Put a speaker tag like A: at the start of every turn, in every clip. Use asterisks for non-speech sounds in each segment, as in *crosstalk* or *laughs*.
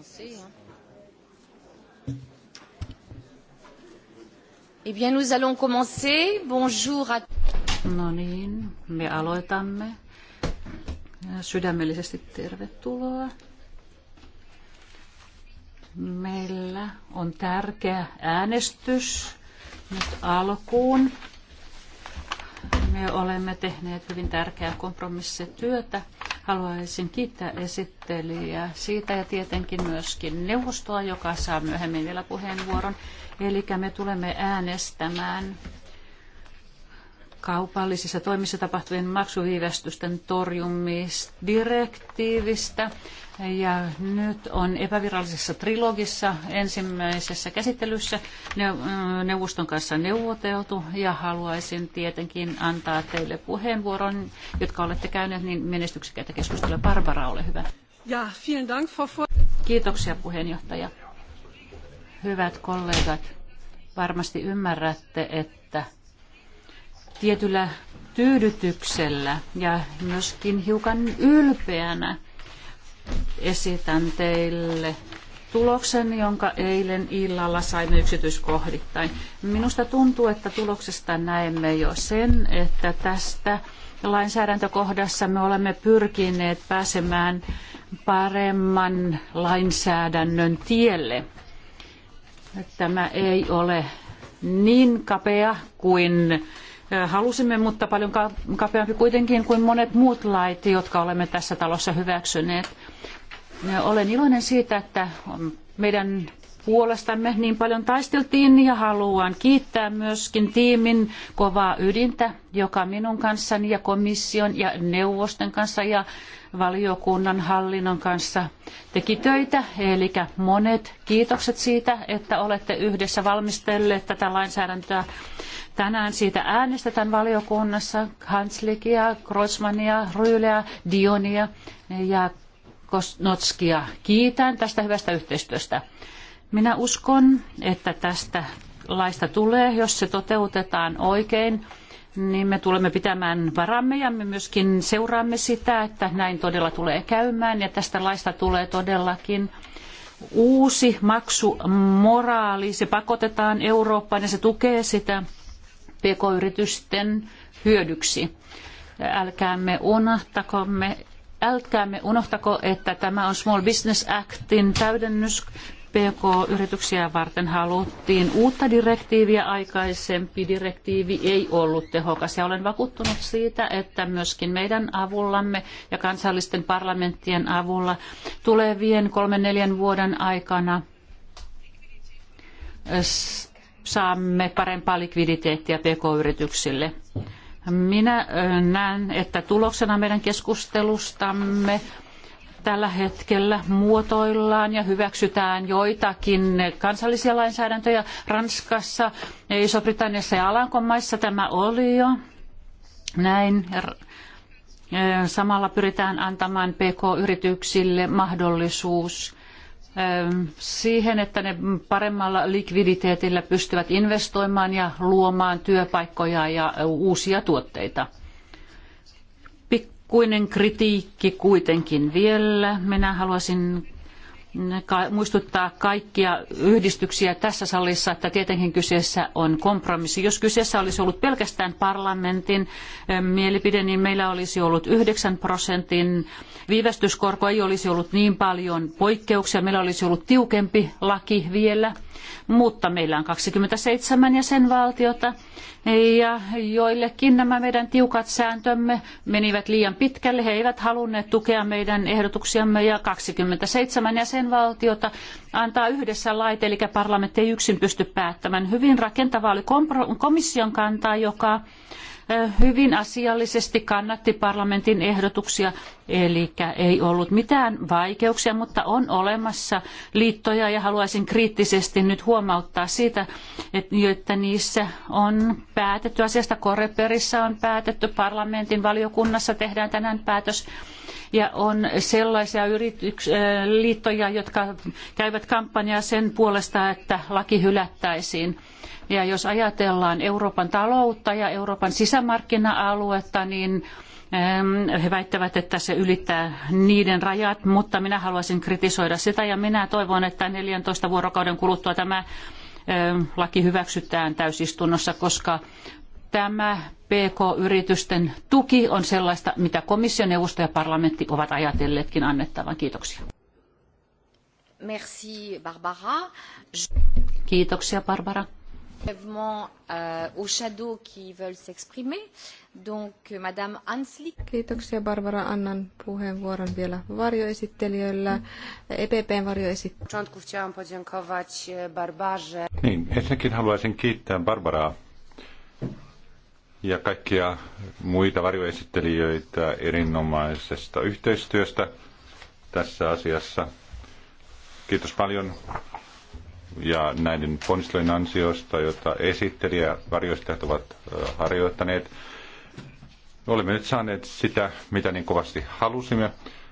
A: commencer. Hein. Eh bien, nous allons commencer. Bonjour à... tous.
B: No niin, me aloitamme. Sydämellisesti tervetuloa. Meillä on tärkeä äänestys nyt alkuun. Me olemme tehneet hyvin tärkeää kompromissityötä. työtä Haluaisin kiittää esittelijää siitä ja tietenkin myöskin neuvostoa, joka saa myöhemmin vielä puheenvuoron. Eli me tulemme äänestämään kaupallisissa toimissa tapahtuvien maksuviivästysten torjumisdirektiivistä. Ja nyt on epävirallisessa trilogissa ensimmäisessä käsittelyssä neuvoston kanssa neuvoteltu ja haluaisin tietenkin antaa teille puheenvuoron, jotka olette käyneet niin menestyksekkäitä keskustelua. Barbara, ole hyvä.
C: Ja, vielen dank, Frau
B: Kiitoksia puheenjohtaja. Hyvät kollegat, varmasti ymmärrätte, että tietyllä tyydytyksellä ja myöskin hiukan ylpeänä esitän teille tuloksen, jonka eilen illalla saimme yksityiskohdittain. Minusta tuntuu, että tuloksesta näemme jo sen, että tästä lainsäädäntökohdassa me olemme pyrkineet pääsemään paremman lainsäädännön tielle. Tämä ei ole niin kapea kuin halusimme, mutta paljon kapeampi kuitenkin kuin monet muut lait, jotka olemme tässä talossa hyväksyneet. Olen iloinen siitä, että meidän puolestamme niin paljon taisteltiin ja haluan kiittää myöskin tiimin kovaa ydintä, joka minun kanssani ja komission ja neuvosten kanssa ja valiokunnan hallinnon kanssa teki töitä. Eli monet kiitokset siitä, että olette yhdessä valmistelleet tätä lainsäädäntöä Tänään siitä äänestetään valiokunnassa Hanslikia, Grossmania, Ryyleä, Dionia ja Kosnotskia. Kiitän tästä hyvästä yhteistyöstä. Minä uskon, että tästä laista tulee, jos se toteutetaan oikein, niin me tulemme pitämään varamme ja me myöskin seuraamme sitä, että näin todella tulee käymään ja tästä laista tulee todellakin uusi maksumoraali. Se pakotetaan Eurooppaan ja se tukee sitä pk-yritysten hyödyksi. Älkäämme unohtakomme älkäämme unohtako, että tämä on Small Business Actin täydennys PK-yrityksiä varten haluttiin uutta direktiiviä, aikaisempi direktiivi ei ollut tehokas. Ja olen vakuuttunut siitä, että myöskin meidän avullamme ja kansallisten parlamenttien avulla tulevien kolmen neljän vuoden aikana saamme parempaa likviditeettiä pk-yrityksille. Minä näen, että tuloksena meidän keskustelustamme tällä hetkellä muotoillaan ja hyväksytään joitakin kansallisia lainsäädäntöjä. Ranskassa, Iso-Britanniassa ja Alankomaissa tämä oli jo näin. Samalla pyritään antamaan PK-yrityksille mahdollisuus siihen, että ne paremmalla likviditeetillä pystyvät investoimaan ja luomaan työpaikkoja ja uusia tuotteita. Pikkuinen kritiikki kuitenkin vielä. Minä haluaisin muistuttaa kaikkia yhdistyksiä tässä salissa, että tietenkin kyseessä on kompromissi. Jos kyseessä olisi ollut pelkästään parlamentin mielipide, niin meillä olisi ollut 9 prosentin viivästyskorko, ei olisi ollut niin paljon poikkeuksia, meillä olisi ollut tiukempi laki vielä, mutta meillä on 27 jäsenvaltiota ja joillekin nämä meidän tiukat sääntömme menivät liian pitkälle, he eivät halunneet tukea meidän ehdotuksiamme ja 27 jäsenvaltiota jäsenvaltiota antaa yhdessä lait, eli parlamentti ei yksin pysty päättämään. Hyvin rakentava oli komission kantaa, joka hyvin asiallisesti kannatti parlamentin ehdotuksia, eli ei ollut mitään vaikeuksia, mutta on olemassa liittoja ja haluaisin kriittisesti nyt huomauttaa siitä, että niissä on päätetty asiasta, Koreperissä on päätetty, parlamentin valiokunnassa tehdään tänään päätös ja on sellaisia yrityks- liittoja, jotka käyvät kampanjaa sen puolesta, että laki hylättäisiin. Ja jos ajatellaan Euroopan taloutta ja Euroopan sisämarkkina-aluetta, niin ähm, he väittävät, että se ylittää niiden rajat, mutta minä haluaisin kritisoida sitä ja minä toivon, että 14 vuorokauden kuluttua tämä ähm, laki hyväksytään täysistunnossa, koska tämä PK-yritysten tuki on sellaista, mitä komissio, neuvosto ja parlamentti ovat ajatelleetkin annettavan. Kiitoksia.
A: Merci Barbara.
B: Kiitoksia Barbara.
A: Euh,
C: Kiitoksia Barbara. Annan puheenvuoron vielä varjoesittelijöillä. EPPn varjoesittelijöillä.
D: Niin, ensinnäkin haluaisin kiittää Barbaraa ja kaikkia muita varjoesittelijöitä erinomaisesta yhteistyöstä tässä asiassa. Kiitos paljon ja näiden ponnistelujen ansiosta, joita esittelijä ja varjoistajat ovat harjoittaneet. Olemme nyt saaneet sitä, mitä niin kovasti halusimme.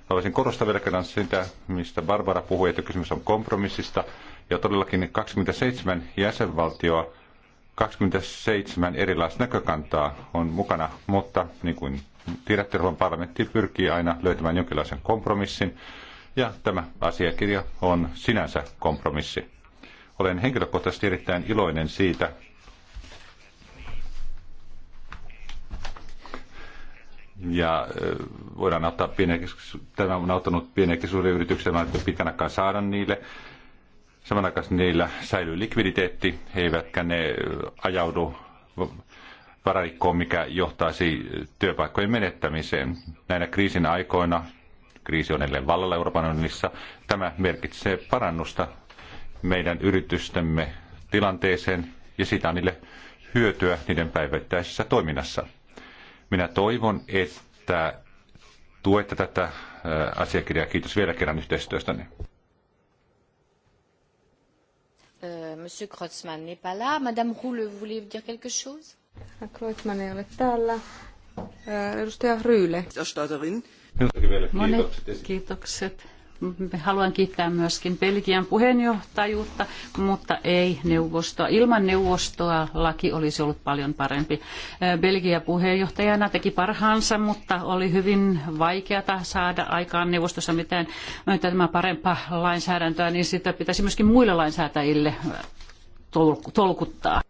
D: Haluaisin korostaa vielä kerran sitä, mistä Barbara puhui, että kysymys on kompromissista. Ja todellakin 27 jäsenvaltioa 27 erilaista näkökantaa on mukana, mutta niin kuin tiedätte, Euroopan parlamentti pyrkii aina löytämään jonkinlaisen kompromissin, ja tämä asiakirja on sinänsä kompromissi. Olen henkilökohtaisesti erittäin iloinen siitä, ja voidaan auttaa pieneksi, tämä on auttanut pieneksi suuria yrityksiä, on pitkän aikaa saada niille Samanaikaisesti niillä säilyy likviditeetti, he eivätkä ne ajaudu vararikkoon, mikä johtaisi työpaikkojen menettämiseen. Näinä kriisin aikoina, kriisi on edelleen vallalla Euroopan unionissa, tämä merkitsee parannusta meidän yritystemme tilanteeseen ja sitä niille hyötyä niiden päivittäisessä toiminnassa. Minä toivon, että tuette tätä asiakirjaa. Kiitos vielä kerran yhteistyöstäni.
A: Euh, Monsieur Kreutzmann n'est pas là. Madame Roule, vous voulez
B: dire quelque chose?
C: Kreutzmann ei ole täällä. Edustaja Ryyle.
E: Monet
B: kiitokset Haluan kiittää myöskin Belgian puheenjohtajuutta, mutta ei neuvostoa. Ilman neuvostoa laki olisi ollut paljon parempi. Belgia puheenjohtajana teki parhaansa, mutta oli hyvin vaikeata saada aikaan neuvostossa mitään tämä parempaa lainsäädäntöä, niin sitä pitäisi myöskin muille lainsäätäjille tolkuttaa.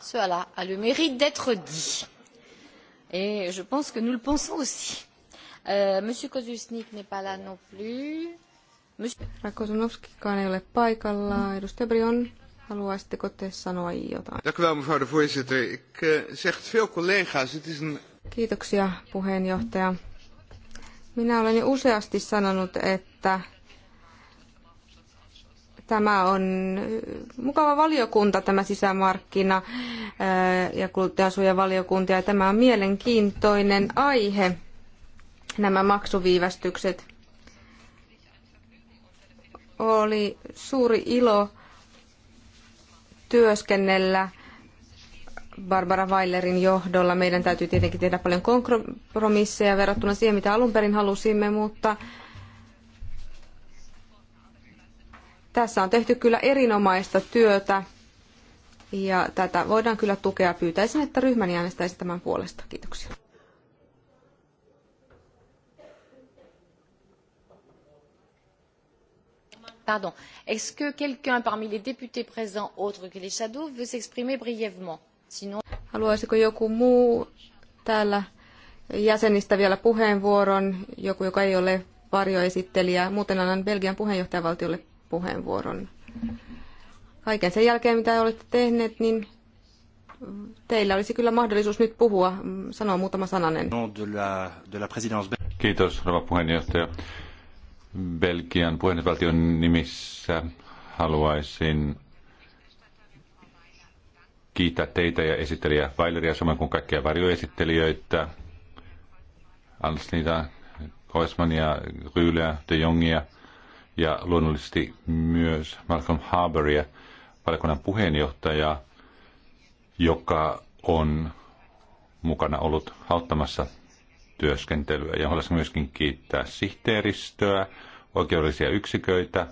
A: Cela a le mérite d'être dit. Et je pense que nous le pensons aussi. Euh, Monsieur Kozusnik
C: ei ole paikalla. Edustaja Brion, haluaisitteko te sanoa jotain?
E: Dank u wel, eh,
C: Kiitoksia, puheenjohtaja. Minä olen jo useasti sanonut, että tämä on eh, mukava valiokunta, tämä sisämarkkina eh, ja kuluttajasuojavaliokunta ja tämä on mielenkiintoinen aihe nämä maksuviivästykset. Oli suuri ilo työskennellä Barbara Weilerin johdolla. Meidän täytyy tietenkin tehdä paljon kompromisseja verrattuna siihen, mitä alun perin halusimme, mutta tässä on tehty kyllä erinomaista työtä ja tätä voidaan kyllä tukea. Pyytäisin, että ryhmäni äänestäisi tämän puolesta. Kiitoksia.
A: Pardon. Est-ce que quelqu'un parmi les députés présents, autre que les shadows, veut s'exprimer brièvement?
C: Sinon... Haluaisiko joku muu täällä jäsenistä vielä puheenvuoron, joku joka ei ole varjoesittelijä. Muuten annan Belgian puheenjohtajavaltiolle puheenvuoron. Kaiken sen jälkeen, mitä olette tehneet, niin teillä olisi kyllä mahdollisuus nyt puhua, sanoa muutama sananen.
D: Kiitos, rouva puheenjohtaja. Belgian puheenjohtajavaltion nimissä haluaisin kiittää teitä ja esittelijä Weileria samoin kuin kaikkia varjoesittelijöitä, Alsnita, Koismania, Ryyliä, De Jongia ja luonnollisesti myös Malcolm Harberia, valiokunnan puheenjohtaja, joka on mukana ollut auttamassa työskentelyä. Ja haluaisin myöskin kiittää sihteeristöä, oikeudellisia yksiköitä,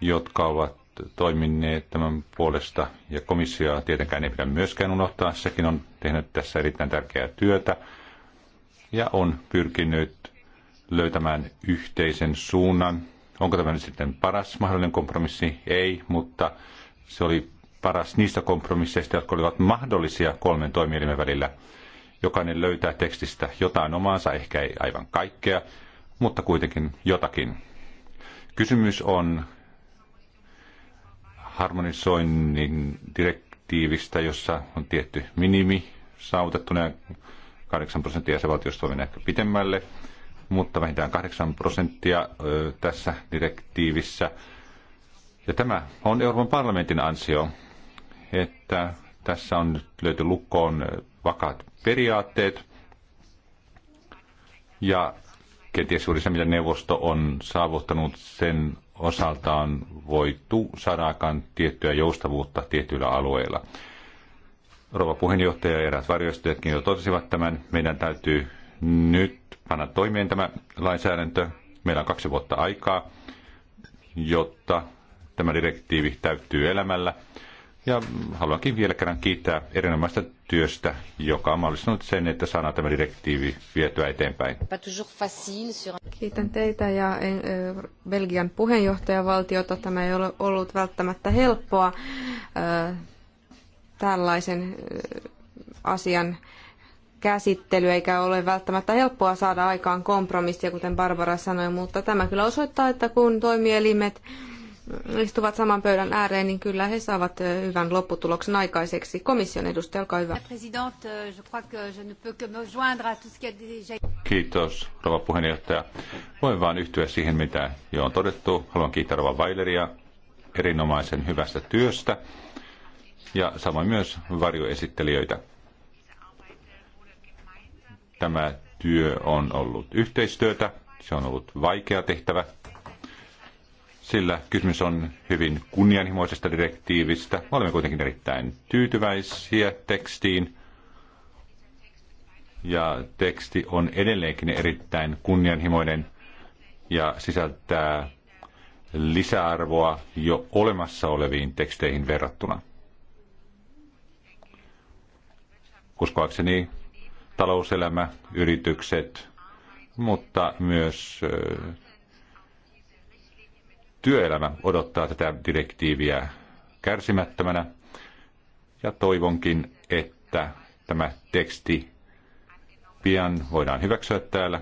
D: jotka ovat toimineet tämän puolesta. Ja komissioa tietenkään ei pidä myöskään unohtaa. Sekin on tehnyt tässä erittäin tärkeää työtä ja on pyrkinyt löytämään yhteisen suunnan. Onko tämä nyt sitten paras mahdollinen kompromissi? Ei, mutta se oli paras niistä kompromisseista, jotka olivat mahdollisia kolmen toimielimen välillä. Jokainen löytää tekstistä jotain omaansa, ehkä ei aivan kaikkea, mutta kuitenkin jotakin. Kysymys on harmonisoinnin direktiivistä, jossa on tietty minimi saavutettuna 8 prosenttia jäsenvaltiosta voi mennä ehkä pitemmälle, mutta vähintään 8 prosenttia tässä direktiivissä. Ja tämä on Euroopan parlamentin ansio, että tässä on nyt löyty lukkoon vakaat periaatteet ja kenties juuri se, mitä neuvosto on saavuttanut, sen osaltaan voitu saada tiettyä joustavuutta tietyillä alueilla. Rouva puheenjohtaja ja eräät varjoistajatkin jo totesivat tämän. Meidän täytyy nyt panna toimeen tämä lainsäädäntö. Meillä on kaksi vuotta aikaa, jotta tämä direktiivi täyttyy elämällä. Ja haluankin vielä kerran kiittää erinomaista työstä, joka on mahdollistanut sen, että saadaan tämä direktiivi vietyä eteenpäin.
C: Kiitän teitä ja eh, Belgian puheenjohtajavaltiota. Tämä ei ole ollut välttämättä helppoa eh, tällaisen eh, asian käsittely, eikä ole välttämättä helppoa saada aikaan kompromissia, kuten Barbara sanoi, mutta tämä kyllä osoittaa, että kun toimielimet istuvat saman pöydän ääreen, niin kyllä he saavat hyvän lopputuloksen aikaiseksi. Komission edustaja, olkaa hyvä.
D: Kiitos, rouva puheenjohtaja. Voin vain yhtyä siihen, mitä jo on todettu. Haluan kiittää rouva Weileria erinomaisen hyvästä työstä ja samoin myös varjoesittelijöitä. Tämä työ on ollut yhteistyötä, se on ollut vaikea tehtävä sillä kysymys on hyvin kunnianhimoisesta direktiivistä. Me olemme kuitenkin erittäin tyytyväisiä tekstiin. Ja teksti on edelleenkin erittäin kunnianhimoinen ja sisältää lisäarvoa jo olemassa oleviin teksteihin verrattuna. Uskoakseni talouselämä, yritykset, mutta myös työelämä odottaa tätä direktiiviä kärsimättömänä ja toivonkin, että tämä teksti pian voidaan hyväksyä täällä.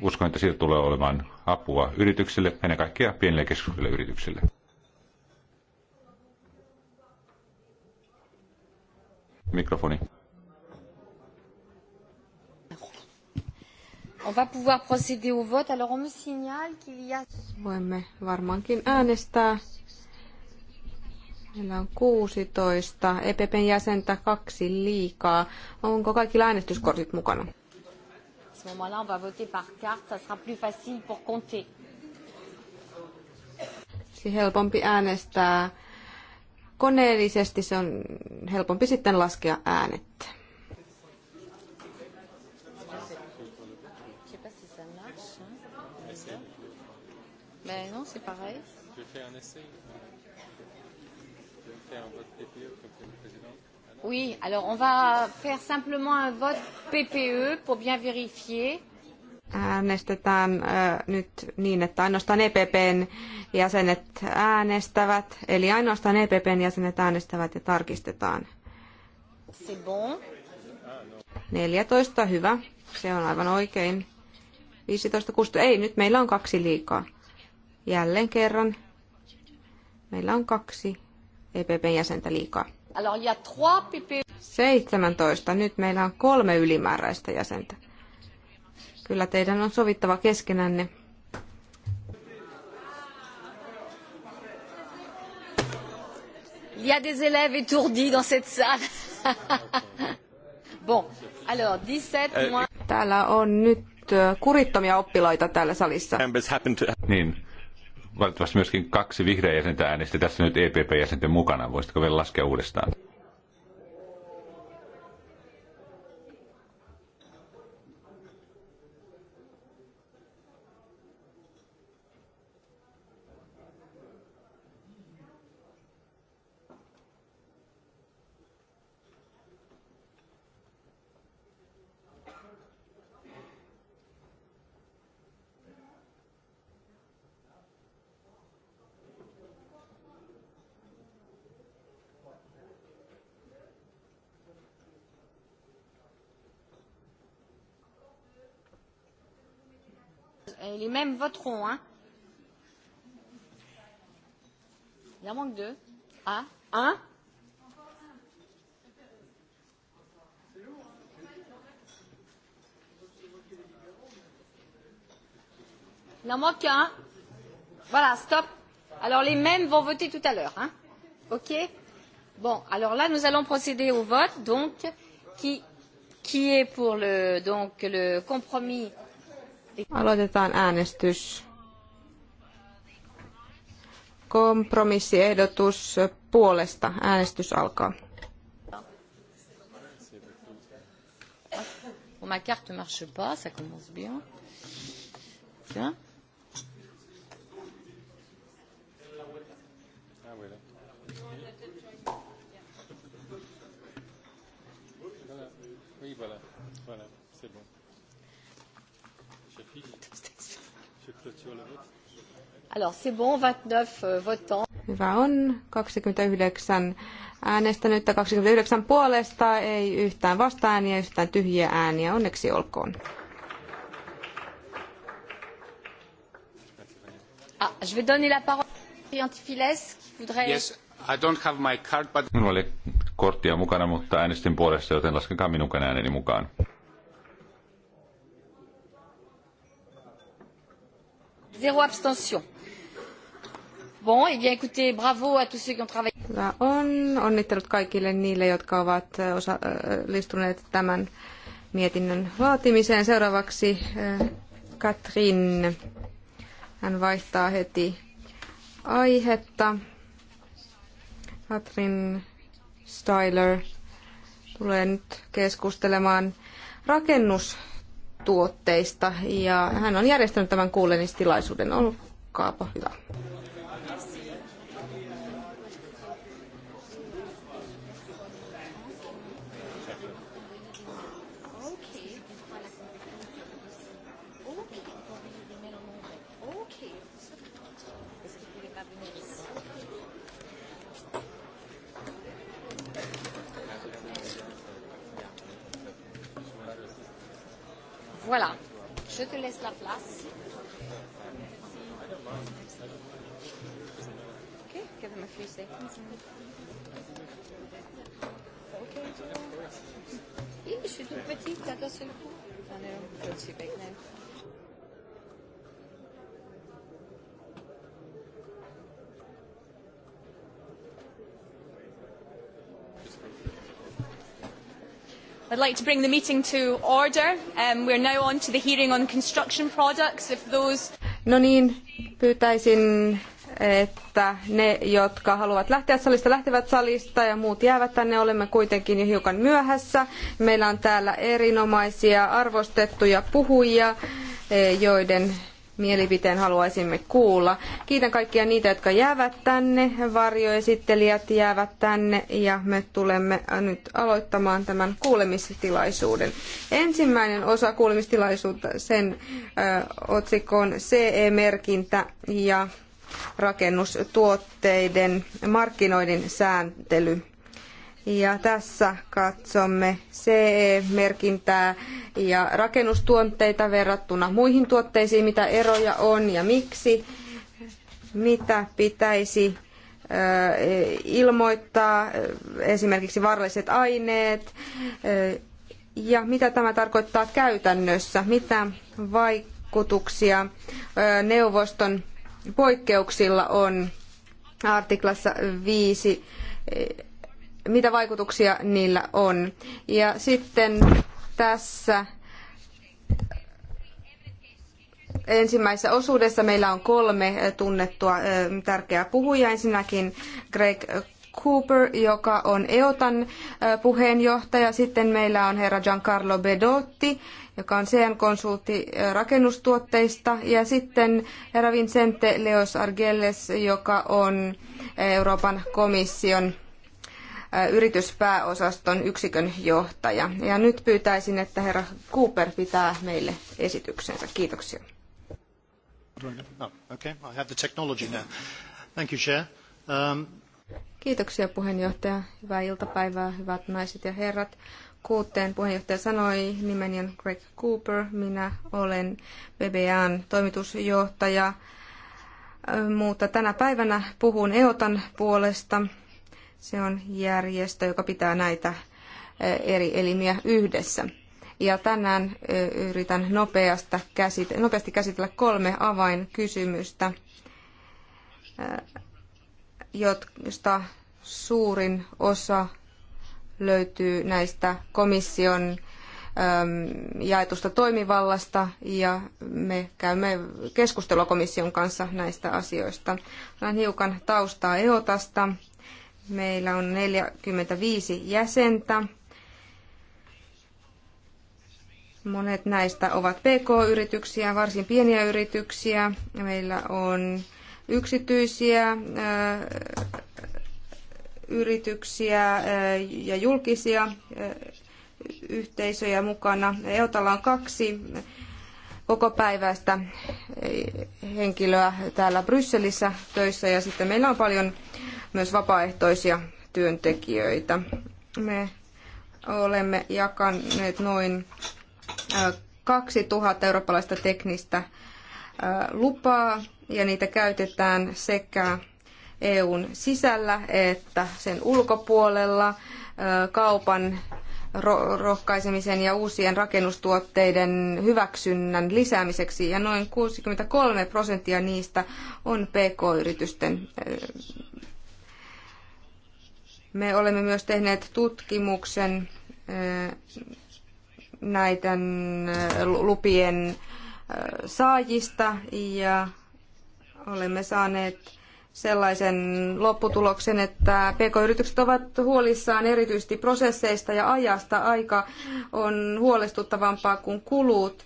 D: Uskon, että siitä tulee olemaan apua yrityksille, ennen kaikkea pienille keskuksille yrityksille. Mikrofoni.
A: On va pouvoir procéder au vote. Alors on me signale qu'il y a...
C: Voimme varmaankin äänestää. Meillä on 16 EPPn jäsentä, kaksi liikaa. Onko kaikki äänestyskortit mukana?
A: ce moment-là, on va voter par carte, ça sera plus facile pour compter.
C: Si siis helpompi äänestää koneellisesti, se on helpompi sitten laskea äänettä.
A: c'est pareil.
D: Je fais un essai. Je vais faire un vote PPE comme le président.
A: Oui, alors on va faire simplement un vote PPE pour bien vérifier.
C: Äänestetään äh, nyt niin, että ainoastaan EPPn jäsenet äänestävät, eli ainoastaan EPPn jäsenet äänestävät ja tarkistetaan. C'est bon. 14, hyvä. Se on aivan oikein. 15, 16, ei, nyt meillä on kaksi liikaa. Jälleen kerran meillä on kaksi EPPn jäsentä liikaa. 17. Nyt meillä on kolme ylimääräistä jäsentä. Kyllä teidän on sovittava keskenänne.
A: Il y a des élèves étourdis dans cette salle.
C: *laughs* bon, alors 17 euh, moins... Täällä on nyt äh, kurittomia oppilaita täällä salissa.
D: Niin, valitettavasti myöskin kaksi vihreä jäsentä äänesti tässä nyt EPP-jäsenten mukana. Voisitko vielä laskea uudestaan?
A: et les mêmes voteront. Hein. Il en manque deux. Ah, un. Il en manque un. Voilà, stop. Alors les mêmes vont voter tout à l'heure. Hein. OK Bon, alors là, nous allons procéder au vote. Donc, qui, qui est pour le, donc, le compromis
C: Aloitetaan äänestys. Kompromissiehdotus puolesta. Äänestys alkaa.
A: Ma carte marche pas, ça commence bien. Tiens.
D: Oui, voilà. Voilà, c'est bon. Euh,
C: Hyvä on. 29 äänestänyttä, 29 puolesta, ei yhtään vastaääniä, yhtään tyhjiä ääniä. Onneksi olkoon.
A: Ah, je vais donner la parole
D: Yes, I don't have my card, but... Minulla oli korttia mukana, mutta äänestin puolesta, joten laskekaa minunkaan ääneni mukaan.
A: zéro abstention. Bon, eh bien, écoutez, bravo à tous ceux qui ont travaillé.
C: Hyvä on. Onnittelut kaikille niille, jotka ovat osallistuneet tämän mietinnön laatimiseen. Seuraavaksi Katrin. Hän vaihtaa heti aihetta. Katrin Styler tulee nyt keskustelemaan rakennus tuotteista ja hän on järjestänyt tämän kuulemistilaisuuden. Olkaapa hyvä.
A: Je te laisse la place.
C: Okay, give him a few seconds.
A: Okay, yeah, je suis toute petite, là, d'un seul coup. I know, too big now. I'd like to bring the meeting to order. Um, we're now on to the hearing on construction products.
C: If those... No niin, pyytäisin, että ne, jotka haluavat lähteä salista, lähtevät salista ja muut jäävät tänne. Olemme kuitenkin jo hiukan myöhässä. Meillä on täällä erinomaisia arvostettuja puhujia, eh, joiden mielipiteen haluaisimme kuulla. Kiitän kaikkia niitä, jotka jäävät tänne. Varjoesittelijät jäävät tänne ja me tulemme nyt aloittamaan tämän kuulemistilaisuuden. Ensimmäinen osa kuulemistilaisuutta, sen ö, otsikko on CE-merkintä ja rakennustuotteiden markkinoiden sääntely. Ja tässä katsomme CE-merkintää ja rakennustuotteita verrattuna muihin tuotteisiin, mitä eroja on ja miksi, mitä pitäisi ilmoittaa, esimerkiksi vaaralliset aineet, ja mitä tämä tarkoittaa käytännössä, mitä vaikutuksia neuvoston poikkeuksilla on artiklassa 5 mitä vaikutuksia niillä on. Ja sitten tässä ensimmäisessä osuudessa meillä on kolme tunnettua tärkeää puhujaa. Ensinnäkin Greg Cooper, joka on EOTan puheenjohtaja. Sitten meillä on herra Giancarlo Bedotti, joka on CN-konsultti rakennustuotteista. Ja sitten herra Vincente Leos Argelles, joka on Euroopan komission yrityspääosaston yksikön johtaja. Ja nyt pyytäisin, että herra Cooper pitää meille esityksensä. Kiitoksia.
A: No, um,
C: Kiitoksia puheenjohtaja. Hyvää iltapäivää, hyvät naiset ja herrat. Kuuteen puheenjohtaja sanoi, nimeni on Greg Cooper, minä olen BBAn toimitusjohtaja, mutta tänä päivänä puhun EOTan puolesta se on järjestö, joka pitää näitä eri elimiä yhdessä. Ja tänään yritän nopeasta käsite- nopeasti käsitellä kolme avainkysymystä, joista suurin osa löytyy näistä komission jaetusta toimivallasta ja me käymme keskustelua komission kanssa näistä asioista. Olen hiukan taustaa EOTasta. Meillä on 45 jäsentä. Monet näistä ovat PK-yrityksiä, varsin pieniä yrityksiä. Meillä on yksityisiä yrityksiä ja julkisia yhteisöjä mukana. EOTalla on kaksi päiväistä henkilöä täällä Brysselissä töissä ja sitten meillä on paljon myös vapaaehtoisia työntekijöitä. Me olemme jakaneet noin 2000 eurooppalaista teknistä lupaa ja niitä käytetään sekä EUn sisällä että sen ulkopuolella kaupan rohkaisemisen ja uusien rakennustuotteiden hyväksynnän lisäämiseksi ja noin 63 prosenttia niistä on pk-yritysten me olemme myös tehneet tutkimuksen näiden lupien saajista ja olemme saaneet sellaisen lopputuloksen, että pk-yritykset ovat huolissaan erityisesti prosesseista ja ajasta. Aika on huolestuttavampaa kuin kulut.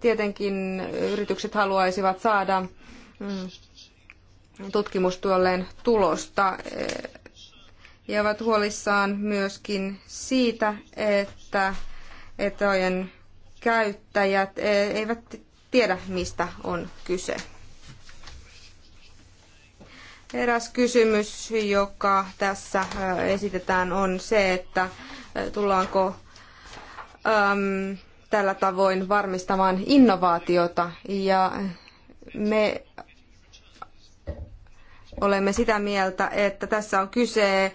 C: Tietenkin yritykset haluaisivat saada mm, tutkimustyölleen tulosta ja ovat huolissaan myöskin siitä, että etojen käyttäjät e, eivät tiedä, mistä on kyse. Eräs kysymys, joka tässä esitetään, on se, että tullaanko äm, tällä tavoin varmistamaan innovaatiota. Ja me olemme sitä mieltä, että tässä on kyse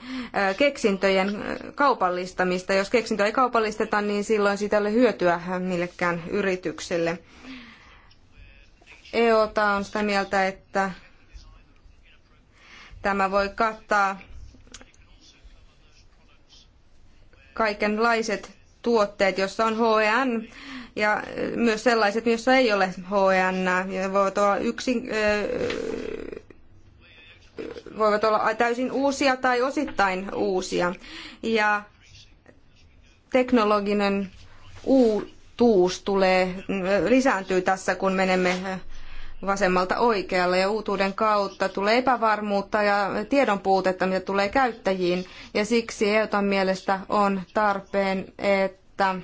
C: keksintöjen kaupallistamista. Jos keksintöä ei kaupallisteta, niin silloin siitä ei ole hyötyä millekään yritykselle. EOTA on sitä mieltä, että tämä voi kattaa kaikenlaiset tuotteet, joissa on HN e ja myös sellaiset, joissa ei ole HN. E ja voivat olla yksin, voivat olla täysin uusia tai osittain uusia. Ja teknologinen uutuus tulee, lisääntyy tässä, kun menemme vasemmalta oikealle ja uutuuden kautta tulee epävarmuutta ja tiedon puutetta, mitä tulee käyttäjiin. Ja siksi EUTan mielestä on tarpeen, että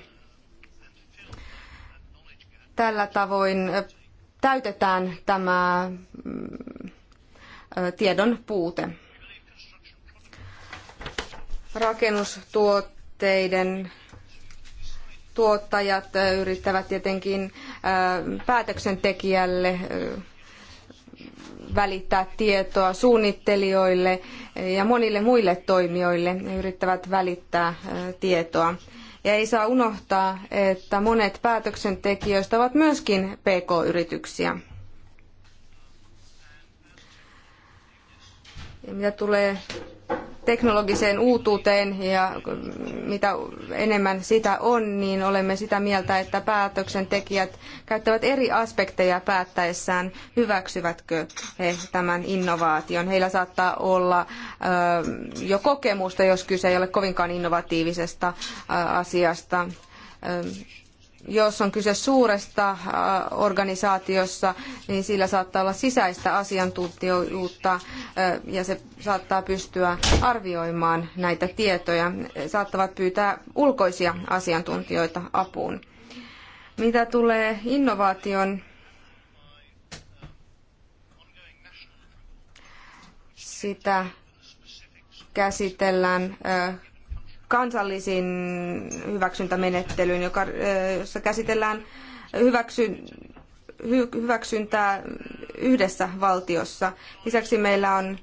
C: tällä tavoin täytetään tämä mm, tiedon puute. Rakennustuotteiden tuottajat yrittävät tietenkin päätöksentekijälle välittää tietoa suunnittelijoille ja monille muille toimijoille yrittävät välittää tietoa. Ja ei saa unohtaa, että monet päätöksentekijöistä ovat myöskin PK-yrityksiä. mitä tulee teknologiseen uutuuteen ja mitä enemmän sitä on, niin olemme sitä mieltä, että päätöksentekijät käyttävät eri aspekteja päättäessään, hyväksyvätkö he tämän innovaation. Heillä saattaa olla jo kokemusta, jos kyse ei ole kovinkaan innovatiivisesta asiasta jos on kyse suuresta äh, organisaatiossa, niin sillä saattaa olla sisäistä asiantuntijuutta äh, ja se saattaa pystyä arvioimaan näitä tietoja. Saattavat pyytää ulkoisia asiantuntijoita apuun. Mitä tulee innovaation sitä käsitellään äh, kansallisin hyväksyntämenettelyyn, joka, jossa käsitellään hyväksyntää yhdessä valtiossa. Lisäksi meillä on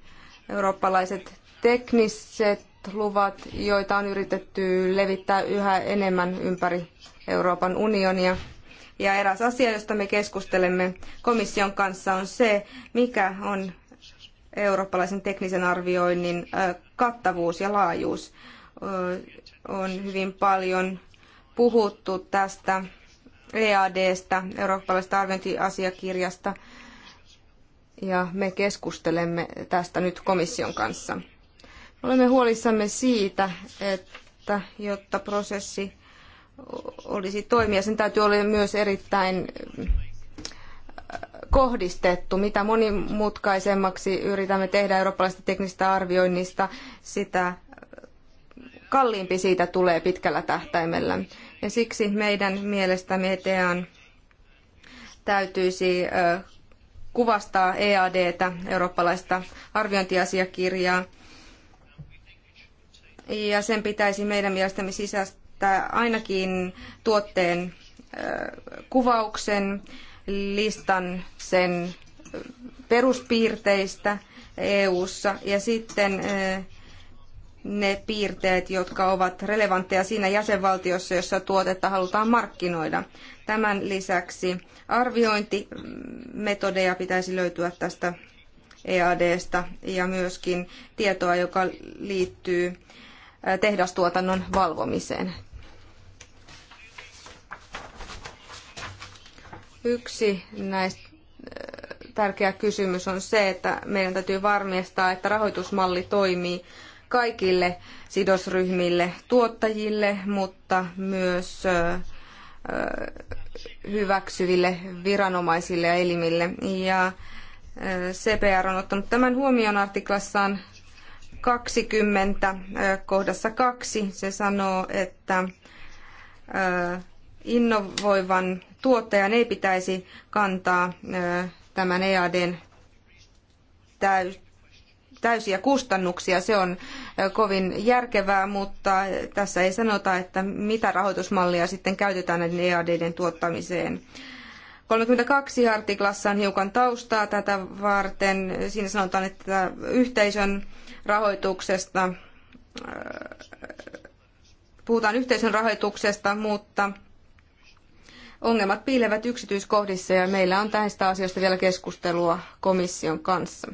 C: eurooppalaiset tekniset luvat, joita on yritetty levittää yhä enemmän ympäri Euroopan unionia. Ja eräs asia, josta me keskustelemme komission kanssa, on se, mikä on eurooppalaisen teknisen arvioinnin kattavuus ja laajuus on hyvin paljon puhuttu tästä EADstä, eurooppalaisesta arviointiasiakirjasta, ja me keskustelemme tästä nyt komission kanssa. Olemme huolissamme siitä, että jotta prosessi olisi toimia, sen täytyy olla myös erittäin kohdistettu. Mitä monimutkaisemmaksi yritämme tehdä eurooppalaisesta teknistä arvioinnista, sitä kalliimpi siitä tulee pitkällä tähtäimellä. Ja siksi meidän mielestämme ETAn täytyisi kuvastaa EADtä, eurooppalaista arviointiasiakirjaa. Ja sen pitäisi meidän mielestämme sisästää ainakin tuotteen kuvauksen, listan sen peruspiirteistä EU-ssa ja sitten ne piirteet, jotka ovat relevantteja siinä jäsenvaltiossa, jossa tuotetta halutaan markkinoida. Tämän lisäksi arviointimetodeja pitäisi löytyä tästä EADsta ja myöskin tietoa, joka liittyy tehdastuotannon valvomiseen. Yksi näistä tärkeä kysymys on se, että meidän täytyy varmistaa, että rahoitusmalli toimii kaikille sidosryhmille, tuottajille, mutta myös hyväksyville viranomaisille ja elimille. Ja CPR on ottanut tämän huomioon artiklassaan 20 kohdassa 2. Se sanoo, että innovoivan tuottajan ei pitäisi kantaa tämän EADn täyttä täysiä kustannuksia. Se on kovin järkevää, mutta tässä ei sanota, että mitä rahoitusmallia sitten käytetään näiden EADiden tuottamiseen. 32 artiklassa on hiukan taustaa tätä varten. Siinä sanotaan, että yhteisön rahoituksesta, puhutaan yhteisön rahoituksesta, mutta ongelmat piilevät yksityiskohdissa ja meillä on tästä asiasta vielä keskustelua komission kanssa.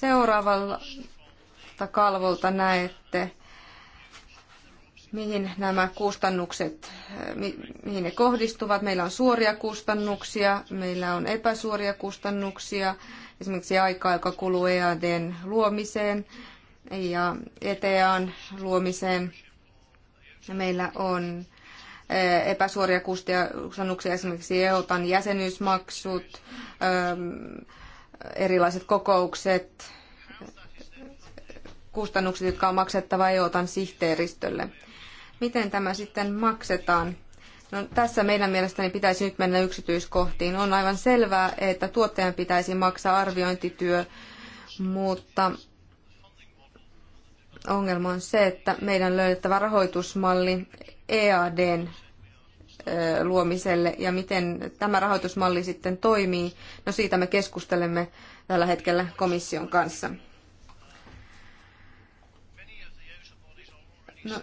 C: Seuraavalta kalvolta näette, mihin nämä kustannukset, eh, mihin ne kohdistuvat. Meillä on suoria kustannuksia, meillä on epäsuoria kustannuksia, esimerkiksi aikaa, joka kuluu EADn luomiseen ja ETAn luomiseen. Meillä on eh, epäsuoria kustannuksia, esimerkiksi EOTan jäsenyysmaksut, eh, erilaiset kokoukset, kustannukset, jotka on maksettava EOTan sihteeristölle. Miten tämä sitten maksetaan? No, tässä meidän mielestäni pitäisi nyt mennä yksityiskohtiin. On aivan selvää, että tuottajan pitäisi maksaa arviointityö, mutta ongelma on se, että meidän löydettävä rahoitusmalli EADn luomiselle ja miten tämä rahoitusmalli sitten toimii. No siitä me keskustelemme tällä hetkellä komission kanssa. No,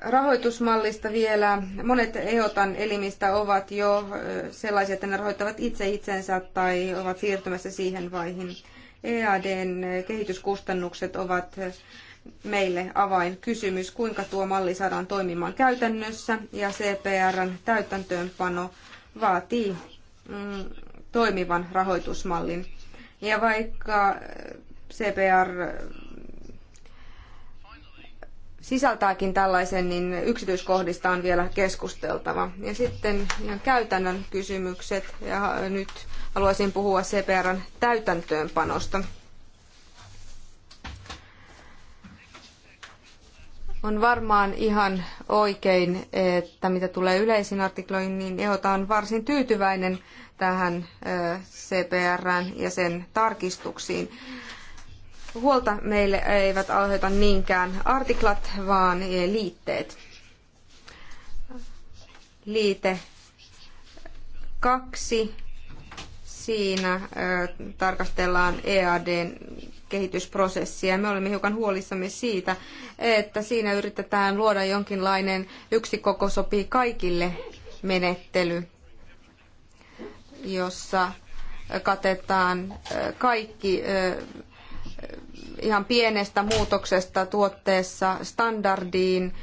C: rahoitusmallista vielä. Monet EOTan elimistä ovat jo sellaisia, että ne rahoittavat itse itsensä tai ovat siirtymässä siihen vaihin. EADn kehityskustannukset ovat meille avainkysymys, kuinka tuo malli saadaan toimimaan käytännössä ja CPRn täytäntöönpano vaatii mm, toimivan rahoitusmallin. Ja vaikka eh, CPR eh, sisältääkin tällaisen, niin yksityiskohdista on vielä keskusteltava. Ja sitten ihan käytännön kysymykset, ja eh, nyt haluaisin puhua CPRn täytäntöönpanosta. On varmaan ihan oikein, että mitä tulee yleisiin artikloihin, niin EOTA on varsin tyytyväinen tähän CPR ja sen tarkistuksiin. Huolta meille eivät aiheuta niinkään artiklat, vaan liitteet. Liite kaksi. Siinä tarkastellaan EADn kehitysprosessia. Me olemme hiukan huolissamme siitä, että siinä yritetään luoda jonkinlainen yksi koko sopii kaikille menettely, jossa katetaan kaikki ihan pienestä muutoksesta tuotteessa standardiin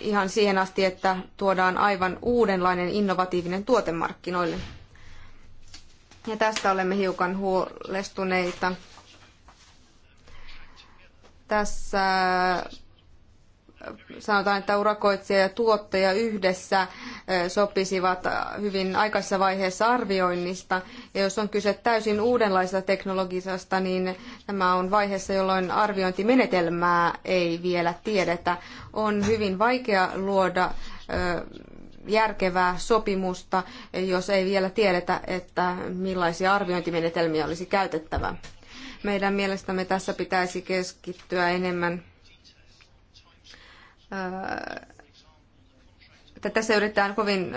C: ihan siihen asti, että tuodaan aivan uudenlainen innovatiivinen tuote markkinoille. Ja tästä olemme hiukan huolestuneita. Tässä äh, sanotaan, että urakoitsija ja tuottaja yhdessä äh, sopisivat hyvin aikaisessa vaiheessa arvioinnista. Ja jos on kyse täysin uudenlaisesta teknologisesta, niin tämä on vaiheessa, jolloin arviointimenetelmää ei vielä tiedetä. On hyvin vaikea luoda äh, järkevää sopimusta, jos ei vielä tiedetä, että millaisia arviointimenetelmiä olisi käytettävä. Meidän mielestämme tässä pitäisi keskittyä enemmän että tässä yritetään kovin,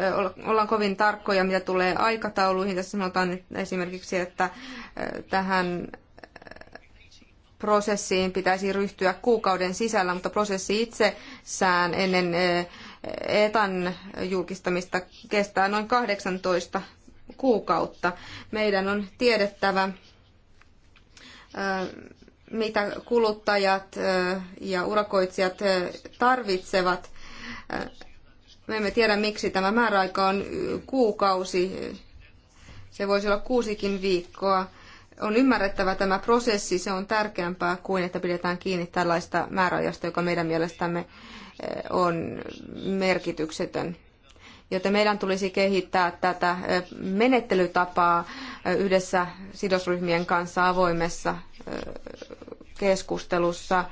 C: ollaan kovin tarkkoja, mitä tulee aikatauluihin. Tässä sanotaan esimerkiksi, että tähän prosessiin pitäisi ryhtyä kuukauden sisällä, mutta prosessi itsessään ennen etan julkistamista kestää noin 18 kuukautta. Meidän on tiedettävä, mitä kuluttajat ja urakoitsijat tarvitsevat. Me emme tiedä, miksi tämä määräaika on kuukausi. Se voisi olla kuusikin viikkoa. On ymmärrettävä tämä prosessi, se on tärkeämpää kuin, että pidetään kiinni tällaista määräajasta, joka meidän mielestämme on merkityksetön. Joten meidän tulisi kehittää tätä menettelytapaa yhdessä sidosryhmien kanssa avoimessa keskustelussa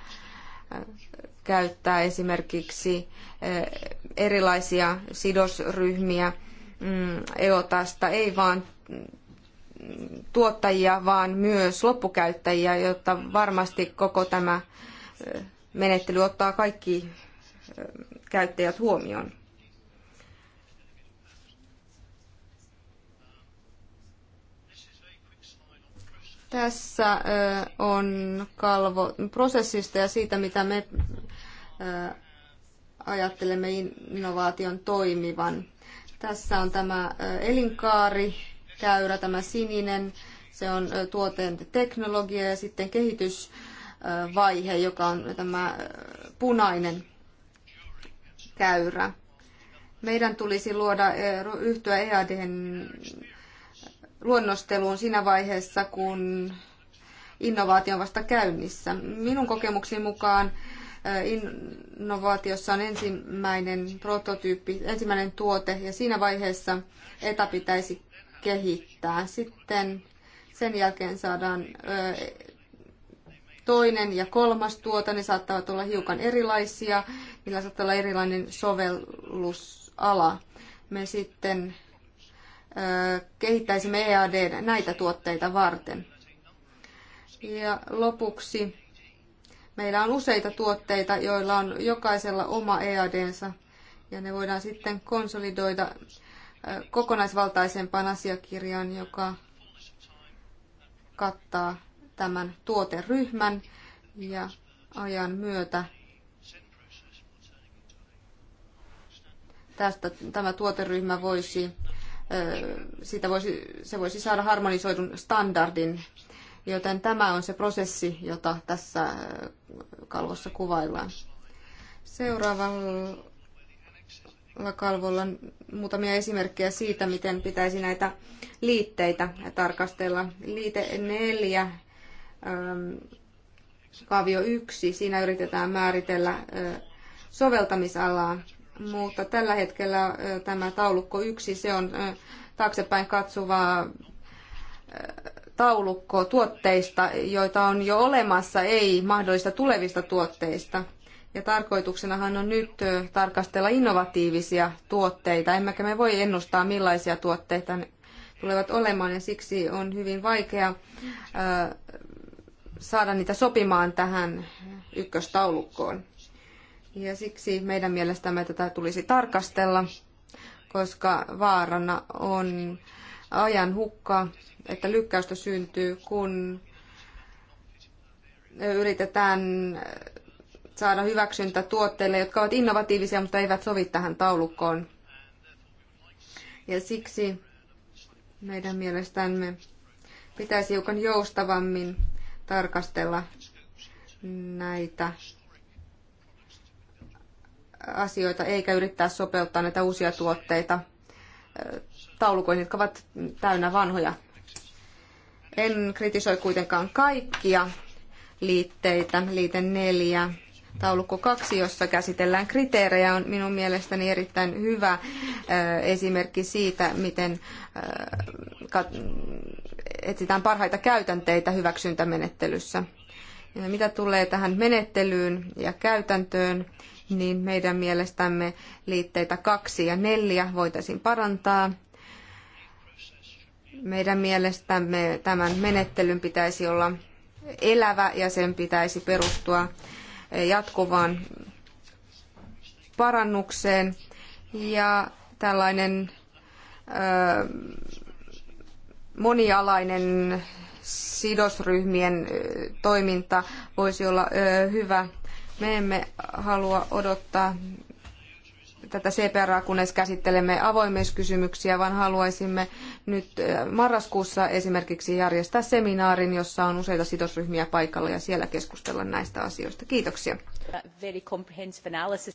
C: käyttää esimerkiksi erilaisia sidosryhmiä mm, EOTasta, ei vaan tuottajia, vaan myös loppukäyttäjiä, jotta varmasti koko tämä menettely ottaa kaikki käyttäjät huomioon. Tässä on kalvo prosessista ja siitä, mitä me ajattelemme innovaation toimivan. Tässä on tämä elinkaari, käyrä, tämä sininen, se on tuoteen teknologia ja sitten kehitysvaihe, joka on tämä punainen käyrä. Meidän tulisi luoda eh, yhtyä EADn luonnosteluun siinä vaiheessa, kun innovaatio on vasta käynnissä. Minun kokemukseni mukaan eh, innovaatiossa on ensimmäinen prototyyppi, ensimmäinen tuote, ja siinä vaiheessa ETA pitäisi kehittää. Sitten sen jälkeen saadaan eh, toinen ja kolmas tuote, ne saattavat olla hiukan erilaisia, niillä saattaa olla erilainen sovellusala. Me sitten kehittäisimme EAD näitä tuotteita varten. Ja lopuksi meillä on useita tuotteita, joilla on jokaisella oma EADnsa, ja ne voidaan sitten konsolidoida kokonaisvaltaisempaan asiakirjaan, joka kattaa tämän tuoteryhmän ja ajan myötä tästä tämä tuoteryhmä voisi, siitä voisi, se voisi saada harmonisoidun standardin, joten tämä on se prosessi, jota tässä kalvossa kuvaillaan. Seuraavalla kalvolla muutamia esimerkkejä siitä, miten pitäisi näitä liitteitä tarkastella. Liite neljä Ähm, kaavio 1. Siinä yritetään määritellä soveltamisalaa, mutta tällä hetkellä tämä taulukko 1, se on taaksepäin katsovaa taulukko tuotteista, joita on jo olemassa, ei mahdollista tulevista tuotteista. Ja tarkoituksenahan on nyt tarkastella innovatiivisia tuotteita, emmekä me voi ennustaa millaisia tuotteita ne tulevat olemaan ja siksi on hyvin vaikea saada niitä sopimaan tähän ykköstaulukkoon. Ja siksi meidän mielestämme tätä tulisi tarkastella, koska vaarana on ajan hukka, että lykkäystä syntyy, kun yritetään saada hyväksyntä tuotteille, jotka ovat innovatiivisia, mutta eivät sovi tähän taulukkoon. Ja siksi meidän mielestämme pitäisi hiukan joustavammin tarkastella näitä asioita eikä yrittää sopeuttaa näitä uusia tuotteita taulukoihin, jotka ovat täynnä vanhoja. En kritisoi kuitenkaan kaikkia liitteitä, liite neljä taulukko kaksi, jossa käsitellään kriteerejä, on minun mielestäni erittäin hyvä äh, esimerkki siitä, miten äh, etsitään parhaita käytänteitä hyväksyntämenettelyssä. Ja mitä tulee tähän menettelyyn ja käytäntöön, niin meidän mielestämme liitteitä kaksi ja neljä voitaisiin parantaa. Meidän mielestämme tämän menettelyn pitäisi olla elävä ja sen pitäisi perustua jatkuvaan parannukseen ja tällainen monialainen sidosryhmien toiminta voisi olla hyvä. Me emme halua odottaa tätä CPRaa, kunnes käsittelemme avoimeiskysymyksiä, vaan haluaisimme nyt marraskuussa esimerkiksi järjestää seminaarin, jossa on useita sidosryhmiä paikalla ja siellä keskustella näistä asioista. Kiitoksia.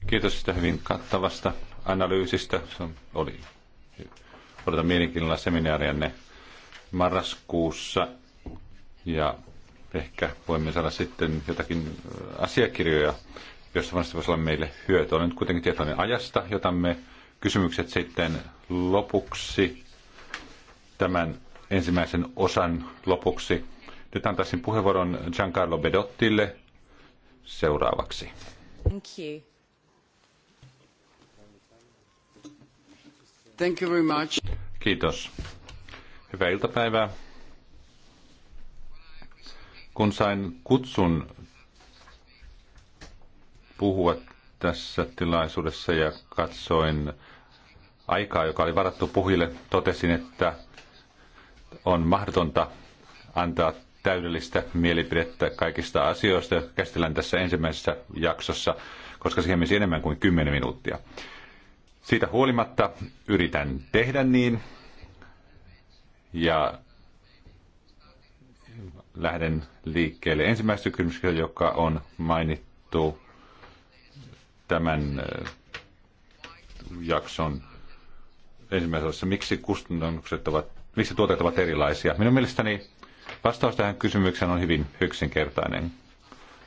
D: Kiitos sitä hyvin kattavasta analyysistä. Se oli. Odotan mielenkiinnolla seminaarianne marraskuussa ja ehkä voimme saada sitten jotakin asiakirjoja josta varmasti voisi olla meille hyötyä. Olen nyt kuitenkin tietoinen ajasta, me kysymykset sitten lopuksi, tämän ensimmäisen osan lopuksi. Nyt antaisin puheenvuoron Giancarlo Bedottille seuraavaksi.
B: Thank you. Thank you very much.
D: Kiitos. Hyvää iltapäivää. Kun sain kutsun puhua tässä tilaisuudessa ja katsoin aikaa, joka oli varattu puhille. Totesin, että on mahdotonta antaa täydellistä mielipidettä kaikista asioista, jotka käsitellään tässä ensimmäisessä jaksossa, koska siihen menisi enemmän kuin 10 minuuttia. Siitä huolimatta yritän tehdä niin ja lähden liikkeelle ensimmäistä kysymyksestä, joka on mainittu tämän äh, jakson ensimmäisessä osassa, miksi kustannukset ovat, miksi tuotteet ovat erilaisia. Minun mielestäni vastaus tähän kysymykseen on hyvin yksinkertainen.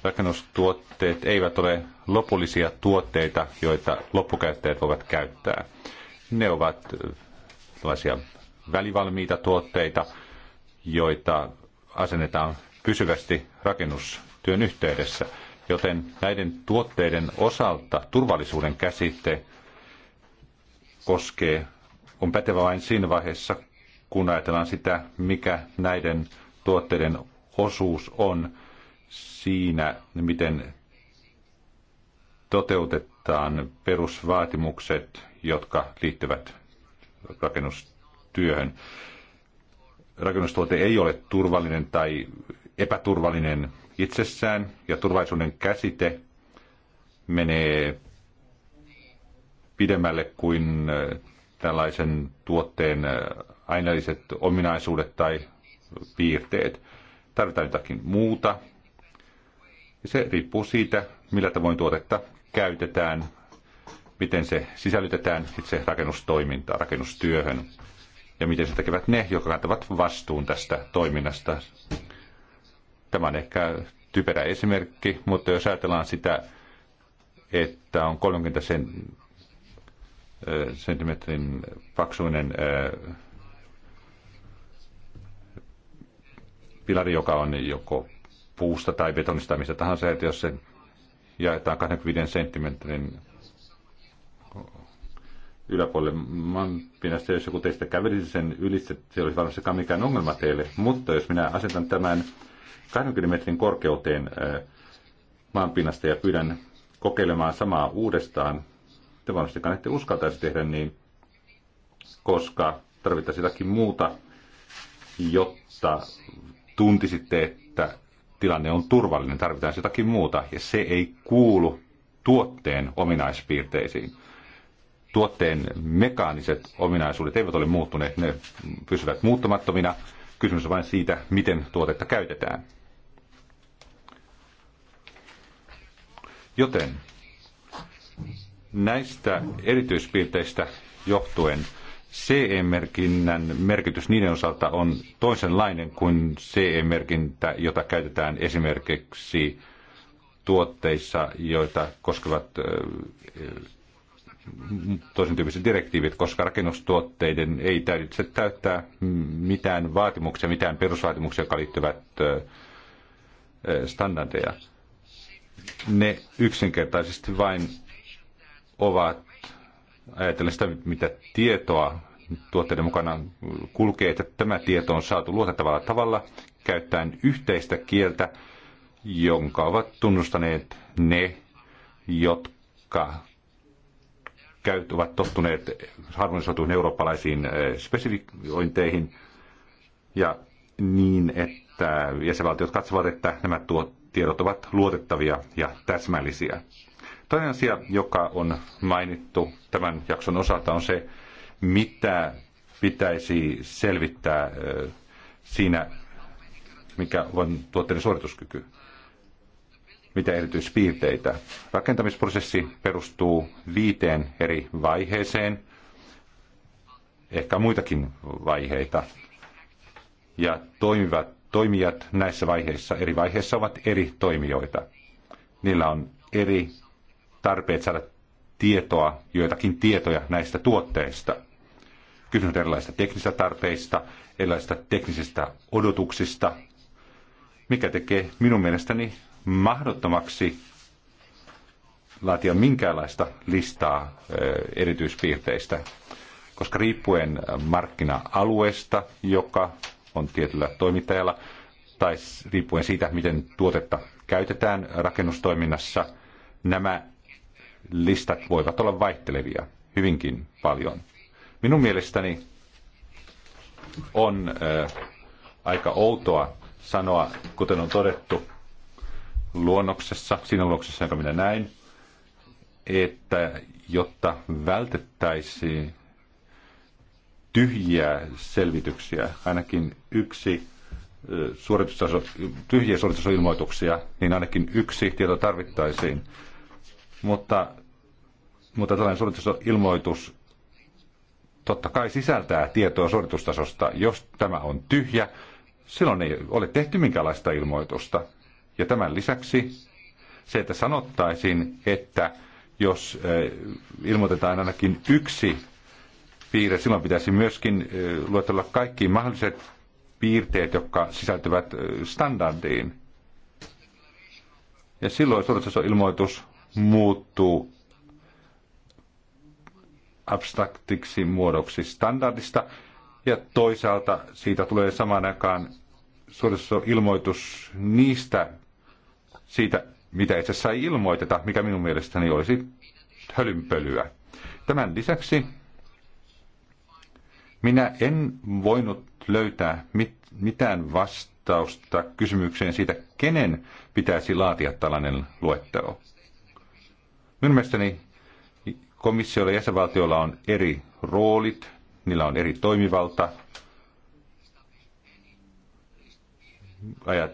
D: Rakennustuotteet eivät ole lopullisia tuotteita, joita loppukäyttäjät voivat käyttää. Ne ovat äh, tällaisia välivalmiita tuotteita, joita asennetaan pysyvästi rakennustyön yhteydessä – Joten näiden tuotteiden osalta turvallisuuden käsite koskee, on pätevä vain siinä vaiheessa, kun ajatellaan sitä, mikä näiden tuotteiden osuus on siinä, miten toteutetaan perusvaatimukset, jotka liittyvät rakennustyöhön. Rakennustuote ei ole turvallinen tai epäturvallinen itsessään ja turvallisuuden käsite menee pidemmälle kuin äh, tällaisen tuotteen äh, aineelliset ominaisuudet tai piirteet. Tarvitaan jotakin muuta. Se riippuu siitä, millä tavoin tuotetta käytetään, miten se sisällytetään itse rakennustoimintaan, rakennustyöhön ja miten se tekevät ne, jotka kantavat vastuun tästä toiminnasta. Tämä on ehkä typerä esimerkki, mutta jos ajatellaan sitä, että on 30 sen, senttimetrin paksuinen pilari, joka on joko puusta tai betonista mistä tahansa, että jos se jaetaan 25 senttimetrin yläpuolelle maanpinnasta, jos joku teistä kävelisi sen ylitse, se olisi varmasti mikään ongelma teille. Mutta jos minä asetan tämän 20 metrin korkeuteen äh, maanpinnasta ja pyydän kokeilemaan samaa uudestaan. Te varmasti kannatte uskaltaisi tehdä niin, koska tarvittaisiin jotakin muuta, jotta tuntisitte, että tilanne on turvallinen, tarvitaan jotakin muuta, ja se ei kuulu tuotteen ominaispiirteisiin. Tuotteen mekaaniset ominaisuudet eivät ole muuttuneet, ne pysyvät muuttumattomina. Kysymys on vain siitä, miten tuotetta käytetään. Joten näistä erityispiirteistä johtuen CE-merkinnän merkitys niiden osalta on toisenlainen kuin CE-merkintä, jota käytetään esimerkiksi tuotteissa, joita koskevat toisen tyyppiset direktiivit, koska rakennustuotteiden ei täytyy täyttää mitään vaatimuksia, mitään perusvaatimuksia, jotka liittyvät standardeja ne yksinkertaisesti vain ovat, ajatellen sitä, mitä tietoa tuotteiden mukana kulkee, että tämä tieto on saatu luotettavalla tavalla käyttäen yhteistä kieltä, jonka ovat tunnustaneet ne, jotka käyt, ovat tottuneet harmonisoituihin eurooppalaisiin eh, spesifiointeihin ja niin, että jäsenvaltiot katsovat, että nämä tuotteet tiedot ovat luotettavia ja täsmällisiä. Toinen asia, joka on mainittu tämän jakson osalta, on se, mitä pitäisi selvittää siinä, mikä on tuotteiden suorituskyky. Mitä erityispiirteitä? Rakentamisprosessi perustuu viiteen eri vaiheeseen, ehkä muitakin vaiheita. Ja toimivat toimijat näissä vaiheissa, eri vaiheissa ovat eri toimijoita. Niillä on eri tarpeet saada tietoa, joitakin tietoja näistä tuotteista. Kysymys erilaisista teknisistä tarpeista, erilaisista teknisistä odotuksista, mikä tekee minun mielestäni mahdottomaksi laatia minkäänlaista listaa erityispiirteistä, koska riippuen markkina-alueesta, joka on tietyllä toimittajalla, tai riippuen siitä, miten tuotetta käytetään rakennustoiminnassa, nämä listat voivat olla vaihtelevia hyvinkin paljon. Minun mielestäni on äh, aika outoa sanoa, kuten on todettu luonnoksessa, siinä luonnoksessa, jonka minä näin, että jotta vältettäisiin tyhjiä selvityksiä, ainakin yksi suoritustaso, tyhjiä suoritustasoilmoituksia, niin ainakin yksi tieto tarvittaisiin. Mutta, mutta tällainen suoritustasoilmoitus totta kai sisältää tietoa suoritustasosta. Jos tämä on tyhjä, silloin ei ole tehty minkäänlaista ilmoitusta. Ja tämän lisäksi se, että sanottaisiin, että jos ilmoitetaan ainakin yksi piirre, silloin pitäisi myöskin luetella kaikki mahdolliset piirteet, jotka sisältyvät standardiin. Ja silloin ilmoitus muuttuu abstraktiksi muodoksi standardista, ja toisaalta siitä tulee saman aikaan ilmoitus niistä, siitä mitä itse asiassa ei ilmoiteta, mikä minun mielestäni olisi hölynpölyä. Tämän lisäksi minä en voinut löytää mit, mitään vastausta kysymykseen siitä, kenen pitäisi laatia tällainen luettelo. Minun mielestäni komissiolla ja jäsenvaltioilla on eri roolit, niillä on eri toimivalta, ajat,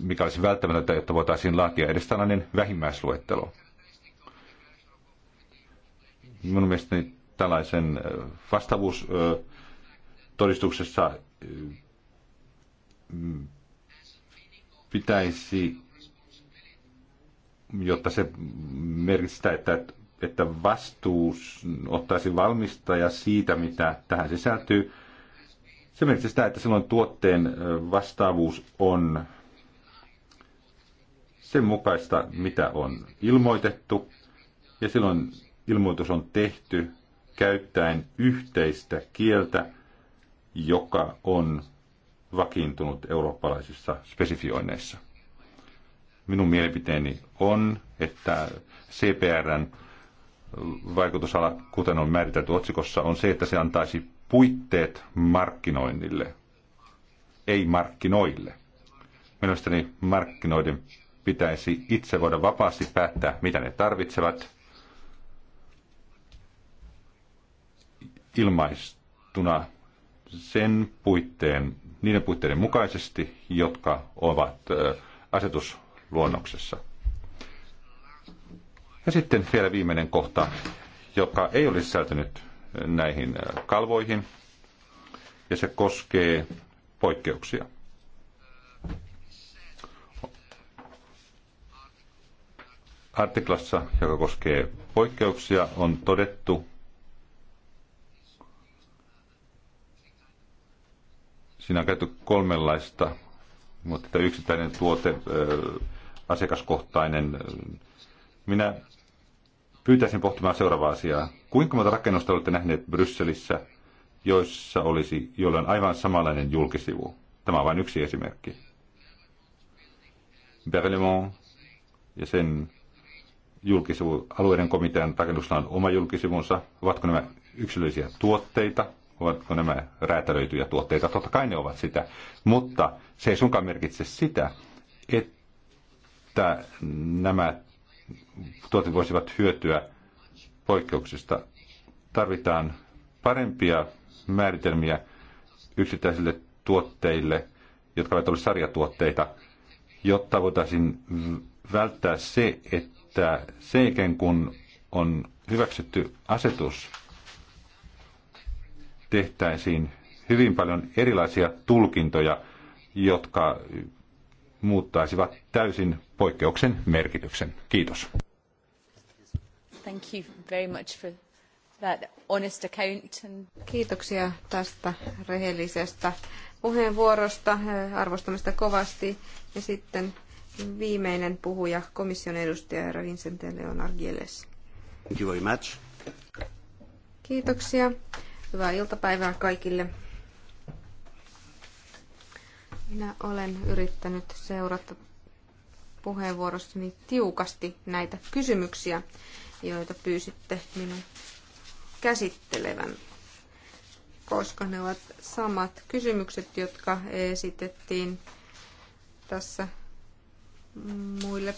D: mikä olisi välttämätöntä, jotta voitaisiin laatia edes tällainen vähimmäisluettelo. Minun mielestäni tällaisen vastaavuus todistuksessa mm, mm, pitäisi, jotta se merkitsee että, että vastuus ottaisi valmistaja siitä, mitä tähän sisältyy. Se merkitsee sitä, että silloin tuotteen vastaavuus on sen mukaista, mitä on ilmoitettu, ja silloin ilmoitus on tehty käyttäen yhteistä kieltä – joka on vakiintunut eurooppalaisissa spesifioinneissa. Minun mielipiteeni on, että CPRn vaikutusala, kuten on määritelty otsikossa, on se, että se antaisi puitteet markkinoinnille, ei markkinoille. Mielestäni markkinoiden pitäisi itse voida vapaasti päättää, mitä ne tarvitsevat, ilmaistuna sen puitteen, niiden puitteiden mukaisesti, jotka ovat asetusluonnoksessa. Ja sitten vielä viimeinen kohta, joka ei ole sisältynyt näihin kalvoihin, ja se koskee poikkeuksia. Artiklassa, joka koskee poikkeuksia, on todettu, Siinä on käyty kolmenlaista, mutta tämä yksittäinen tuote, asiakaskohtainen. Minä pyytäisin pohtimaan seuraavaa asiaa. Kuinka monta rakennusta olette nähneet Brysselissä, joissa olisi, jollain aivan samanlainen julkisivu? Tämä on vain yksi esimerkki. Berlemont ja sen julkisivu, alueiden komitean rakennuksella on oma julkisivunsa. Ovatko nämä yksilöllisiä tuotteita ovatko nämä räätälöityjä tuotteita. Totta kai ne ovat sitä, mutta se ei sunkaan merkitse sitä, että nämä tuotteet voisivat hyötyä poikkeuksista. Tarvitaan parempia määritelmiä yksittäisille tuotteille, jotka ovat olleet sarjatuotteita, jotta voitaisiin välttää se, että sen jälkeen kun on hyväksytty asetus, tehtäisiin hyvin paljon erilaisia tulkintoja, jotka muuttaisivat täysin poikkeuksen merkityksen. Kiitos.
C: Thank you very much for that honest account. And... Kiitoksia tästä rehellisestä puheenvuorosta. Arvostamme sitä kovasti. Ja sitten viimeinen puhuja, komission edustaja herra Vincente Leon Argieles.
E: Thank you very much.
C: Kiitoksia. Hyvää iltapäivää kaikille. Minä olen yrittänyt seurata puheenvuorossani tiukasti näitä kysymyksiä, joita pyysitte minun käsittelevän, koska ne ovat samat kysymykset, jotka esitettiin tässä muille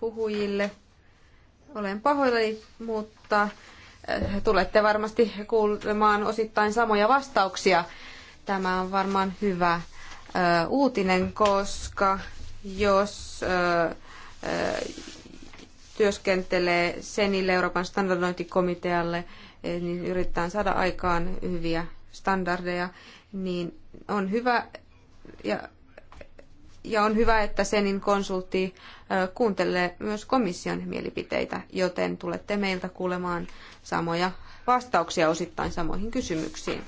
C: puhujille. Olen pahoillani, mutta tulette varmasti kuulemaan osittain samoja vastauksia. Tämä on varmaan hyvä uutinen, koska jos työskentelee Senille Euroopan standardointikomitealle, e, niin yritetään saada aikaan hyviä standardeja, niin on hyvä ja, ja on hyvä, että Senin konsultti kuuntelee myös komission mielipiteitä, joten tulette meiltä kuulemaan samoja vastauksia osittain samoihin kysymyksiin.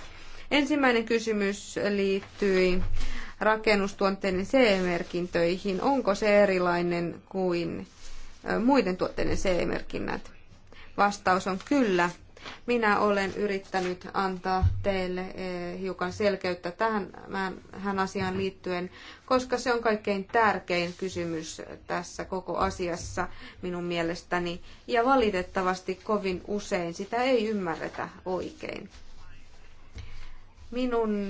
C: Ensimmäinen kysymys liittyi rakennustuotteiden CE-merkintöihin. Onko se erilainen kuin muiden tuotteiden CE-merkinnät? Vastaus on kyllä. Minä olen yrittänyt antaa teille eh, hiukan selkeyttä tähän, asiaan liittyen, koska se on kaikkein tärkein kysymys tässä koko asiassa minun mielestäni. Ja valitettavasti kovin usein sitä ei ymmärretä oikein. Minun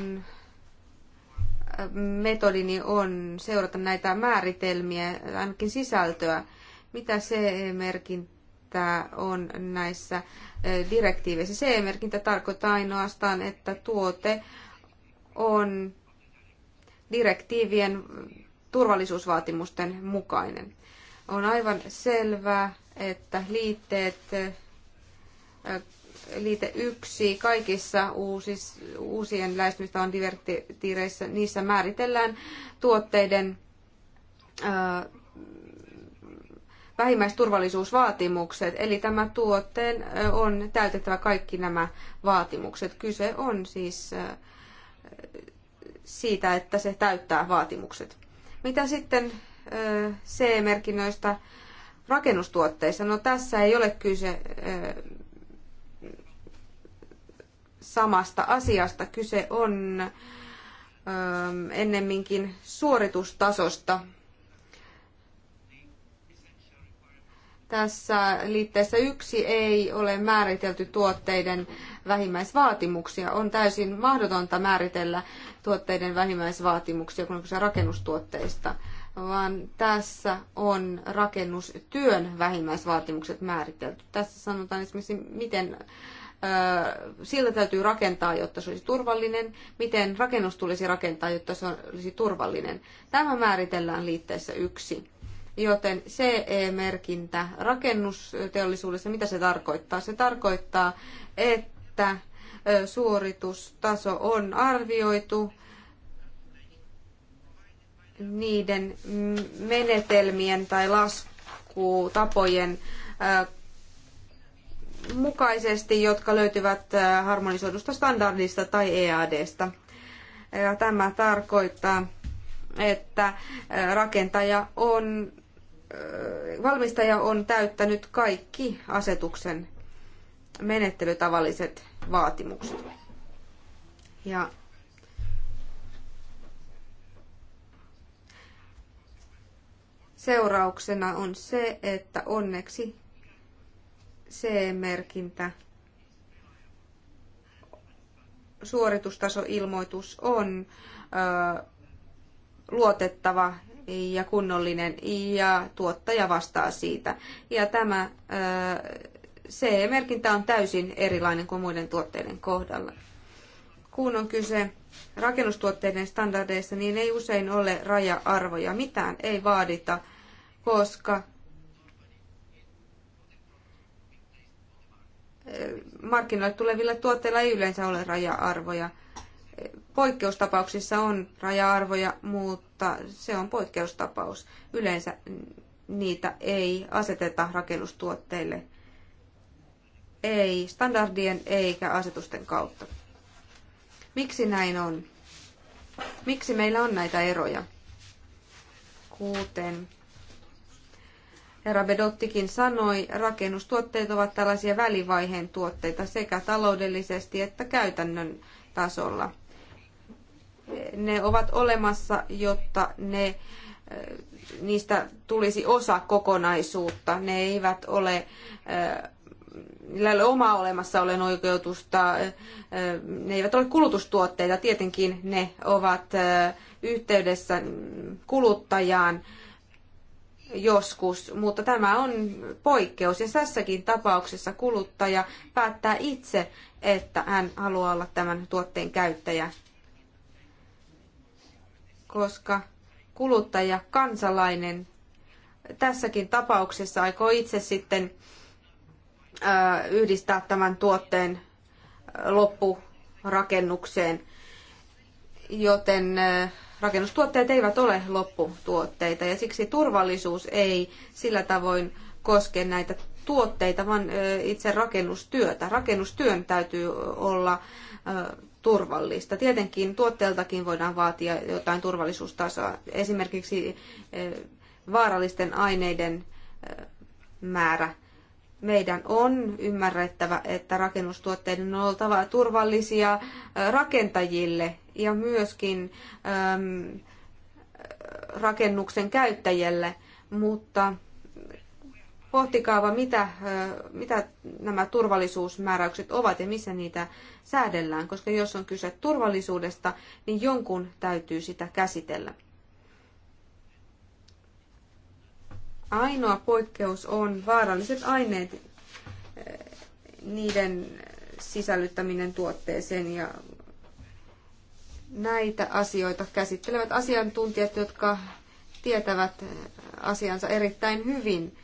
C: eh, metodini on seurata näitä määritelmiä, ainakin sisältöä, mitä se merkintä että on näissä eh, direktiiveissä. CE-merkintä tarkoittaa ainoastaan, että tuote on direktiivien turvallisuusvaatimusten mukainen. On aivan selvää, että liitteet, eh, liite yksi kaikissa uusis, uusien on direktiireissä, niissä määritellään tuotteiden eh, vähimmäisturvallisuusvaatimukset, eli tämä tuotteen on täytettävä kaikki nämä vaatimukset. Kyse on siis siitä, että se täyttää vaatimukset. Mitä sitten CE-merkinnöistä rakennustuotteissa? No tässä ei ole kyse samasta asiasta. Kyse on ennemminkin suoritustasosta Tässä liitteessä yksi ei ole määritelty tuotteiden vähimmäisvaatimuksia. On täysin mahdotonta määritellä tuotteiden vähimmäisvaatimuksia, kun on kyse rakennustuotteista, vaan tässä on rakennustyön vähimmäisvaatimukset määritelty. Tässä sanotaan esimerkiksi, miten sillä täytyy rakentaa, jotta se olisi turvallinen, miten rakennus tulisi rakentaa, jotta se olisi turvallinen. Tämä määritellään liitteessä yksi. Joten CE-merkintä rakennusteollisuudessa, mitä se tarkoittaa? Se tarkoittaa, että suoritustaso on arvioitu niiden mm, menetelmien tai laskutapojen mukaisesti, jotka löytyvät harmonisoidusta standardista tai EADsta. Ja tämä tarkoittaa, että rakentaja on valmistaja on täyttänyt kaikki asetuksen menettelytavalliset vaatimukset. Ja seurauksena on se, että onneksi CE-merkintä suoritustasoilmoitus on ö, luotettava ja kunnollinen ja tuottaja vastaa siitä. Ja tämä CE-merkintä on täysin erilainen kuin muiden tuotteiden kohdalla. Kun on kyse rakennustuotteiden standardeista, niin ei usein ole raja-arvoja. Mitään ei vaadita, koska markkinoille tulevilla tuotteilla ei yleensä ole raja-arvoja. Poikkeustapauksissa on raja-arvoja, mutta mutta se on poikkeustapaus. Yleensä niitä ei aseteta rakennustuotteille, ei standardien eikä asetusten kautta. Miksi näin on? Miksi meillä on näitä eroja? Kuten Herra Bedottikin sanoi, rakennustuotteet ovat tällaisia välivaiheen tuotteita sekä taloudellisesti että käytännön tasolla ne ovat olemassa, jotta ne, niistä tulisi osa kokonaisuutta. Ne eivät ole niillä ei ole omaa olemassa olen oikeutusta, ne eivät ole kulutustuotteita, tietenkin ne ovat yhteydessä kuluttajaan joskus, mutta tämä on poikkeus ja tässäkin tapauksessa kuluttaja päättää itse, että hän haluaa olla tämän tuotteen käyttäjä koska kuluttaja, kansalainen tässäkin tapauksessa aikoo itse sitten yhdistää tämän tuotteen loppurakennukseen, joten rakennustuotteet eivät ole lopputuotteita ja siksi turvallisuus ei sillä tavoin koske näitä tuotteita, vaan itse rakennustyötä. Rakennustyön täytyy olla turvallista. Tietenkin tuotteeltakin voidaan vaatia jotain turvallisuustasoa. Esimerkiksi eh, vaarallisten aineiden eh, määrä. Meidän on ymmärrettävä, että rakennustuotteiden on oltava turvallisia eh, rakentajille ja myöskin ehm, rakennuksen käyttäjälle, mutta Pohtikaava, mitä, mitä nämä turvallisuusmääräykset ovat ja missä niitä säädellään, koska jos on kyse turvallisuudesta, niin jonkun täytyy sitä käsitellä. Ainoa poikkeus on vaaralliset aineet, niiden sisällyttäminen tuotteeseen ja näitä asioita käsittelevät asiantuntijat, jotka tietävät asiansa erittäin hyvin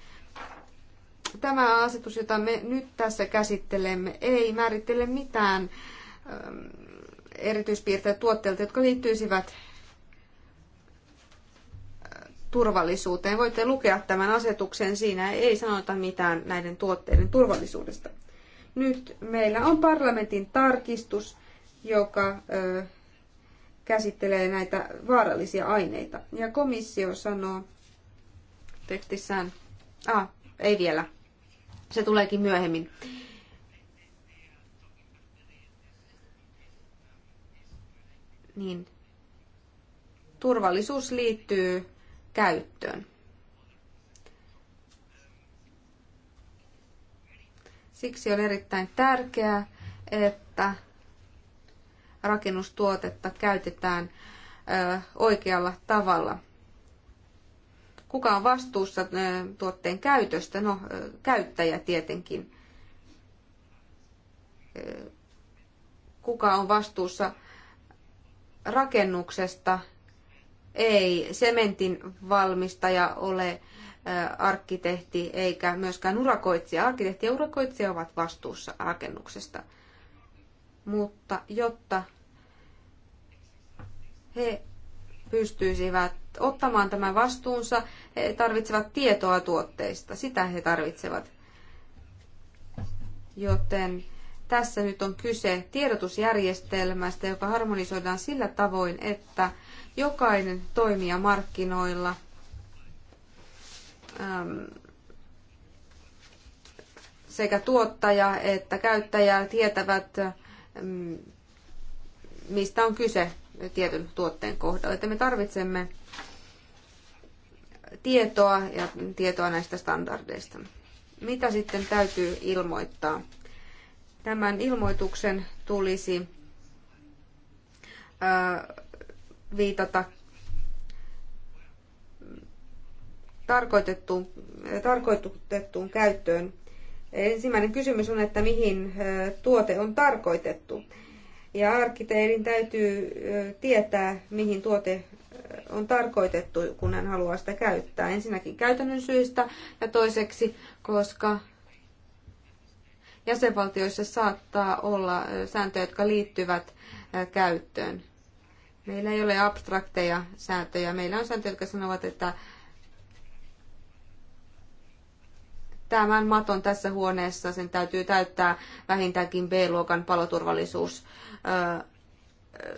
C: Tämä asetus, jota me nyt tässä käsittelemme, ei määrittele mitään ähm, erityispiirteitä tuotteilta, jotka liittyisivät äh, turvallisuuteen. Voitte lukea tämän asetuksen, siinä ei sanota mitään näiden tuotteiden turvallisuudesta. Nyt meillä on parlamentin tarkistus, joka ö, äh, käsittelee näitä vaarallisia aineita. Ja komissio sanoo tekstissään, ah, ei vielä, se tuleekin myöhemmin. Niin. Turvallisuus liittyy käyttöön. Siksi on erittäin tärkeää, että rakennustuotetta käytetään oikealla tavalla. Kuka on vastuussa äh, tuotteen käytöstä? No, äh, käyttäjä tietenkin. Äh, kuka on vastuussa rakennuksesta? Ei sementin valmistaja ole arkkitehti eikä myöskään urakoitsija. Arkkitehti ja urakoitsija ovat vastuussa rakennuksesta. Mutta jotta he pystyisivät ottamaan tämän vastuunsa, he tarvitsevat tietoa tuotteista. Sitä he tarvitsevat. Joten tässä nyt on kyse tiedotusjärjestelmästä, joka harmonisoidaan sillä tavoin, että jokainen toimija markkinoilla äm, sekä tuottaja että käyttäjä tietävät, mistä on kyse tietyn tuotteen kohdalla. Että me tarvitsemme tietoa ja tietoa näistä standardeista. Mitä sitten täytyy ilmoittaa? Tämän ilmoituksen tulisi viitata tarkoitettuun, tarkoitettuun käyttöön. Ensimmäinen kysymys on, että mihin tuote on tarkoitettu. Ja arkkitehdin täytyy tietää, mihin tuote on tarkoitettu, kun hän haluaa sitä käyttää. Ensinnäkin käytännön syistä ja toiseksi, koska jäsenvaltioissa saattaa olla sääntöjä, jotka liittyvät käyttöön. Meillä ei ole abstrakteja sääntöjä. Meillä on sääntöjä, jotka sanovat, että tämän maton tässä huoneessa sen täytyy täyttää vähintäänkin B-luokan paloturvallisuus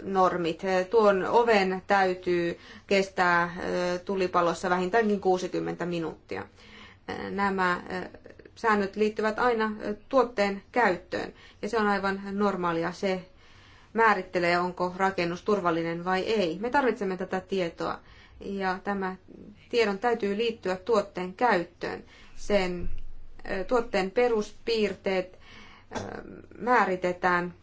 C: normit. Tuon oven täytyy kestää tulipalossa vähintäänkin 60 minuuttia. Nämä säännöt liittyvät aina tuotteen käyttöön ja se on aivan normaalia. Se määrittelee, onko rakennus turvallinen vai ei. Me tarvitsemme tätä tietoa ja tämä tiedon täytyy liittyä tuotteen käyttöön. Sen tuotteen peruspiirteet määritetään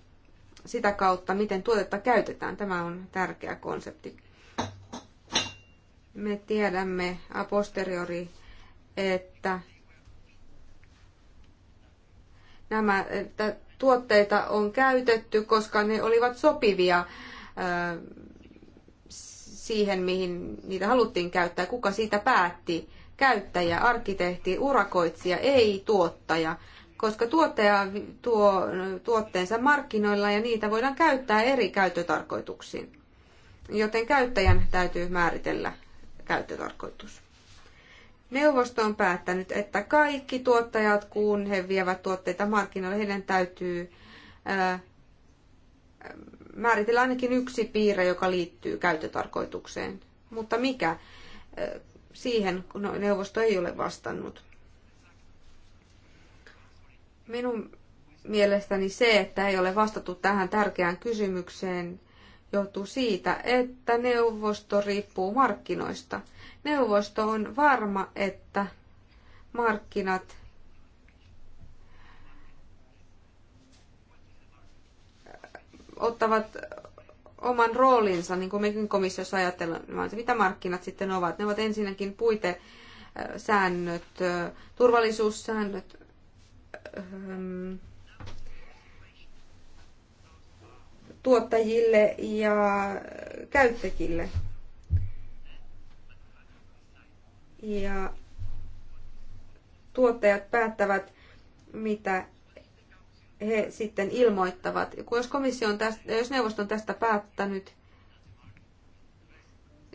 C: sitä kautta, miten tuotetta käytetään. Tämä on tärkeä konsepti. Me tiedämme a posteriori, että nämä että tuotteita on käytetty, koska ne olivat sopivia siihen, mihin niitä haluttiin käyttää. Kuka siitä päätti? Käyttäjä, arkkitehti, urakoitsija, ei tuottaja koska tuottaja tuo tuotteensa markkinoilla ja niitä voidaan käyttää eri käyttötarkoituksiin. Joten käyttäjän täytyy määritellä käyttötarkoitus. Neuvosto on päättänyt, että kaikki tuottajat, kun he vievät tuotteita markkinoille, heidän täytyy määritellä ainakin yksi piirre, joka liittyy käyttötarkoitukseen. Mutta mikä? Siihen neuvosto ei ole vastannut. Minun mielestäni se, että ei ole vastattu tähän tärkeään kysymykseen, johtuu siitä, että neuvosto riippuu markkinoista. Neuvosto on varma, että markkinat ottavat oman roolinsa, niin kuin mekin komissiossa ajatellaan, että mitä markkinat sitten ovat. Ne ovat ensinnäkin puitesäännöt, turvallisuussäännöt, Ähm, tuottajille ja käyttäjille. Ja tuottajat päättävät, mitä he sitten ilmoittavat. Jos, komissio on tästä, jos neuvosto on tästä päättänyt,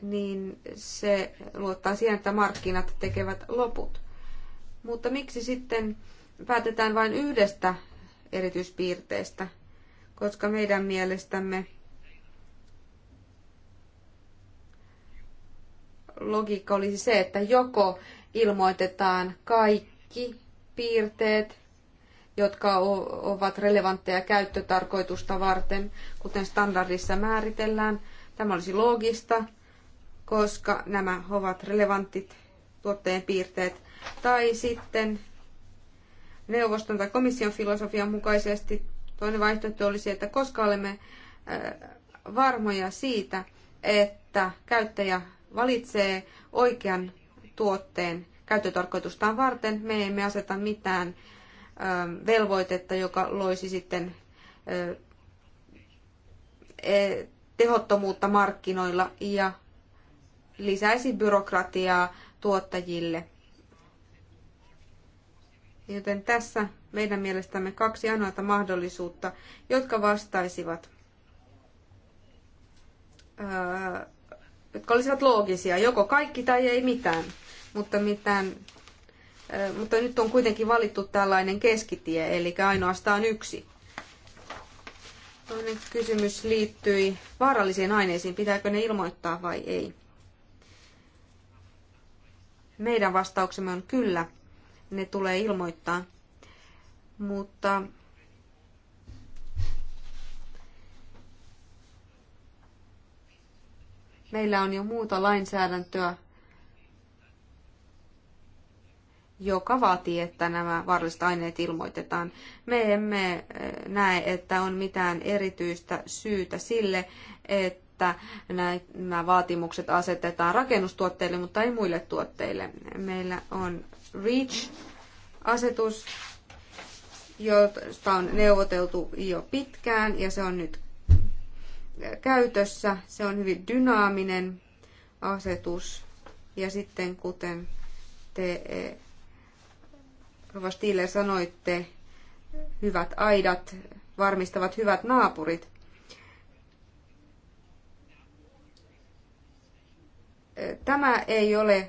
C: niin se luottaa siihen, että markkinat tekevät loput. Mutta miksi sitten päätetään vain yhdestä erityispiirteestä, koska meidän mielestämme logiikka olisi se, että joko ilmoitetaan kaikki piirteet, jotka ovat relevantteja käyttötarkoitusta varten, kuten standardissa määritellään. Tämä olisi loogista, koska nämä ovat relevantit tuotteen piirteet. Tai sitten neuvoston tai komission filosofian mukaisesti. Toinen vaihtoehto olisi, että koska olemme äh, varmoja siitä, että käyttäjä valitsee oikean tuotteen käyttötarkoitustaan varten, me emme aseta mitään ähm, velvoitetta, joka loisi sitten äh, e, tehottomuutta markkinoilla ja lisäisi byrokratiaa tuottajille – Joten tässä meidän mielestämme kaksi ainoata mahdollisuutta, jotka vastaisivat, ää, jotka olisivat loogisia, joko kaikki tai ei mitään. Mutta, mitään, ää, mutta nyt on kuitenkin valittu tällainen keskitie, eli ainoastaan yksi. Toinen kysymys liittyi vaarallisiin aineisiin, pitääkö ne ilmoittaa vai ei. Meidän vastauksemme on kyllä ne tulee ilmoittaa. Mutta meillä on jo muuta lainsäädäntöä, joka vaatii, että nämä vaaralliset aineet ilmoitetaan. Me emme eh, näe, että on mitään erityistä syytä sille, että että nämä vaatimukset asetetaan rakennustuotteille, mutta ei muille tuotteille. Meillä on REACH-asetus, josta on neuvoteltu jo pitkään ja se on nyt käytössä. Se on hyvin dynaaminen asetus. Ja sitten kuten te Rova Stille sanoitte, hyvät aidat varmistavat hyvät naapurit. Tämä ei ole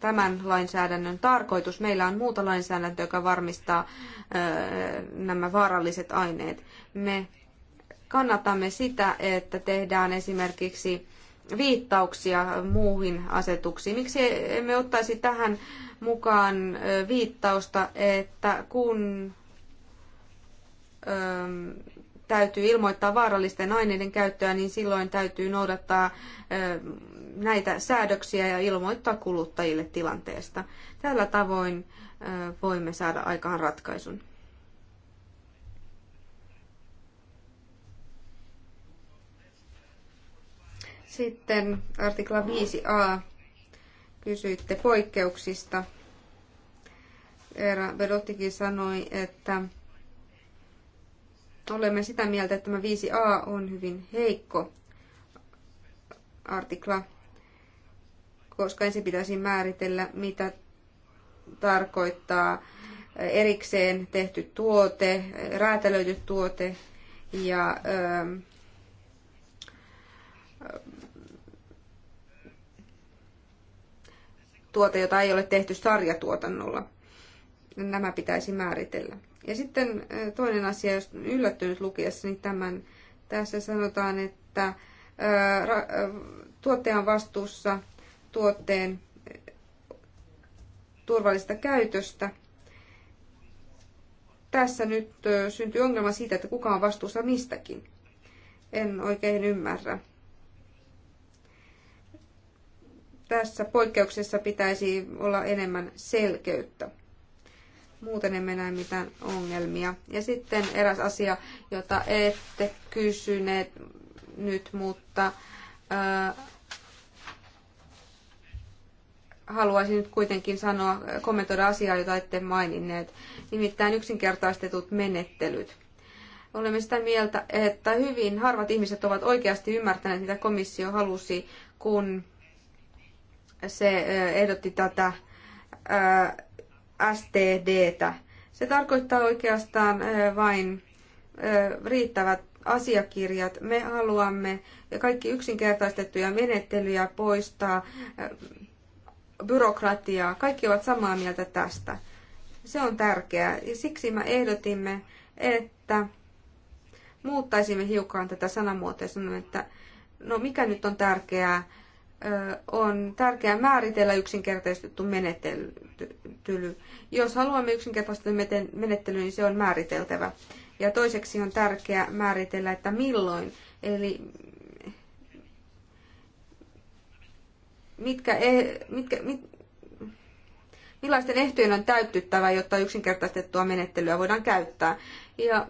C: tämän lainsäädännön tarkoitus. Meillä on muuta lainsäädäntöä, joka varmistaa nämä vaaralliset aineet. Me kannatamme sitä, että tehdään esimerkiksi viittauksia muuhin asetuksiin. Miksi emme ottaisi tähän mukaan viittausta, että kun täytyy ilmoittaa vaarallisten aineiden käyttöä, niin silloin täytyy noudattaa näitä säädöksiä ja ilmoittaa kuluttajille tilanteesta. Tällä tavoin voimme saada aikaan ratkaisun. Sitten artikla 5a. Kysyitte poikkeuksista. Eera Vedottikin sanoi, että olemme sitä mieltä, että tämä 5a on hyvin heikko artikla koska ensin pitäisi määritellä, mitä tarkoittaa erikseen tehty tuote, räätälöity tuote ja ö, ähm, tuote, jota ei ole tehty sarjatuotannolla. Nämä pitäisi määritellä. Ja sitten äh, toinen asia, jos yllättynyt lukiessa, niin tämän, tässä sanotaan, että äh, äh, tuottaja on vastuussa tuotteen turvallista käytöstä. Tässä nyt syntyy ongelma siitä, että kuka on vastuussa mistäkin. En oikein ymmärrä. Tässä poikkeuksessa pitäisi olla enemmän selkeyttä. Muuten emme näe mitään ongelmia. Ja sitten eräs asia, jota ette kysyneet nyt, mutta haluaisin nyt kuitenkin sanoa, äh, kommentoida asiaa, jota ette maininneet, nimittäin yksinkertaistetut menettelyt. Olemme sitä mieltä, että hyvin harvat ihmiset ovat oikeasti ymmärtäneet, mitä komissio halusi, kun se äh, ehdotti tätä äh, STDtä. Se tarkoittaa oikeastaan vain riittävät asiakirjat. Me haluamme kaikki yksinkertaistettuja menettelyjä poistaa byrokratiaa. Kaikki ovat samaa mieltä tästä. Se on tärkeää. Ja siksi me ehdotimme, että muuttaisimme hiukan tätä sanamuotoa ja sanomme, että no mikä nyt on tärkeää, on tärkeää määritellä yksinkertaistettu menettely. Jos haluamme yksinkertaistettu menettely, niin se on määriteltävä. Ja toiseksi on tärkeää määritellä, että milloin, eli mitkä, e, mitkä, mit, millaisten ehtojen on täyttyttävä, jotta yksinkertaistettua menettelyä voidaan käyttää. Ja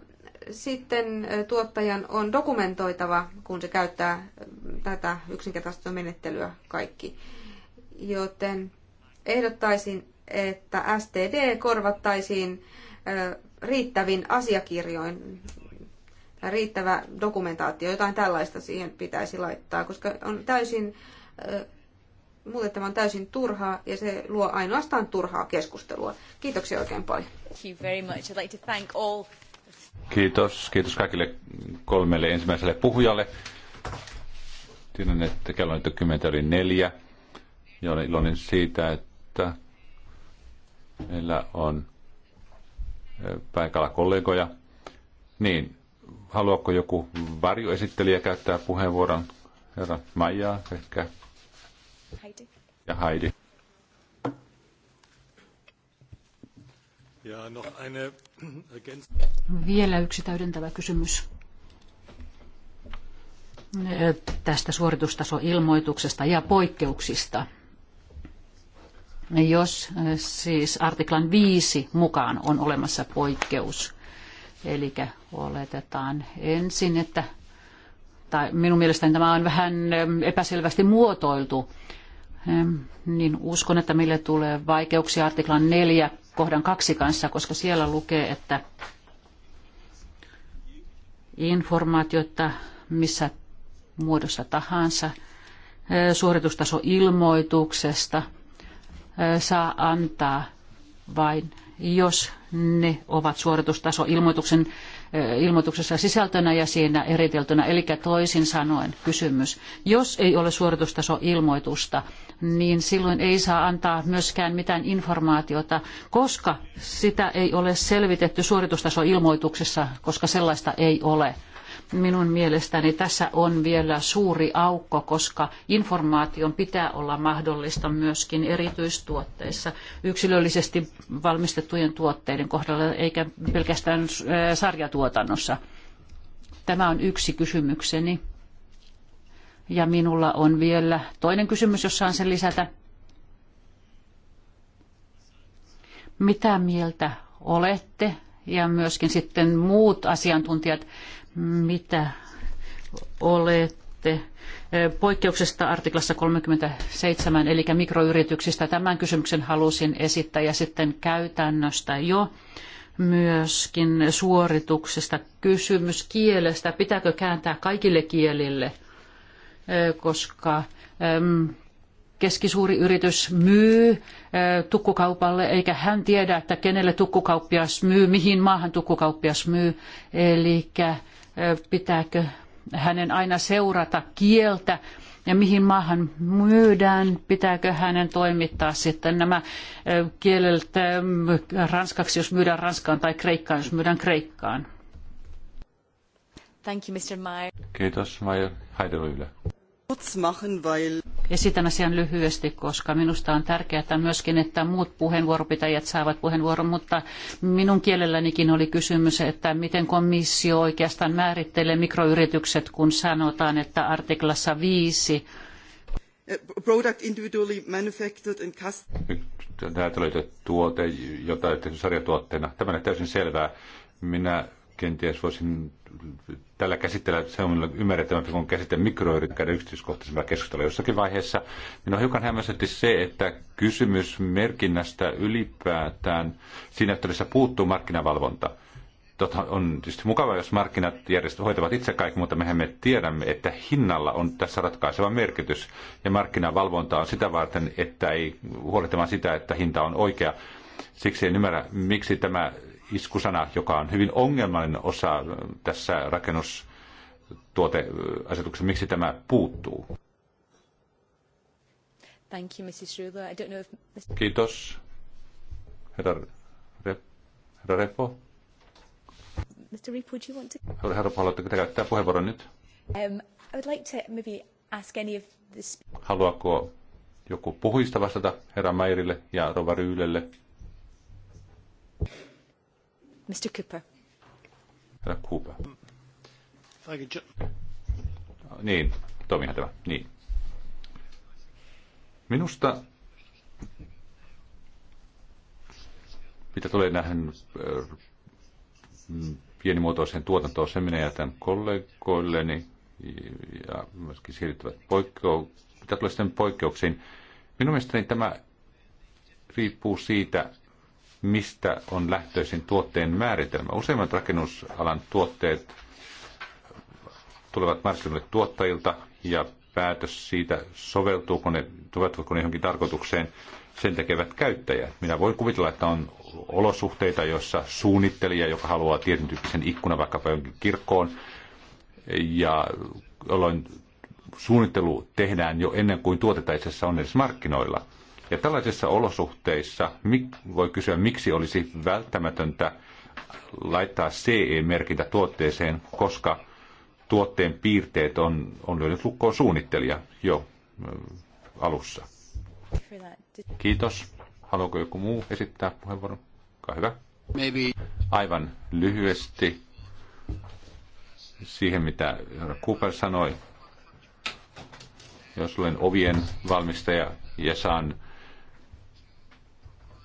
C: sitten e, tuottajan on dokumentoitava, kun se käyttää e, tätä yksinkertaistettua menettelyä kaikki. Joten ehdottaisin, että STD korvattaisiin riittävin asiakirjoin riittävä dokumentaatio, jotain tällaista siihen pitäisi laittaa, koska on täysin Muuten tämä on täysin turhaa ja se luo ainoastaan turhaa keskustelua. Kiitoksia oikein paljon.
D: Kiitos. Kiitos kaikille kolmelle ensimmäiselle puhujalle. Tiedän, että kello on nyt 10 yli neljä. Ja olen iloinen siitä, että meillä on e, paikalla kollegoja. Niin, haluatko joku varjoesittelijä käyttää puheenvuoron? Herra Maija, ehkä Heidi. Ja Heidi. Ja noch eine
B: Vielä yksi täydentävä kysymys tästä suoritustasoilmoituksesta ja poikkeuksista. Jos siis artiklan 5 mukaan on olemassa poikkeus, eli oletetaan ensin, että, tai minun mielestäni tämä on vähän epäselvästi muotoiltu, niin uskon, että meille tulee vaikeuksia artiklan 4 kohdan kaksi kanssa, koska siellä lukee, että informaatiota missä muodossa tahansa e, suoritustaso ilmoituksesta e, saa antaa vain, jos ne ovat suoritustaso ilmoituksen, e, ilmoituksessa sisältönä ja siinä eriteltynä. Eli toisin sanoen kysymys, jos ei ole suoritustaso ilmoitusta, niin silloin ei saa antaa myöskään mitään informaatiota, koska sitä ei ole selvitetty suoritustasoilmoituksessa, koska sellaista ei ole. Minun mielestäni tässä on vielä suuri aukko, koska informaation pitää olla mahdollista myöskin erityistuotteissa, yksilöllisesti valmistettujen tuotteiden kohdalla, eikä pelkästään sarjatuotannossa. Tämä on yksi kysymykseni. Ja minulla on vielä toinen kysymys, jos saan sen lisätä. Mitä mieltä olette ja myöskin sitten muut asiantuntijat, mitä olette e, poikkeuksesta artiklassa 37, eli mikroyrityksistä. Tämän kysymyksen halusin esittää ja sitten käytännöstä jo myöskin suorituksesta kysymys kielestä. Pitääkö kääntää kaikille kielille? koska keskisuuri yritys myy tukkukaupalle, eikä hän tiedä, että kenelle tukkukauppias myy, mihin maahan tukkukauppias myy. Eli pitääkö hänen aina seurata kieltä ja mihin maahan myydään, pitääkö hänen toimittaa sitten nämä kielet ranskaksi, jos myydään Ranskaan tai Kreikkaan, jos myydään Kreikkaan. Thank you, Mr. Meyer.
D: Kiitos, Meyer. Heidelöyle.
B: Esitän asian lyhyesti, koska minusta on tärkeää myöskin, että muut puheenvuoropitäjät saavat puheenvuoron, mutta minun kielellänikin oli kysymys, että miten komissio oikeastaan määrittelee mikroyritykset, kun sanotaan, että artiklassa 5
E: product individually manufactured and
D: custom... tuote, jota sarjatuotteena. Tämä on täysin selvää. Minä kenties voisin tällä käsitellä se on ymmärrettävämpi kuin käsite mikroyrittäjyyden yksityiskohtaisella keskustelulla jossakin vaiheessa. Minua hiukan hämmästytti se, että kysymys merkinnästä ylipäätään siinä yhteydessä puuttuu markkinavalvonta. Totta on tietysti mukava, jos markkinat järjestö, hoitavat itse kaikki, mutta mehän me tiedämme, että hinnalla on tässä ratkaiseva merkitys. Ja markkinavalvonta on sitä varten, että ei huolehtimaan sitä, että hinta on oikea. Siksi en ymmärrä, miksi tämä iskusana, joka on hyvin ongelmallinen osa tässä rakennustuoteasetuksessa. Miksi tämä puuttuu?
A: Thank you, Mrs. I don't know if...
D: Kiitos. Herra, Re, herra Repo.
A: Mr. Repo, do you want to...
D: Herra, Repo, haluatteko te käyttää puheenvuoron nyt?
A: Um, I would like to maybe ask any of the...
D: Haluaako joku puhuista vastata herra Mairille ja Rova Ryylelle? Mr. Cooper. Herra Cooper. Niin, toimihan tämä. Niin. Minusta, mitä tulee näihin äh, pienimuotoiseen tuotantoon, se minä jätän kollegoilleni ja myöskin siirtyvät poikkeuksiin. Mitä tulee sitten poikkeuksiin, minun mielestäni tämä riippuu siitä, mistä on lähtöisin tuotteen määritelmä. Useimmat rakennusalan tuotteet tulevat markkinoille tuottajilta ja päätös siitä, soveltuuko ne, tuvatko ne johonkin tarkoitukseen, sen tekevät käyttäjät. Minä voin kuvitella, että on olosuhteita, joissa suunnittelija, joka haluaa tietyn tyyppisen ikkunan vaikkapa jonkin kirkkoon, ja jolloin suunnittelu tehdään jo ennen kuin tuotetta itse asiassa on edes markkinoilla – ja tällaisissa olosuhteissa voi kysyä, miksi olisi välttämätöntä laittaa CE-merkintä tuotteeseen, koska tuotteen piirteet on, on löydetty lukkoon suunnittelija jo äh, alussa. Kiitos. Haluaako joku muu esittää puheenvuoron? Olkaa hyvä. Maybe. Aivan lyhyesti siihen, mitä Cooper sanoi. Jos olen ovien valmistaja ja saan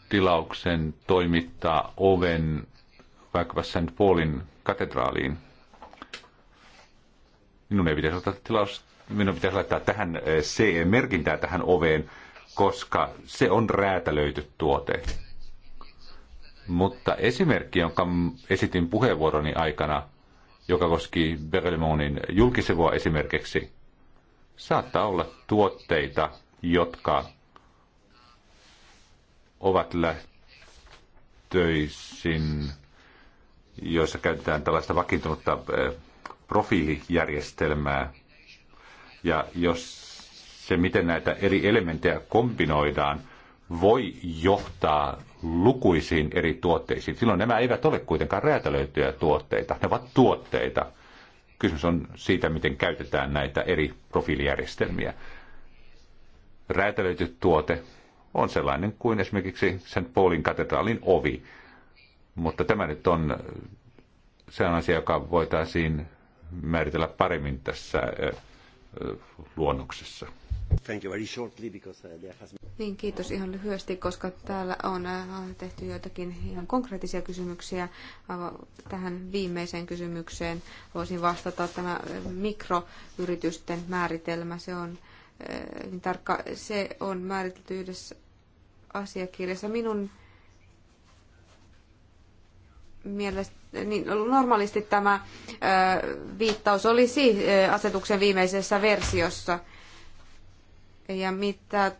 D: tilauksen toimittaa oven vaikkapa St. Paulin katedraaliin. Minun ei pitäisi ottaa tilaus, minun pitäisi laittaa tähän eh, CE-merkintää tähän oveen, koska se on räätälöity tuote. Mutta esimerkki, jonka esitin puheenvuoroni aikana, joka koski Berlimonin julkisivua esimerkiksi, saattaa olla tuotteita, jotka ovat lähtöisin, joissa käytetään tällaista vakiintunutta eh, profiilijärjestelmää. Ja jos se, miten näitä eri elementtejä kombinoidaan, voi johtaa lukuisiin eri tuotteisiin. Silloin nämä eivät ole kuitenkaan räätälöityjä tuotteita, ne ovat tuotteita. Kysymys on siitä, miten käytetään näitä eri profiilijärjestelmiä. Räätälöity tuote on sellainen kuin esimerkiksi St. Paulin katedraalin ovi. Mutta tämä nyt on äh, se on asia, joka voitaisiin määritellä paremmin tässä äh, äh, luonnoksessa.
E: Thank you very shortly because uh, there has...
D: Niin,
C: kiitos ihan lyhyesti, koska täällä on tehty joitakin ihan konkreettisia kysymyksiä. Tähän viimeiseen kysymykseen voisin vastata tämä mikroyritysten määritelmä. Se on niin tarkka. Se on määritelty yhdessä asiakirjassa. Minun mielestä, niin normaalisti tämä viittaus olisi asetuksen viimeisessä versiossa. Ja mitä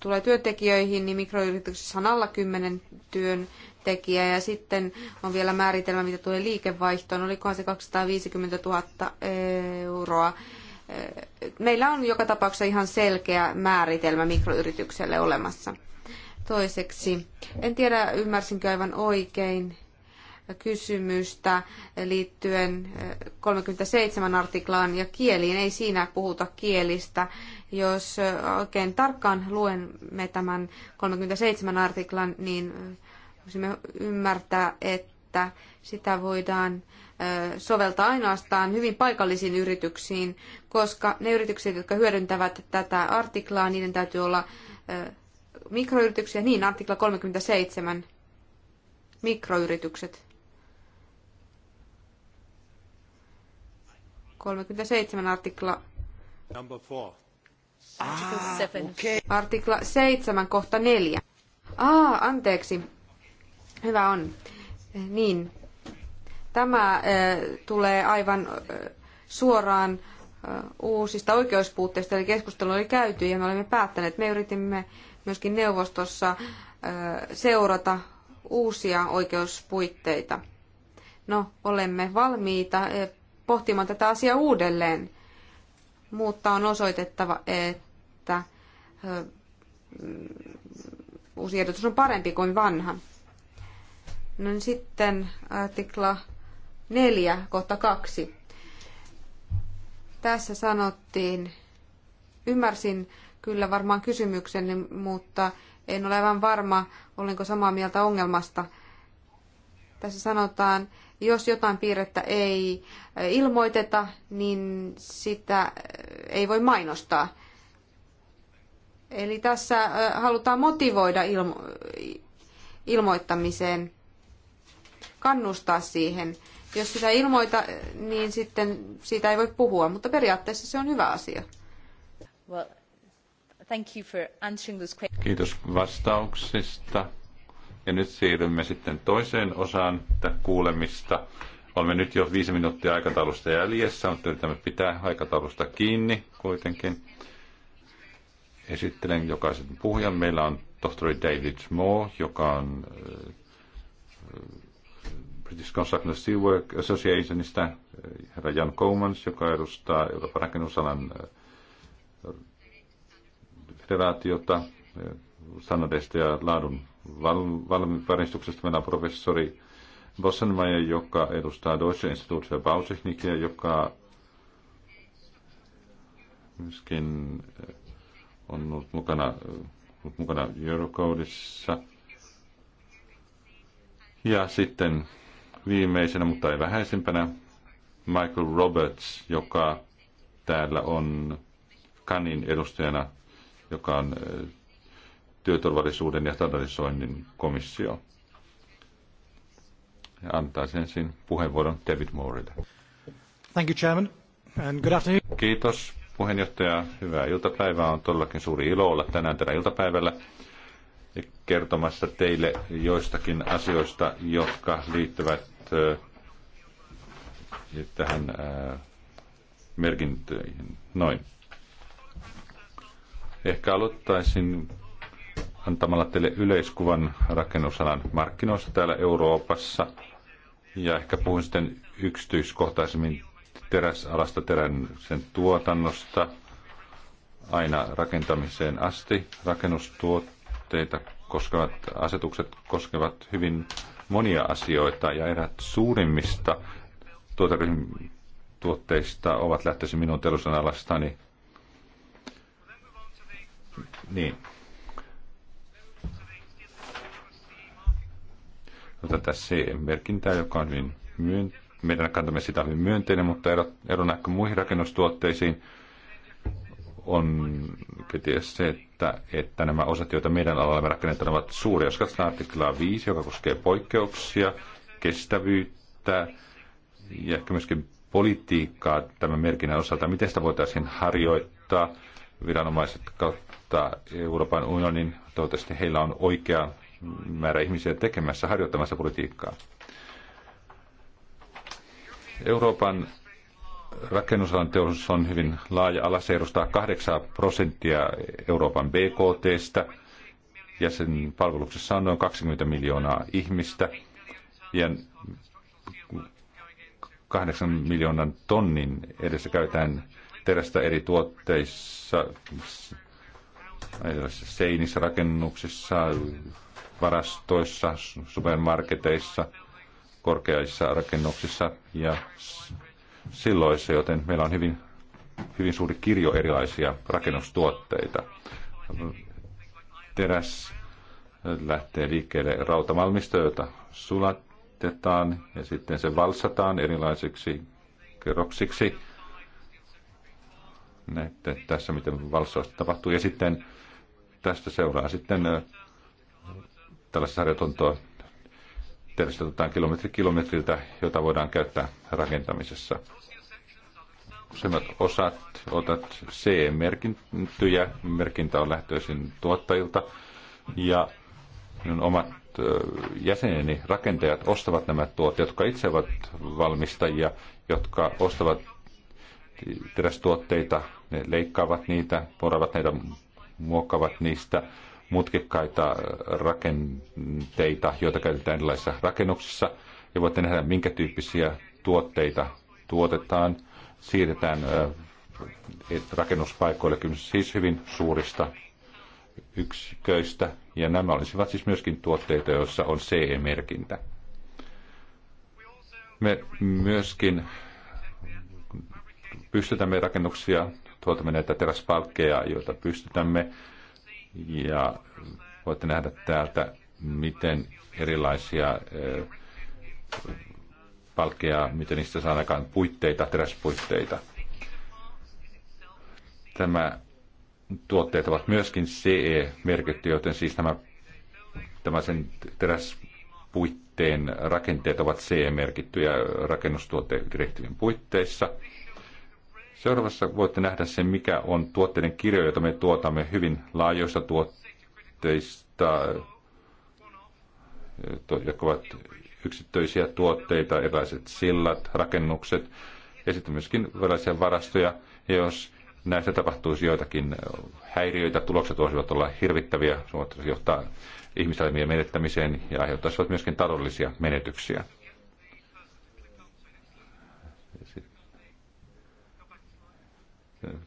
C: tulee työntekijöihin, niin mikroyrityksessä on alla kymmenen työntekijää ja sitten on vielä määritelmä, mitä tulee liikevaihtoon. Olikohan se 250 000 euroa meillä on joka tapauksessa ihan selkeä määritelmä mikroyritykselle olemassa. Toiseksi, en tiedä ymmärsinkö aivan oikein kysymystä liittyen 37 eh, artiklaan ja kieliin. Ei siinä puhuta kielistä. Jos oikein tarkkaan luemme tämän 37 artiklan, niin voisimme ymmärtää, että sitä voidaan äh, soveltaa ainoastaan hyvin paikallisiin yrityksiin, koska ne yritykset, jotka hyödyntävät tätä artiklaa, niiden täytyy olla mikroyrityksiä, niin artikla 37, mikroyritykset. 37 artikla.
D: Number four. Article ah,
C: Okay. Artikla 7, kohta 4. Ah anteeksi. Hyvä on. Niin, Tämä äh, tulee aivan äh, suoraan äh, uusista oikeuspuutteista, eli keskustelu oli käyty ja me olemme päättäneet. Me yritimme myöskin neuvostossa seurata uusia oikeuspuitteita. No, olemme valmiita pohtimaan tätä asiaa uudelleen, mutta on osoitettava, että uusi ehdotus on parempi kuin vanha. No niin sitten artikla 4, kohta 2. Tässä sanottiin, ymmärsin kyllä varmaan kysymyksen, mutta en ole aivan varma, olenko samaa mieltä ongelmasta. Tässä sanotaan, jos jotain piirrettä ei eh, ilmoiteta, niin sitä eh, ei voi mainostaa. Eli tässä eh, halutaan motivoida ilmo- ilmoittamiseen, kannustaa siihen. Jos sitä ilmoita, niin sitten siitä ei voi puhua, mutta periaatteessa se on hyvä asia. Well, thank you for answering those questions.
D: Kiitos vastauksista. Ja nyt siirrymme sitten toiseen osaan tätä kuulemista. Olemme nyt jo viisi minuuttia aikataulusta jäljessä, mutta yritämme pitää aikataulusta kiinni kuitenkin. Esittelen jokaisen puhujan. Meillä on tohtori David Moore, joka on äh, British Construction Steelwork Associationista, eh, herra Jan Comans, joka edustaa Euroopan rakennusalan eh, federaatiota, eh, standardeista ja laadun valmivarmistuksesta. Meillä on professori Bossenmaier, joka edustaa Deutsche Institut für Bautechnikia, joka myöskin on ollut mukana, ollut mukana Eurocodeissa. Ja sitten viimeisenä, mutta ei vähäisimpänä, Michael Roberts, joka täällä on Kanin edustajana, joka on työturvallisuuden ja standardisoinnin komissio. Ja antaa sen ensin puheenvuoron David Moorille.
E: Thank you, Chairman, and good
D: afternoon. Kiitos puheenjohtaja. Hyvää iltapäivää. On todellakin suuri ilo olla tänään tänä iltapäivällä kertomassa teille joistakin asioista, jotka liittyvät tähän merkintöihin. Noin. Ehkä aloittaisin antamalla teille yleiskuvan rakennusalan markkinoista täällä Euroopassa. Ja ehkä puhun sitten yksityiskohtaisemmin teräsalasta, terän sen tuotannosta aina rakentamiseen asti. Rakennustuotteita koskevat asetukset koskevat hyvin monia asioita ja erät suurimmista tuotteista ovat lähtöisin minun teollisuudenalastani. Niin. Otan tässä merkintää, joka on hyvin myönteinen. Meidän kantamme sitä hyvin myönteinen, mutta ero, ero muihin rakennustuotteisiin – on kenties se, että, että nämä osat, joita meidän me rakennetaan, ovat suuria. Jos katsotaan artiklaa 5, joka koskee poikkeuksia, kestävyyttä ja ehkä myöskin politiikkaa tämän merkinnän osalta, miten sitä voitaisiin harjoittaa viranomaiset kautta Euroopan unionin. Toivottavasti heillä on oikea määrä ihmisiä tekemässä, harjoittamassa politiikkaa. Euroopan rakennusalan teollisuus on hyvin laaja-ala. Se edustaa 8 prosenttia Euroopan BKTstä ja sen palveluksessa on noin 20 miljoonaa ihmistä ja 8 miljoonan tonnin edessä käytetään terästä eri tuotteissa, seinissä, rakennuksissa, varastoissa, supermarketeissa, korkeissa rakennuksissa ja silloissa, joten meillä on hyvin, hyvin suuri kirjo erilaisia rakennustuotteita. Teräs lähtee liikkeelle rautamalmista, jota sulatetaan ja sitten se valsataan erilaisiksi kerroksiksi. Näette tässä, miten valsaus tapahtuu. Ja sitten tästä seuraa sitten tällaista sarjatontoa tietysti otetaan kilometri kilometriltä, jota voidaan käyttää rakentamisessa. Useimmat osat otat CE-merkintyjä, merkintä on lähtöisin tuottajilta, ja minun omat jäseneni, rakentajat, ostavat nämä tuotteet, jotka itse ovat valmistajia, jotka ostavat terästuotteita, ne leikkaavat niitä, poravat niitä, muokkaavat niistä mutkikkaita rakenteita, joita käytetään erilaisissa rakennuksissa, ja voitte nähdä, minkä tyyppisiä tuotteita tuotetaan, siirretään rakennuspaikoille siis hyvin suurista yksiköistä, ja nämä olisivat siis myöskin tuotteita, joissa on CE-merkintä. Me myöskin pystytämme rakennuksia, tuotamme näitä teräspalkkeja, joita pystytämme ja voitte nähdä täältä, miten erilaisia palkkeja, miten niistä saadaan puitteita, teräspuitteita. Tämä tuotteet ovat myöskin CE-merkitty, joten siis nämä tämä sen teräspuitteen rakenteet ovat CE-merkittyjä direktiivin puitteissa – Seuraavassa voitte nähdä sen, mikä on tuotteiden kirjo, jota me tuotamme hyvin laajoista tuotteista, jotka ovat yksittöisiä tuotteita, erilaiset sillat, rakennukset ja sitten myöskin erilaisia varastoja. Ja jos näistä tapahtuisi joitakin häiriöitä, tulokset voisivat olla hirvittäviä, se johtaa ihmisalmien menettämiseen ja aiheuttaisivat myöskin taloudellisia menetyksiä.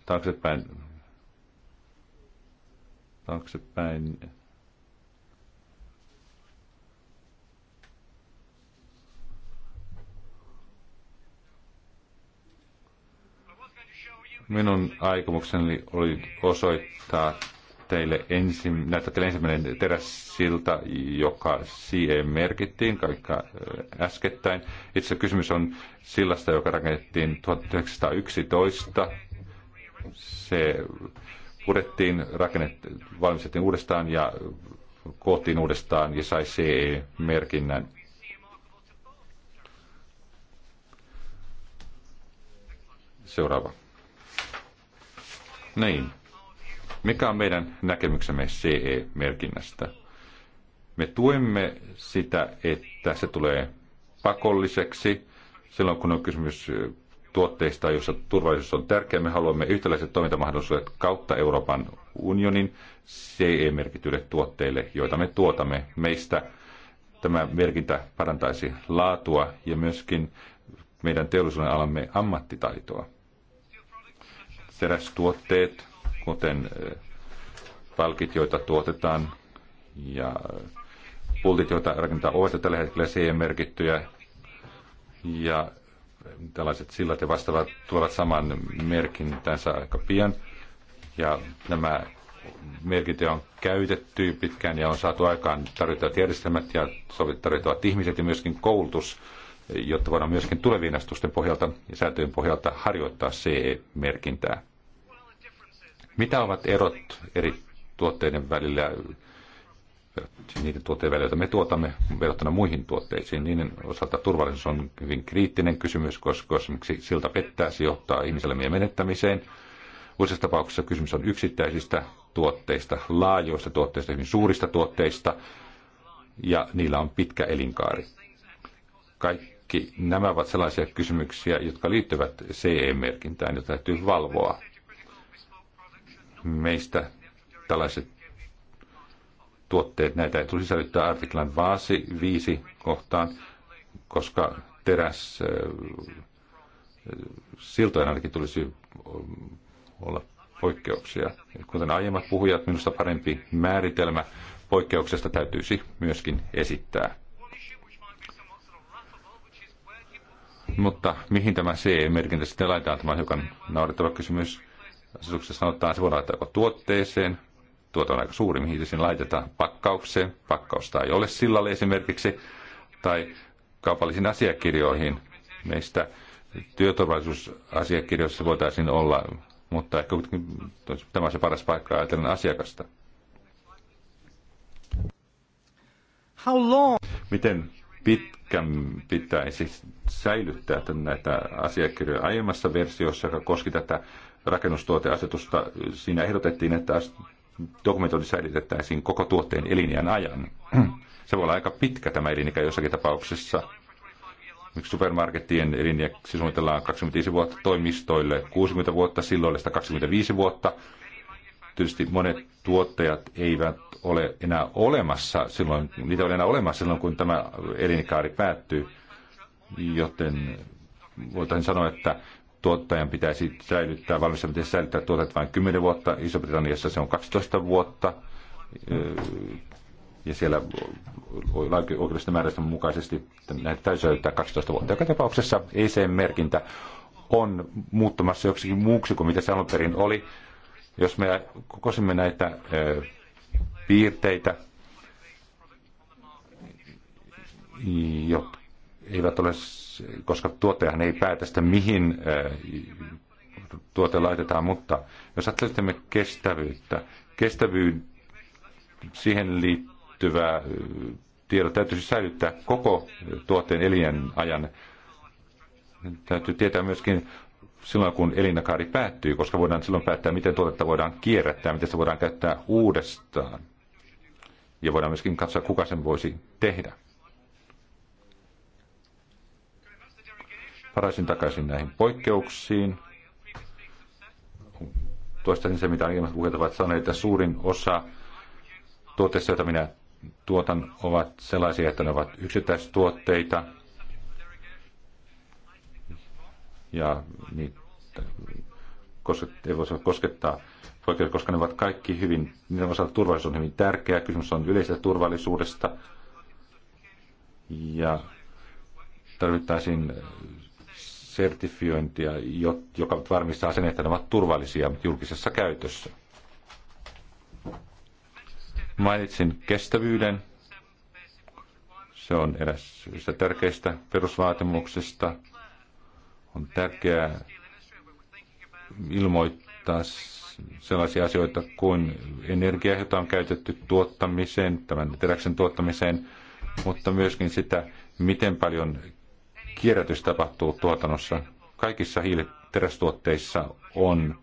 D: taaksepäin, taaksepäin minun aikomukseni oli osoittaa teille, ensi, näyttää teille ensimmäinen terässilta, joka siihen merkittiin, kaikka äskettäin. Itse kysymys on sillasta, joka rakennettiin 1911 se purettiin, valmistettiin uudestaan ja koottiin uudestaan ja sai CE-merkinnän. Seuraava. Niin. Mikä on meidän näkemyksemme CE-merkinnästä? Me tuemme sitä, että se tulee pakolliseksi silloin, kun on kysymys tuotteista, joissa turvallisuus on tärkeää. Me haluamme yhtäläiset toimintamahdollisuudet kautta Euroopan unionin CE-merkityille tuotteille, joita me tuotamme meistä. Tämä merkintä parantaisi laatua ja myöskin meidän teollisuuden alamme ammattitaitoa. Terästuotteet, kuten eh, palkit, joita tuotetaan, ja eh, pultit, joita rakennetaan, ovat tällä hetkellä CE-merkittyjä. Ja tällaiset sillat ja vastaavat tuovat saman merkintänsä aika pian. Ja nämä merkintöjä on käytetty pitkään ja on saatu aikaan tarvittavat järjestelmät ja tarvittavat ihmiset ja myöskin koulutus, jotta voidaan myöskin tulevien astusten pohjalta ja säätöjen pohjalta harjoittaa CE-merkintää. Mitä ovat erot eri tuotteiden välillä niiden tuotteiden välillä, joita me tuotamme verrattuna muihin tuotteisiin. Niiden osalta turvallisuus on hyvin kriittinen kysymys, koska esimerkiksi silta pettää, se johtaa ihmiselämien menettämiseen. Uusissa tapauksissa kysymys on yksittäisistä tuotteista, laajoista tuotteista, hyvin suurista tuotteista, ja niillä on pitkä elinkaari. Kaikki nämä ovat sellaisia kysymyksiä, jotka liittyvät CE-merkintään, jota täytyy valvoa. Meistä tällaiset tuotteet, näitä ei tulisi sisällyttää artiklan vaasi 5 kohtaan, koska teräs äh, siltojen ainakin tulisi äh, olla poikkeuksia. Kuten aiemmat puhujat, minusta parempi määritelmä poikkeuksesta täytyisi myöskin esittää. Mutta mihin tämä CE-merkintä sitten laitetaan? Tämä on hiukan naurettava kysymys. Asetuksessa sanotaan, että se voidaan laittaa tuotteeseen, tuote on aika suuri, mihin sen laitetaan pakkaukseen, pakkausta ei ole sillalle esimerkiksi, tai kaupallisiin asiakirjoihin. Meistä työturvallisuusasiakirjoissa voitaisiin olla, mutta ehkä tämä on se paras paikka ajatellen asiakasta. How long? Miten pitkän pitäisi säilyttää näitä asiakirjoja aiemmassa versiossa, joka koski tätä rakennustuoteasetusta. Siinä ehdotettiin, että dokumentointi säilytettäisiin koko tuotteen elinjään ajan. Se voi olla aika pitkä tämä elinikä jossakin tapauksessa. Miksi supermarkettien elinjäksi suunnitellaan 25 vuotta, toimistoille 60 vuotta, silloillista 25 vuotta. Tietysti monet tuottajat eivät ole enää olemassa silloin, niitä ei enää olemassa silloin, kun tämä elinkaari päättyy. Joten voitaisiin sanoa, että tuottajan pitäisi säilyttää, valmistajan pitäisi säilyttää tuotet vain 10 vuotta, Iso-Britanniassa se on 12 vuotta, ja siellä oikeudellisten määrästä mukaisesti näitä täytyy säilyttää 12 vuotta. Joka tapauksessa EC-merkintä on muuttumassa joksikin muuksi kuin mitä se alun perin oli. Jos me kokosimme näitä piirteitä, jotka eivät ole koska tuottajahan ei päätä sitä, mihin eh, tuote laitetaan, mutta jos ajattelemme kestävyyttä, Kestävyyden siihen liittyvää eh, tiedot täytyisi säilyttää koko tuotteen elien ajan. Täytyy tietää myöskin silloin, kun elinakaari päättyy, koska voidaan silloin päättää, miten tuotetta voidaan kierrättää, miten se voidaan käyttää uudestaan. Ja voidaan myöskin katsoa, kuka sen voisi tehdä. Palaisin takaisin näihin poikkeuksiin. Toistaisin se, mitä aiemmat puheet ovat sanoneet, että suurin osa tuotteista, joita minä tuotan, ovat sellaisia, että ne ovat yksittäistuotteita. Ja niitä, ei voisi koskettaa poikkeuksia, koska ne ovat kaikki hyvin, niiden osalta turvallisuus on hyvin tärkeä. Kysymys on yleisestä turvallisuudesta. Ja tarvittaisiin sertifiointia, joka varmistaa sen, että ne ovat turvallisia julkisessa käytössä. Mainitsin kestävyyden. Se on eräs tärkeistä perusvaatimuksista. On tärkeää ilmoittaa sellaisia asioita kuin energia, jota on käytetty tuottamiseen, tämän teräksen tuottamiseen, mutta myöskin sitä, miten paljon kierrätys tapahtuu tuotannossa. Kaikissa hiiliterästuotteissa on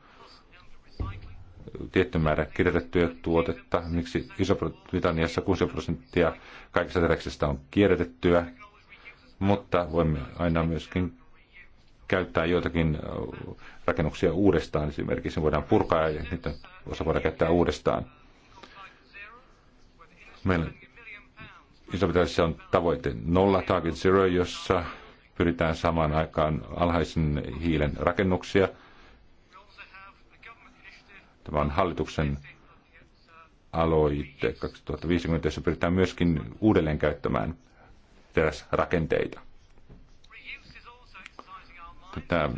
D: tietty määrä kierrätettyä tuotetta. Miksi Iso-Britanniassa 6 prosenttia kaikista teräksestä on kierrätettyä, mutta voimme aina myöskin käyttää joitakin rakennuksia uudestaan. Esimerkiksi voidaan purkaa ja niitä osa voidaan käyttää uudestaan. Meillä Iso-Britanniassa on tavoite nolla, target zero, jossa pyritään samaan aikaan alhaisen hiilen rakennuksia. Tämä on hallituksen aloite 2050, jossa pyritään myöskin uudelleen käyttämään teräsrakenteita. Tätä,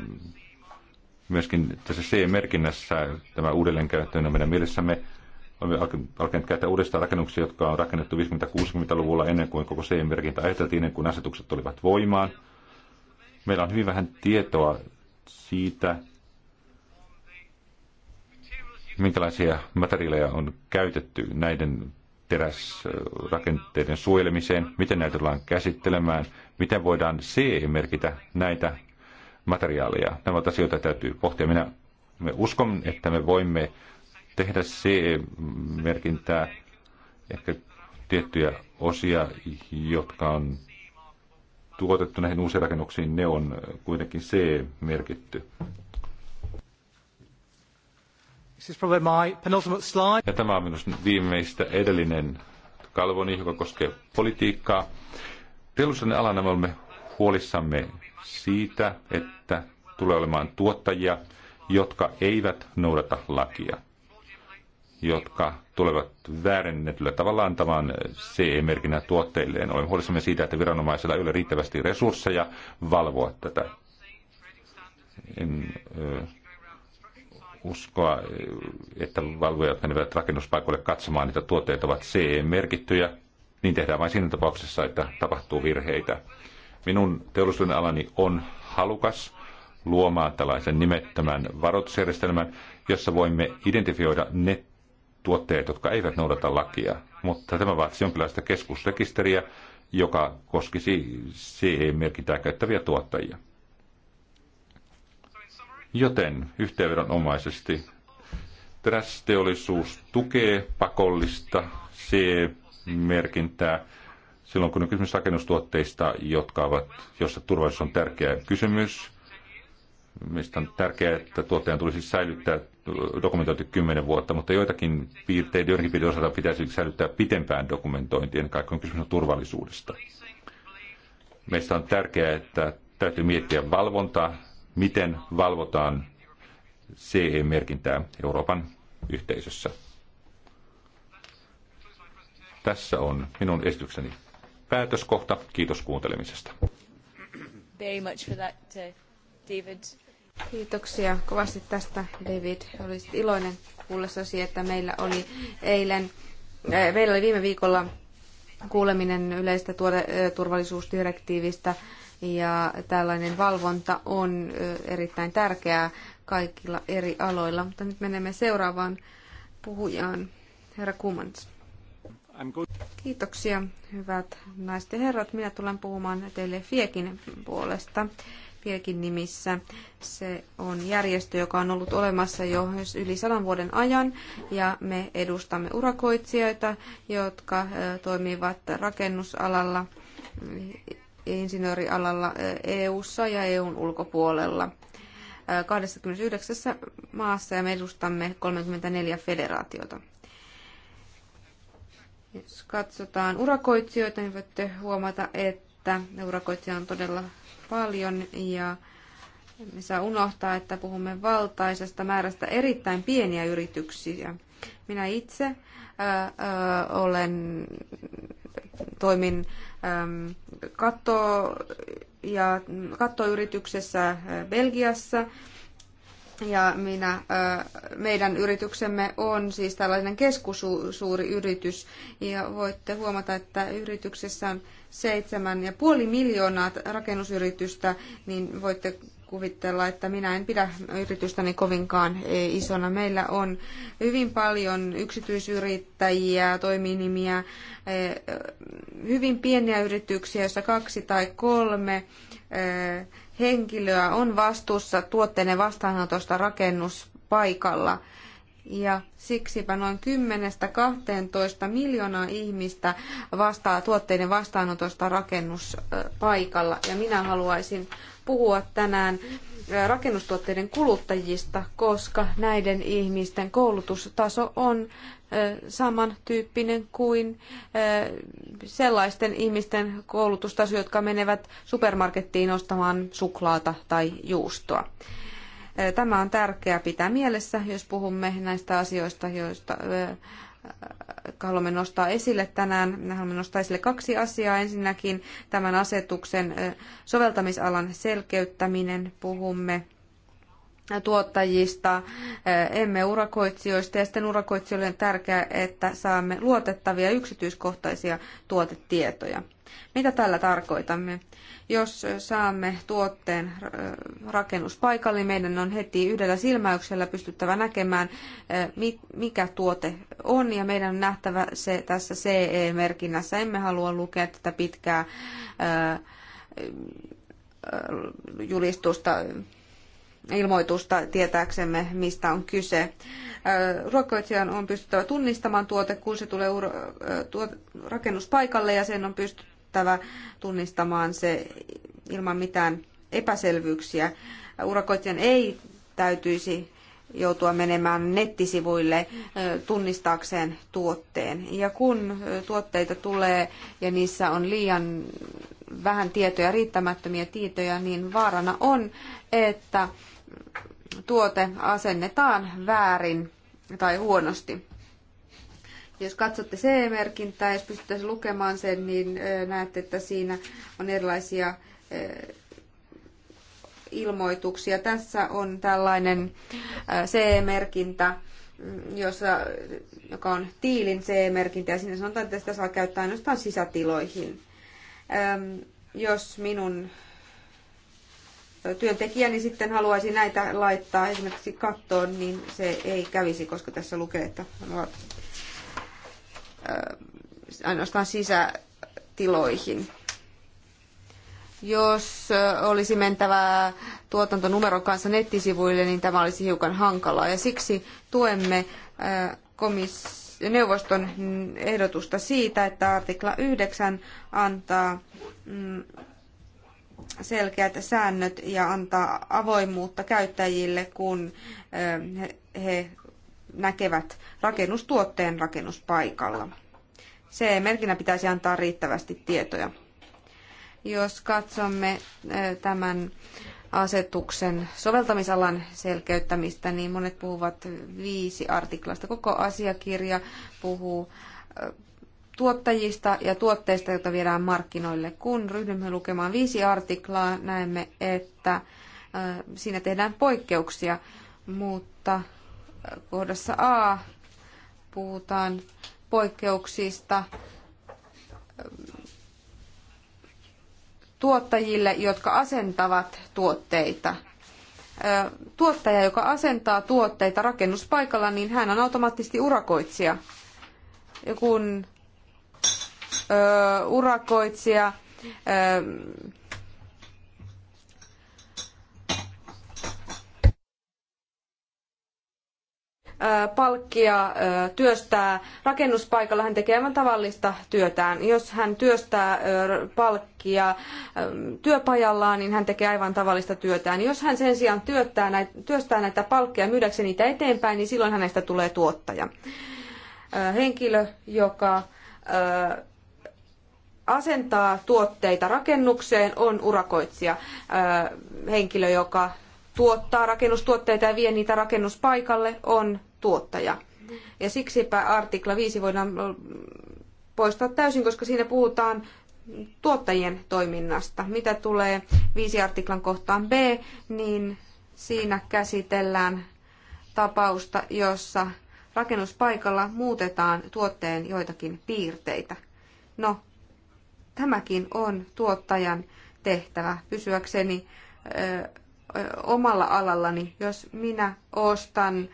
D: myöskin tässä C-merkinnässä tämä uudelleenkäyttö on meidän mielessämme alkaneet käyttää uudestaan rakennuksia, jotka on rakennettu 50-60-luvulla ennen kuin koko C-merkintä ajateltiin, ennen kuin asetukset olivat voimaan – Meillä on hyvin vähän tietoa siitä, minkälaisia materiaaleja on käytetty näiden teräsrakenteiden suojelemiseen, miten näitä tullaan käsittelemään, miten voidaan CE-merkitä näitä materiaaleja. Nämä ovat asioita täytyy pohtia. Minä me uskon, että me voimme tehdä CE-merkintää ehkä tiettyjä osia, jotka on tuotettu näihin uusiin rakennuksiin, ne on kuitenkin C-merkitty. Ja tämä on minun viimeistä edellinen kalvoni, joka koskee politiikkaa. Teollisuuden alana me olemme huolissamme siitä, että tulee olemaan tuottajia, jotka eivät noudata lakia jotka tulevat väärennetyllä tavalla antamaan CE-merkinnän tuotteilleen. Olemme huolissamme siitä, että viranomaisilla ei ole riittävästi resursseja valvoa tätä. En ö, uskoa, että valvojat menevät rakennuspaikoille katsomaan, että tuotteet ovat CE-merkittyjä. Niin tehdään vain siinä tapauksessa, että tapahtuu virheitä. Minun teollisuuden alani on halukas luomaan tällaisen nimettömän varoitusjärjestelmän, jossa voimme identifioida ne tuotteet, jotka eivät noudata lakia. Mutta tämä vaatisi jonkinlaista keskusrekisteriä, joka koskisi CE-merkintää käyttäviä tuottajia. Joten yhteenvedonomaisesti terästeollisuus tukee pakollista CE-merkintää silloin, kun on kysymys rakennustuotteista, jotka ovat, jossa turvallisuus on tärkeä kysymys. Mistä on tärkeää, että tuottajan tulisi säilyttää dokumentoitu kymmenen vuotta, mutta joitakin piirteitä, joidenkin piirteiden osalta pitäisi säilyttää pitempään ennen kaikkea on kysymys turvallisuudesta. Meistä on tärkeää, että täytyy miettiä valvontaa, miten valvotaan CE-merkintää Euroopan yhteisössä. Tässä on minun esitykseni päätöskohta. Kiitos kuuntelemisesta.
C: Very much
E: for that, uh, David.
C: Kiitoksia kovasti tästä, David. Olisit iloinen kuullessasi, että meillä oli eilen, eh, meillä oli viime viikolla kuuleminen yleistä eh, turvallisuusdirektiivistä ja tällainen valvonta on eh, erittäin tärkeää kaikilla eri aloilla. Mutta nyt menemme seuraavaan puhujaan, herra Kumans. Kiitoksia, hyvät naiset ja herrat. Minä tulen puhumaan teille Fiekin puolesta. Pirkin nimissä. Se on järjestö, joka on ollut olemassa jo yli sadan vuoden ajan ja me edustamme urakoitsijoita, jotka toimivat rakennusalalla, insinöörialalla EU-ssa ja EUn ulkopuolella. 29 maassa ja me edustamme 34 federaatiota. Jos katsotaan urakoitsijoita, niin voitte huomata, että urakoitsija on todella paljon ja me saa unohtaa, että puhumme valtaisesta määrästä erittäin pieniä yrityksiä. Minä itse ää, ää, olen, toimin ää, katto- ja kattoyrityksessä Belgiassa ja minä, meidän yrityksemme on siis tällainen keskusuuri yritys. Ja voitte huomata, että yrityksessä on seitsemän ja puoli miljoonaa rakennusyritystä, niin voitte kuvitella, että minä en pidä yritystäni kovinkaan e, isona. Meillä on hyvin paljon yksityisyrittäjiä, toiminimiä, e, hyvin pieniä yrityksiä, joissa kaksi tai kolme e, henkilöä on vastuussa tuotteiden vastaanotosta rakennuspaikalla. Ja siksipä noin 10-12 miljoonaa ihmistä vastaa tuotteiden vastaanotosta rakennuspaikalla. Ja minä haluaisin puhua tänään rakennustuotteiden kuluttajista, koska näiden ihmisten koulutustaso on samantyyppinen kuin sellaisten ihmisten koulutustaso, jotka menevät supermarkettiin ostamaan suklaata tai juustoa. Tämä on tärkeää pitää mielessä, jos puhumme näistä asioista, joista haluamme nostaa esille tänään. Me haluamme nostaa esille kaksi asiaa. Ensinnäkin tämän asetuksen soveltamisalan selkeyttäminen. Puhumme tuottajista, emme urakoitsijoista ja sitten urakoitsijoille on tärkeää, että saamme luotettavia yksityiskohtaisia tuotetietoja. Mitä tällä tarkoitamme? Jos saamme tuotteen äh, rakennuspaikalle, niin meidän on heti yhdellä silmäyksellä pystyttävä näkemään, äh, mikä tuote on, ja meidän on nähtävä se tässä CE-merkinnässä. Emme halua lukea tätä pitkää äh, julistusta ilmoitusta tietääksemme, mistä on kyse. Ruokkoitsijan on pystyttävä tunnistamaan tuote, kun se tulee rakennuspaikalle ja sen on pystyttävä pystyttävä tunnistamaan se ilman mitään epäselvyyksiä. Urakoitsijan ei täytyisi joutua menemään nettisivuille tunnistaakseen tuotteen. Ja kun tuotteita tulee ja niissä on liian vähän tietoja, riittämättömiä tietoja, niin vaarana on, että tuote asennetaan väärin tai huonosti. Jos katsotte CE-merkintää, jos pystyttäisiin lukemaan sen, niin näette, että siinä on erilaisia ilmoituksia. Tässä on tällainen CE-merkintä, mm, jossa, joka on tiilin CE-merkintä, ja siinä sanotaan, että sitä saa käyttää ainoastaan sisätiloihin. Jos minun työntekijäni niin sitten haluaisi näitä laittaa esimerkiksi kattoon, niin se ei kävisi, koska tässä lukee, että ovat Äh, ainoastaan sisätiloihin. Jos äh, olisi mentävä tuotantonumeron kanssa nettisivuille, niin tämä olisi hiukan hankalaa ja siksi tuemme äh, neuvoston ehdotusta siitä, että artikla 9 antaa mm, selkeät säännöt ja antaa avoimuutta käyttäjille, kun he näkevät rakennustuotteen rakennuspaikalla. Se merkinnä pitäisi antaa riittävästi tietoja. Jos katsomme tämän asetuksen soveltamisalan selkeyttämistä, niin monet puhuvat viisi artiklasta. Koko asiakirja puhuu tuottajista ja tuotteista, joita viedään markkinoille. Kun ryhdymme lukemaan viisi artiklaa, näemme, että siinä tehdään poikkeuksia, mutta kohdassa A puhutaan poikkeuksista ähm, tuottajille, jotka asentavat tuotteita. Äh, tuottaja, joka asentaa tuotteita rakennuspaikalla, niin hän on automaattisesti urakoitsija. Ja kun äh, urakoitsija ähm, palkkia työstää rakennuspaikalla, hän tekee aivan tavallista työtään. Jos hän työstää palkkia työpajallaan, niin hän tekee aivan tavallista työtään. Jos hän sen sijaan työttää näitä, työstää näitä palkkia myydäkseen niitä eteenpäin, niin silloin hänestä tulee tuottaja. Henkilö, joka asentaa tuotteita rakennukseen, on urakoitsija. Henkilö, joka tuottaa rakennustuotteita ja vie niitä rakennuspaikalle, on tuottaja. Ja siksipä artikla 5 voidaan poistaa täysin, koska siinä puhutaan tuottajien toiminnasta. Mitä tulee 5 artiklan kohtaan B, niin siinä käsitellään tapausta, jossa rakennuspaikalla muutetaan tuotteen joitakin piirteitä. No, tämäkin on tuottajan tehtävä pysyäkseni ö, ö, omalla alallani. Jos minä ostan ö,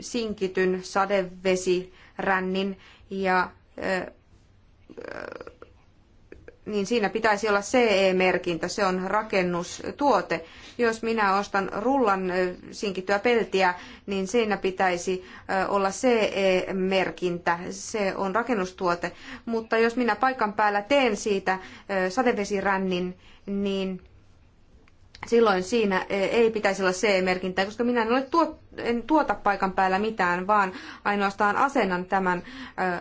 C: sinkityn sadevesirännin ja niin siinä pitäisi olla CE-merkintä, se on rakennustuote. Jos minä ostan rullan sinkityä peltiä, niin siinä pitäisi olla CE-merkintä, se on rakennustuote. Mutta jos minä paikan päällä teen siitä sadevesirännin, niin silloin siinä e, ei pitäisi olla CE-merkintää, koska minä en, ole tuot, en tuota paikan päällä mitään, vaan ainoastaan asennan tämän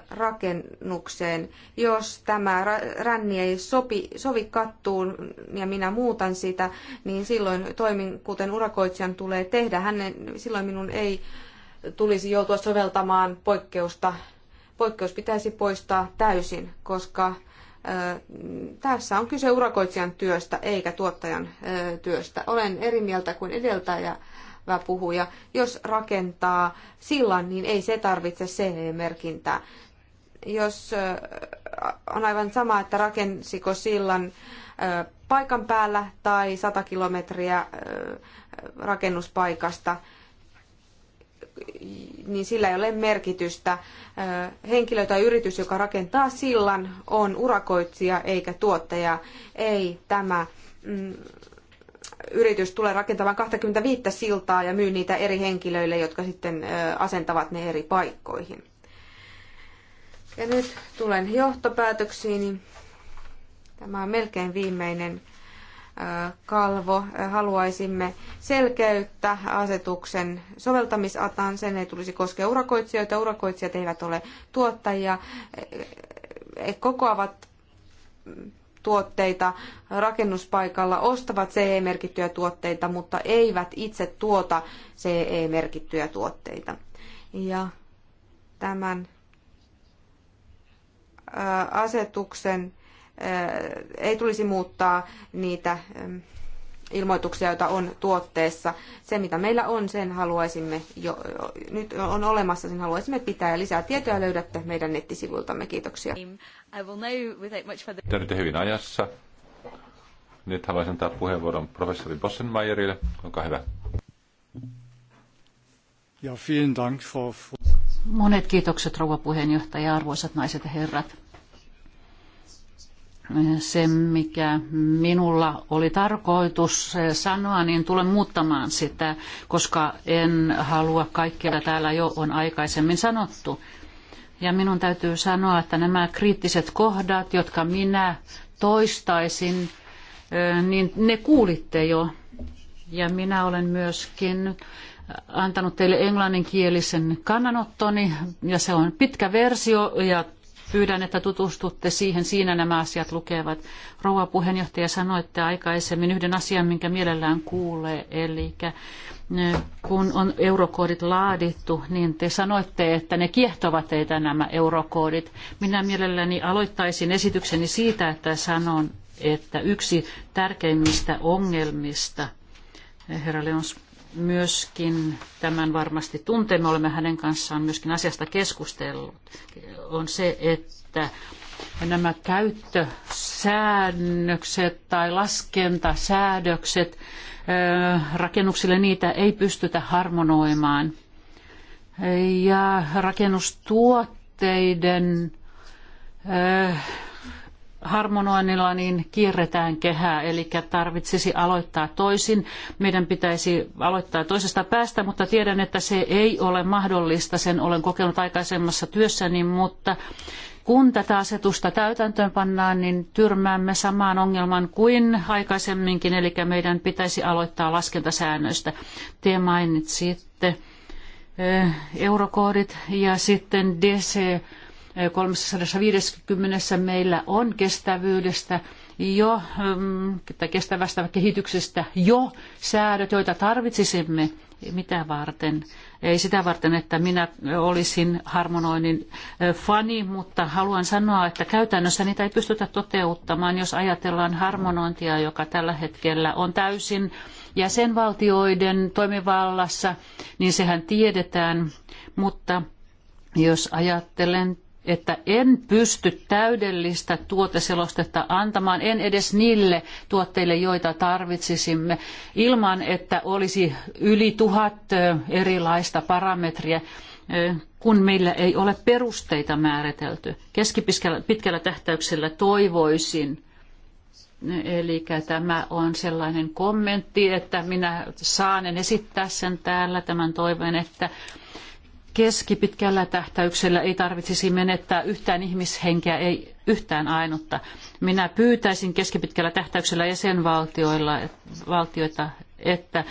C: rakennukseen. Jos tämä ränni ei sopi, sovi kattuun ja minä muutan sitä, niin silloin toimin kuten urakoitsijan tulee tehdä. Hänen, silloin minun ei tulisi joutua soveltamaan poikkeusta. Poikkeus pitäisi poistaa täysin, koska tässä on kyse urakoitsijan työstä eikä tuottajan työstä. Olen eri mieltä kuin edeltäjä puhuja. Jos rakentaa sillan, niin ei se tarvitse CE-merkintää. Jos on aivan sama, että rakensiko sillan paikan päällä tai 100 kilometriä rakennuspaikasta, niin sillä ei ole merkitystä. Henkilö tai yritys, joka rakentaa sillan, on urakoitsija eikä tuottaja. Ei tämä mm, yritys tule rakentamaan 25 siltaa ja myy niitä eri henkilöille, jotka sitten asentavat ne eri paikkoihin. Ja nyt tulen johtopäätöksiini. Tämä on melkein viimeinen kalvo. Haluaisimme selkeyttä asetuksen soveltamisataan. Sen ei tulisi koskea urakoitsijoita. Urakoitsijat eivät ole tuottajia. He kokoavat tuotteita rakennuspaikalla, ostavat CE-merkittyjä tuotteita, mutta eivät itse tuota CE-merkittyjä tuotteita. Ja tämän asetuksen ei tulisi muuttaa niitä ilmoituksia, joita on tuotteessa. Se, mitä meillä on, sen haluaisimme jo, nyt on olemassa, sen haluaisimme pitää. Ja lisää tietoja löydätte meidän nettisivuiltamme. Kiitoksia.
D: Tämä hyvin ajassa. Nyt haluaisin antaa puheenvuoron professori Bossenmeierille. Olkaa hyvä.
E: Ja, vielen Dank, Frau...
B: Monet kiitokset, rouva puheenjohtaja, arvoisat naiset ja herrat se, mikä minulla oli tarkoitus sanoa, niin tulen muuttamaan sitä, koska en halua kaikkea, mitä täällä jo on aikaisemmin sanottu. Ja minun täytyy sanoa, että nämä kriittiset kohdat, jotka minä toistaisin, niin ne kuulitte jo. Ja minä olen myöskin antanut teille englanninkielisen kannanottoni, ja se on pitkä versio, ja pyydän, että tutustutte siihen. Siinä nämä asiat lukevat. Rouva puheenjohtaja sanoitte aikaisemmin yhden asian, minkä mielellään kuulee, eli eh, kun on eurokoodit laadittu, niin te sanoitte, että ne kiehtovat teitä nämä eurokoodit. Minä mielelläni aloittaisin esitykseni siitä, että sanon, että yksi tärkeimmistä ongelmista, eh, herra Leons, myöskin, tämän varmasti tunteemme, olemme hänen kanssaan myöskin asiasta keskustellut, on se, että nämä käyttösäännökset tai laskentasäädökset rakennuksille niitä ei pystytä harmonoimaan. Ja rakennustuotteiden harmonoinnilla niin kierretään kehää, eli tarvitsisi aloittaa toisin. Meidän pitäisi aloittaa toisesta päästä, mutta tiedän, että se ei ole mahdollista. Sen olen kokenut aikaisemmassa työssäni, mutta kun tätä asetusta täytäntöön pannaan, niin tyrmäämme samaan ongelman kuin aikaisemminkin, eli meidän pitäisi aloittaa laskentasäännöistä. Te mainitsitte eh, eurokoodit ja sitten DC 350 meillä on kestävyydestä jo, mm, tai kestävästä kehityksestä jo säädöt, joita tarvitsisimme mitä varten. Ei sitä varten, että minä olisin harmonoinnin fani, mutta haluan sanoa, että käytännössä niitä ei pystytä toteuttamaan, jos ajatellaan harmonointia, joka tällä hetkellä on täysin jäsenvaltioiden toimivallassa, niin sehän tiedetään, mutta jos ajattelen että en pysty täydellistä tuoteselostetta antamaan, en edes niille tuotteille, joita tarvitsisimme, ilman että olisi yli tuhat erilaista parametriä, kun meillä ei ole perusteita määritelty. Keskipitkällä tähtäyksellä toivoisin, Eli tämä on sellainen kommentti, että minä saan esittää sen täällä tämän toiveen, että keskipitkällä tähtäyksellä ei tarvitsisi menettää yhtään ihmishenkeä, ei yhtään ainutta. Minä pyytäisin keskipitkällä tähtäyksellä jäsenvaltioita, että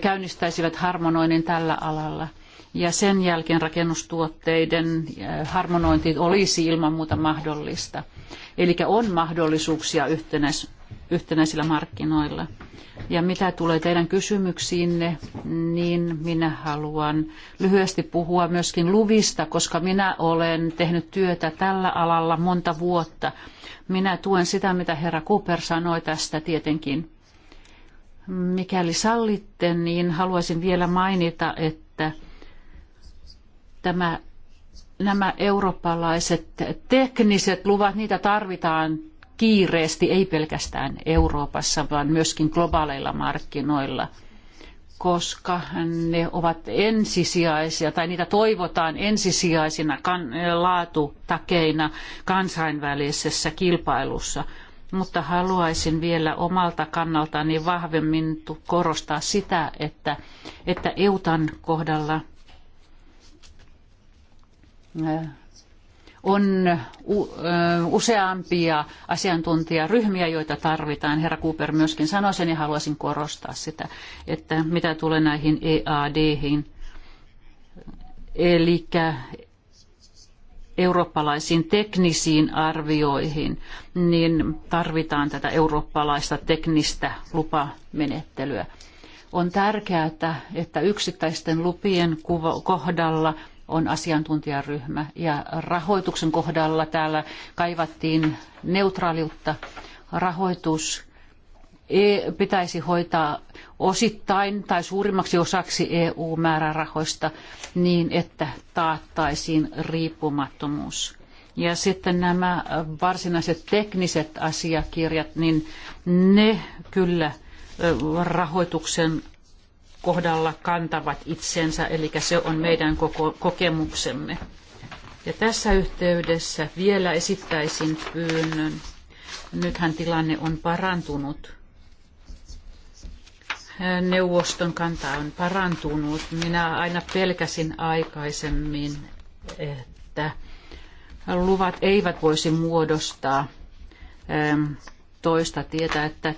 B: käynnistäisivät harmonoinnin tällä alalla – ja sen jälkeen rakennustuotteiden äh, harmonointi olisi ilman muuta mahdollista. Eli on mahdollisuuksia yhtenäis- yhtenäisillä markkinoilla. Ja mitä tulee teidän kysymyksiinne, niin minä haluan lyhyesti puhua myöskin luvista, koska minä olen tehnyt työtä tällä alalla monta vuotta. Minä tuen sitä, mitä herra Cooper sanoi tästä tietenkin. Mikäli sallitte, niin haluaisin vielä mainita, että Tämä, nämä eurooppalaiset tekniset luvat, niitä tarvitaan kiireesti, ei pelkästään Euroopassa, vaan myöskin globaaleilla markkinoilla, koska ne ovat ensisijaisia tai niitä toivotaan ensisijaisina kan, laatutakeina kansainvälisessä kilpailussa. Mutta haluaisin vielä omalta kannaltani vahvemmin korostaa sitä, että, että EUTAN kohdalla – on useampia asiantuntijaryhmiä, joita tarvitaan. Herra Cooper myöskin sanoi sen ja haluaisin korostaa sitä, että mitä tulee näihin EAD-hin, eli eurooppalaisiin teknisiin arvioihin, niin tarvitaan tätä eurooppalaista teknistä lupamenettelyä. On tärkeää, että yksittäisten lupien kohdalla on asiantuntijaryhmä. Ja rahoituksen kohdalla täällä kaivattiin neutraaliutta. Rahoitus e- pitäisi hoitaa osittain tai suurimmaksi osaksi EU-määrärahoista niin, että taattaisiin riippumattomuus. Ja sitten nämä varsinaiset tekniset asiakirjat, niin ne kyllä rahoituksen kohdalla kantavat itsensä, eli se on meidän koko kokemuksemme. Ja tässä yhteydessä vielä esittäisin pyynnön. Nythän tilanne on parantunut. Neuvoston kanta on parantunut. Minä aina pelkäsin aikaisemmin, että luvat eivät voisi muodostaa toista tietä, että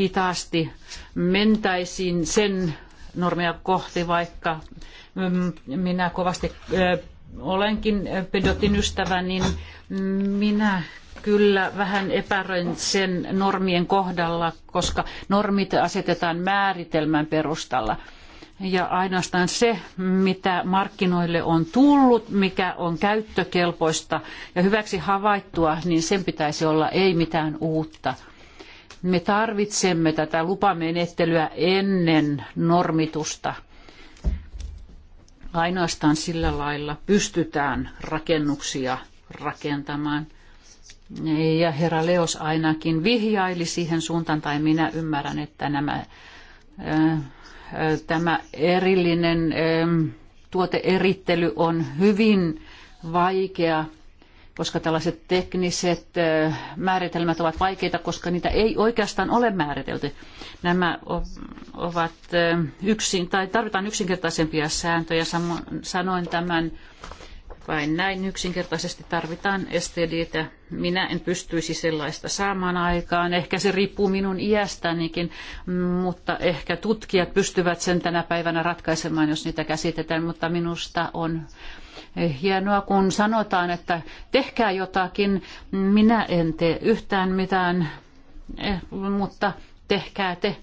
B: hitaasti mentäisiin sen normia kohti, vaikka mm, minä kovasti olenkin pedotin ystävä, niin minä kyllä vähän epäröin sen normien kohdalla, koska normit asetetaan määritelmän perustalla ja ainoastaan se, mitä markkinoille on tullut, mikä on käyttökelpoista ja hyväksi havaittua, niin sen pitäisi olla ei mitään uutta. Me tarvitsemme tätä lupamenettelyä ennen normitusta. Ainoastaan sillä lailla pystytään rakennuksia rakentamaan. Ja herra Leos ainakin vihjaili siihen suuntaan, tai minä ymmärrän, että nämä tämä erillinen tuoteerittely on hyvin vaikea, koska tällaiset tekniset määritelmät ovat vaikeita, koska niitä ei oikeastaan ole määritelty. Nämä ovat yksin, tai tarvitaan yksinkertaisempia sääntöjä. Sanoin tämän vain näin yksinkertaisesti tarvitaan estediitä. Minä en pystyisi sellaista saamaan aikaan. Ehkä se riippuu minun iästänikin, mutta ehkä tutkijat pystyvät sen tänä päivänä ratkaisemaan, jos niitä käsitetään. Mutta minusta on hienoa, kun sanotaan, että tehkää jotakin. Minä en tee yhtään mitään, eh, mutta tehkää te.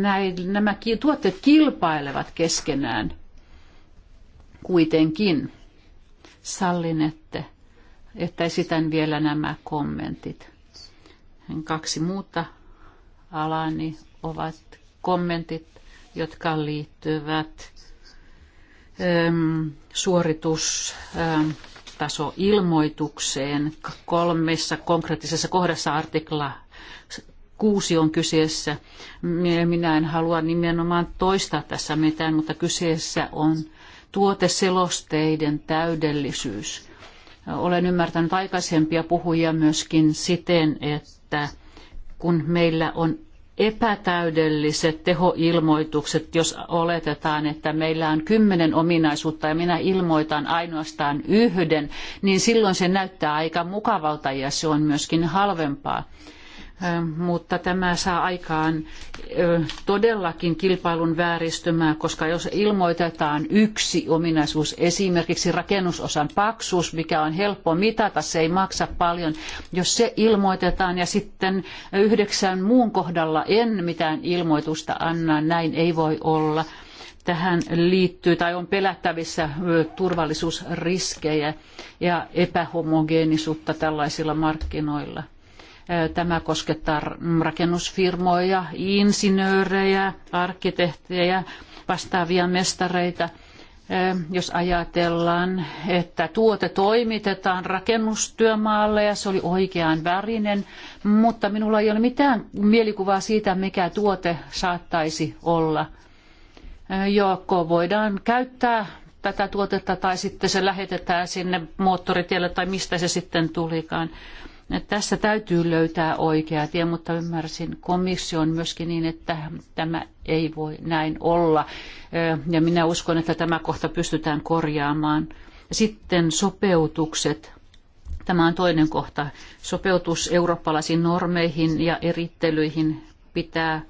B: Näin, nämä tuotteet kilpailevat keskenään kuitenkin sallinette, että esitän vielä nämä kommentit. Kaksi muuta alani ovat kommentit, jotka liittyvät äm, suoritus äm, ilmoitukseen kolmessa konkreettisessa kohdassa artikla kuusi on kyseessä. Minä en halua nimenomaan toistaa tässä mitään, mutta kyseessä on tuoteselosteiden täydellisyys. Olen ymmärtänyt aikaisempia puhujia myöskin siten, että kun meillä on epätäydelliset tehoilmoitukset, jos oletetaan, että meillä on kymmenen ominaisuutta ja minä ilmoitan ainoastaan yhden, niin silloin se näyttää aika mukavalta ja se on myöskin halvempaa. Ähm, mutta tämä saa aikaan todellakin kilpailun vääristymää, koska jos ilmoitetaan yksi ominaisuus, esimerkiksi rakennusosan paksuus, mikä on helppo mitata, se ei maksa paljon, jos se ilmoitetaan ja sitten yhdeksän muun kohdalla en mitään ilmoitusta anna, näin ei voi olla. Tähän liittyy tai on pelättävissä turvallisuusriskejä ja epähomogeenisuutta tällaisilla markkinoilla. Tämä koskettaa rakennusfirmoja, insinöörejä, arkkitehtejä, vastaavia mestareita. Jos ajatellaan, että tuote toimitetaan rakennustyömaalle ja se oli oikean värinen, mutta minulla ei ole mitään mielikuvaa siitä, mikä tuote saattaisi olla. Joko voidaan käyttää tätä tuotetta tai sitten se lähetetään sinne moottoritielle tai mistä se sitten tulikaan. Tässä täytyy löytää oikea tie, mutta ymmärsin komission myöskin niin, että tämä ei voi näin olla. Ja minä uskon, että tämä kohta pystytään korjaamaan. Sitten sopeutukset. Tämä on toinen kohta. Sopeutus eurooppalaisiin normeihin ja erittelyihin pitää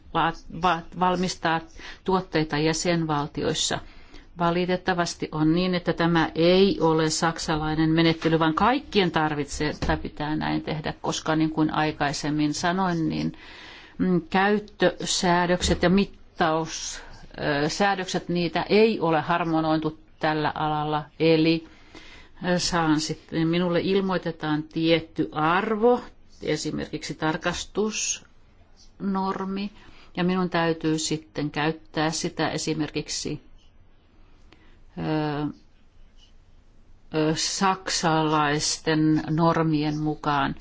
B: valmistaa tuotteita jäsenvaltioissa – Valitettavasti on niin, että tämä ei ole saksalainen menettely, vaan kaikkien tarvitsee tai pitää näin tehdä, koska niin kuin aikaisemmin sanoin, niin mm, käyttösäädökset ja mittaussäädökset, niitä ei ole harmonointu tällä alalla. Eli saan sitten, minulle ilmoitetaan tietty arvo, esimerkiksi tarkastusnormi, ja minun täytyy sitten käyttää sitä esimerkiksi saksalaisten normien mukaan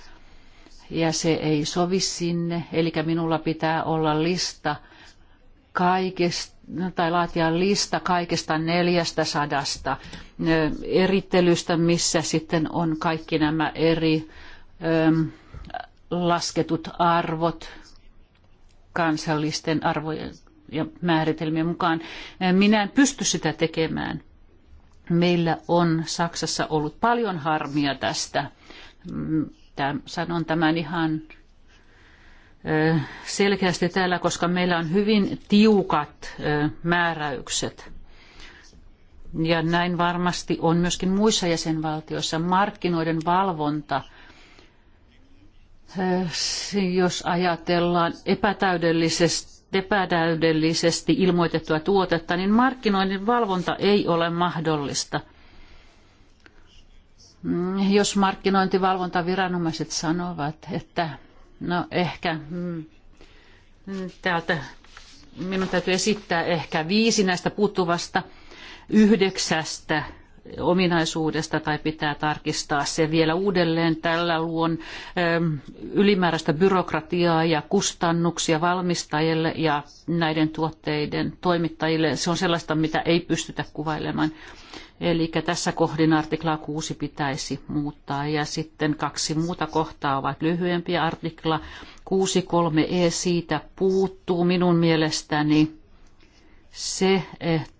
B: ja se ei sovi sinne. Eli minulla pitää olla lista kaikesta, no, tai laatia lista kaikesta neljästä sadasta erittelystä, missä sitten on kaikki nämä eri lasketut arvot kansallisten arvojen ja määritelmien mukaan. Minä en pysty sitä tekemään. Meillä on Saksassa ollut paljon harmia tästä. Mm, tämän, sanon tämän ihan selkeästi täällä, koska meillä on hyvin tiukat määräykset. Ja näin varmasti on myöskin muissa jäsenvaltioissa markkinoiden valvonta – jos ajatellaan epätäydellisesti epätäydellisesti ilmoitettua tuotetta, niin markkinoinnin valvonta ei ole mahdollista. Mm, jos markkinointivalvontaviranomaiset sanovat, että no ehkä mm, täältä minun täytyy esittää ehkä viisi näistä puuttuvasta yhdeksästä ominaisuudesta tai pitää tarkistaa se vielä uudelleen. Tällä luon ähm, ylimääräistä byrokratiaa ja kustannuksia valmistajille ja näiden tuotteiden toimittajille. Se on sellaista, mitä ei pystytä kuvailemaan. Eli tässä kohdin artikla 6 pitäisi muuttaa. Ja sitten kaksi muuta kohtaa ovat lyhyempiä. Artikla 6.3e e siitä puuttuu minun mielestäni se, että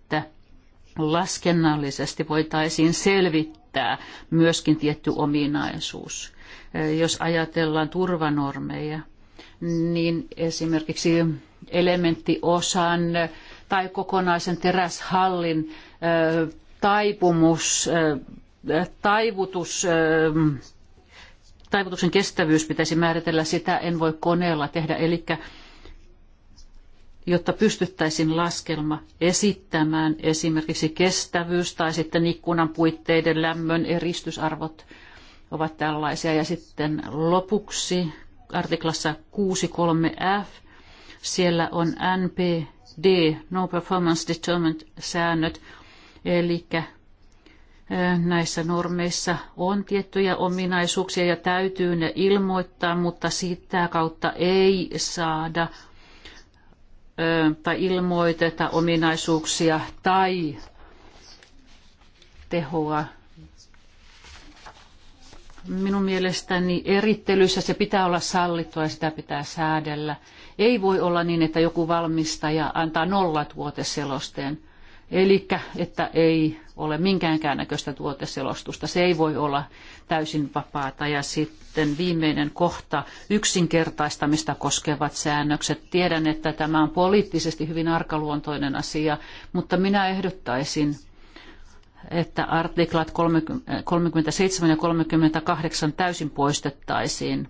B: laskennallisesti voitaisiin selvittää myöskin tietty ominaisuus. Jos ajatellaan turvanormeja, niin esimerkiksi elementtiosan tai kokonaisen teräshallin taipumus, taivutus, taivutuksen kestävyys pitäisi määritellä, sitä en voi koneella tehdä. Eli jotta pystyttäisiin laskelma esittämään esimerkiksi kestävyys tai sitten ikkunan puitteiden lämmön eristysarvot ovat tällaisia. Ja sitten lopuksi artiklassa 63F, siellä on NPD, No Performance Determined säännöt, eli eh, näissä normeissa on tiettyjä ominaisuuksia ja täytyy ne ilmoittaa, mutta sitä kautta ei saada tai ilmoiteta ominaisuuksia tai tehoa. Minun mielestäni erittelyssä se pitää olla sallittua ja sitä pitää säädellä. Ei voi olla niin, että joku valmistaja antaa nollatuoteselosteen. Eli että ei ole minkäänkään näköistä tuoteselostusta. Se ei voi olla täysin vapaata. Ja sitten viimeinen kohta, yksinkertaistamista koskevat säännökset. Tiedän, että tämä on poliittisesti hyvin arkaluontoinen asia, mutta minä ehdottaisin, että artiklat 37 ja 38 täysin poistettaisiin.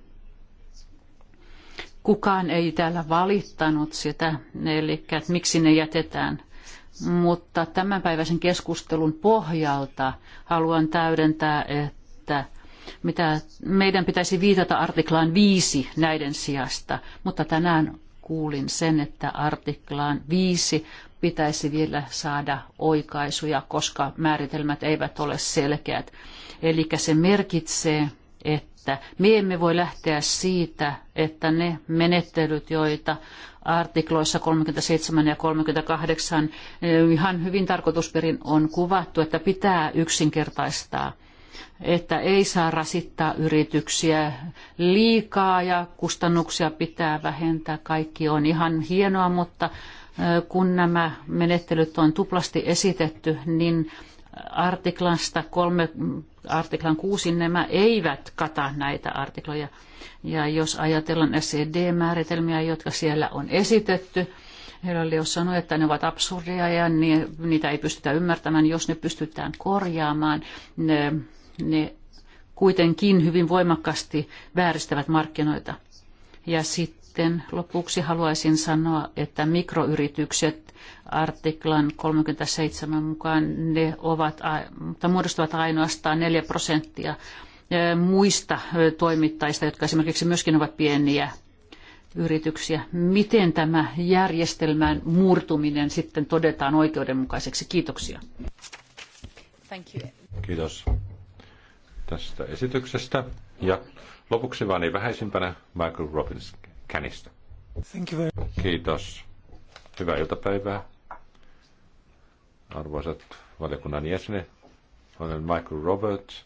B: Kukaan ei täällä valittanut sitä, eli että miksi ne jätetään mutta tämänpäiväisen keskustelun pohjalta haluan täydentää, että mitä meidän pitäisi viitata artiklaan 5 näiden sijasta, mutta tänään kuulin sen, että artiklaan 5 pitäisi vielä saada oikaisuja, koska määritelmät eivät ole selkeät. Eli se merkitsee, että me emme voi lähteä siitä, että ne menettelyt, joita artikloissa 37 ja 38 eh, ihan hyvin tarkoitusperin on kuvattu, että pitää yksinkertaistaa että ei saa rasittaa yrityksiä liikaa ja kustannuksia pitää vähentää. Kaikki on ihan hienoa, mutta eh, kun nämä menettelyt on tuplasti esitetty, niin artiklasta kolme artiklan 6 nämä eivät kata näitä artikloja. Ja jos ajatellaan SED-määritelmiä, jotka siellä on esitetty, oli jo sanoi, että ne ovat absurdeja ja niitä ei pystytä ymmärtämään. Jos ne pystytään korjaamaan, ne, ne kuitenkin hyvin voimakkaasti vääristävät markkinoita. Ja sitten lopuksi haluaisin sanoa, että mikroyritykset artiklan 37 mukaan ne ovat, mutta muodostavat ainoastaan 4 prosenttia e, muista e, toimittajista, jotka esimerkiksi myöskin ovat pieniä yrityksiä. Miten tämä järjestelmän murtuminen sitten todetaan oikeudenmukaiseksi? Kiitoksia.
D: Kiitos tästä esityksestä. Ja lopuksi vain niin vähäisimpänä Michael Robbins Canista. Kiitos. Hyvää iltapäivää, arvoisat valiokunnan jäsenet. Olen Michael Roberts.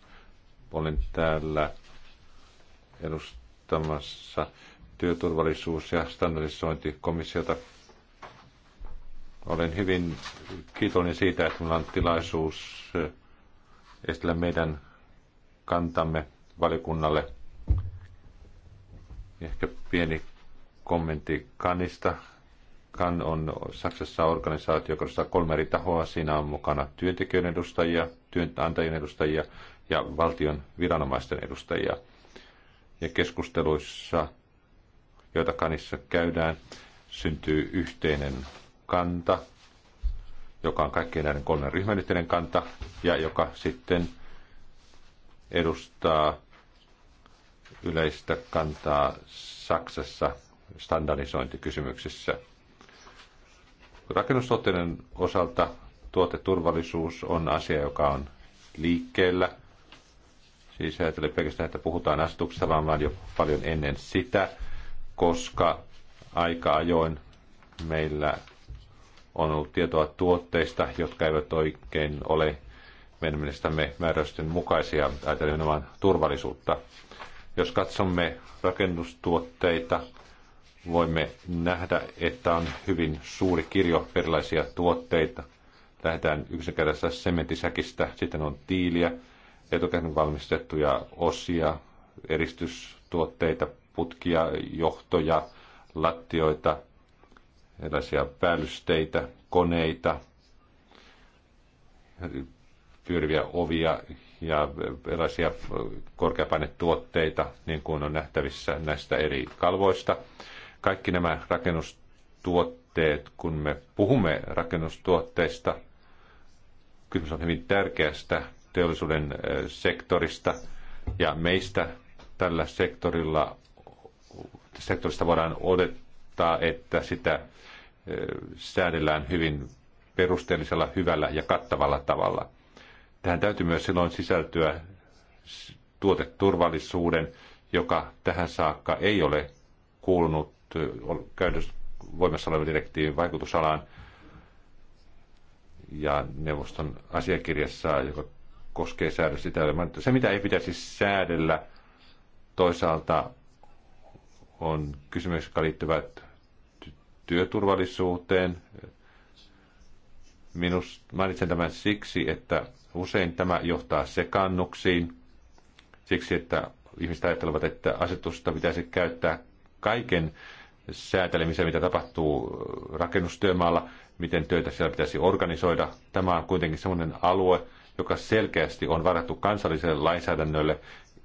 D: Olen täällä edustamassa työturvallisuus- ja standardisointikomissiota. Olen hyvin kiitollinen siitä, että minulla on tilaisuus eh, esitellä meidän kantamme valiokunnalle. Ehkä pieni kommentti kanista Kan on Saksassa organisaatio, joka edustaa kolme eri tahoa. Siinä on mukana työntekijöiden edustajia, työnantajien edustajia ja valtion viranomaisten edustajia. Ja keskusteluissa, joita kanissa käydään, syntyy yhteinen kanta, joka on kaikkien näiden kolmen ryhmän yhteinen kanta, ja joka sitten edustaa yleistä kantaa Saksassa standardisointikysymyksissä – Rakennustuotteiden osalta tuoteturvallisuus on asia, joka on liikkeellä. Siis ajatellen pelkästään, että puhutaan asetuksesta, vaan, vaan jo paljon ennen sitä, koska aika ajoin meillä on ollut tietoa tuotteista, jotka eivät oikein ole meidän mielestämme määräysten mukaisia, ajatellen nimenomaan turvallisuutta. Jos katsomme rakennustuotteita, voimme nähdä, että on hyvin suuri kirjo erilaisia tuotteita. Lähdetään yksinkertaisesta sementisäkistä, sitten on tiiliä, etukäteen valmistettuja osia, eristystuotteita, putkia, johtoja, lattioita, erilaisia päällysteitä, koneita, pyöriviä ovia ja erilaisia korkeapainetuotteita, niin kuin on nähtävissä näistä eri kalvoista. Kaikki nämä rakennustuotteet, kun me puhumme rakennustuotteista, kysymys on hyvin tärkeästä teollisuuden sektorista ja meistä tällä sektorilla, sektorista voidaan odottaa, että sitä säädellään hyvin perusteellisella, hyvällä ja kattavalla tavalla. Tähän täytyy myös silloin sisältyä tuoteturvallisuuden, joka tähän saakka ei ole kuulunut käytössä voimassa olevan direktiivin vaikutusalaan. Ja neuvoston asiakirjassa, joka koskee säädöstä sitä, se mitä ei pitäisi säädellä, toisaalta on kysymys, jotka liittyvät työturvallisuuteen. Minus mainitsen tämän siksi, että usein tämä johtaa sekannuksiin, siksi että ihmiset ajattelevat, että asetusta pitäisi käyttää kaiken säätelemiseen, mitä tapahtuu rakennustyömaalla, miten töitä siellä pitäisi organisoida. Tämä on kuitenkin sellainen alue, joka selkeästi on varattu kansalliselle lainsäädännölle,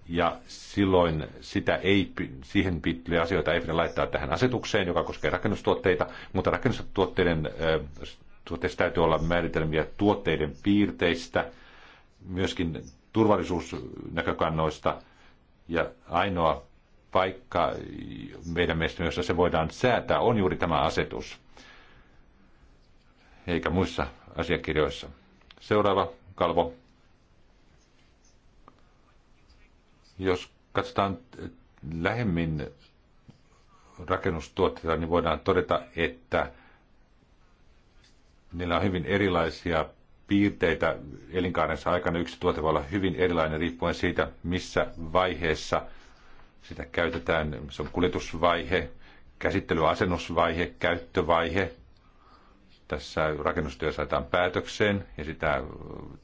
D: ja silloin sitä ei, siihen liittyviä asioita ei pidä laittaa tähän asetukseen, joka koskee rakennustuotteita, mutta rakennustuotteiden tuotteista täytyy olla määritelmiä tuotteiden piirteistä, myöskin turvallisuusnäkökannoista, ja ainoa paikka meidän mielestämme, jossa se voidaan säätää, on juuri tämä asetus, eikä muissa asiakirjoissa. Seuraava kalvo. Jos katsotaan lähemmin rakennustuotteita, niin voidaan todeta, että niillä on hyvin erilaisia piirteitä elinkaarensa aikana. Yksi tuote voi olla hyvin erilainen riippuen siitä, missä vaiheessa – sitä käytetään, se on kuljetusvaihe, käsittelyasennusvaihe, käyttövaihe. Tässä rakennustyö saadaan päätökseen ja sitä,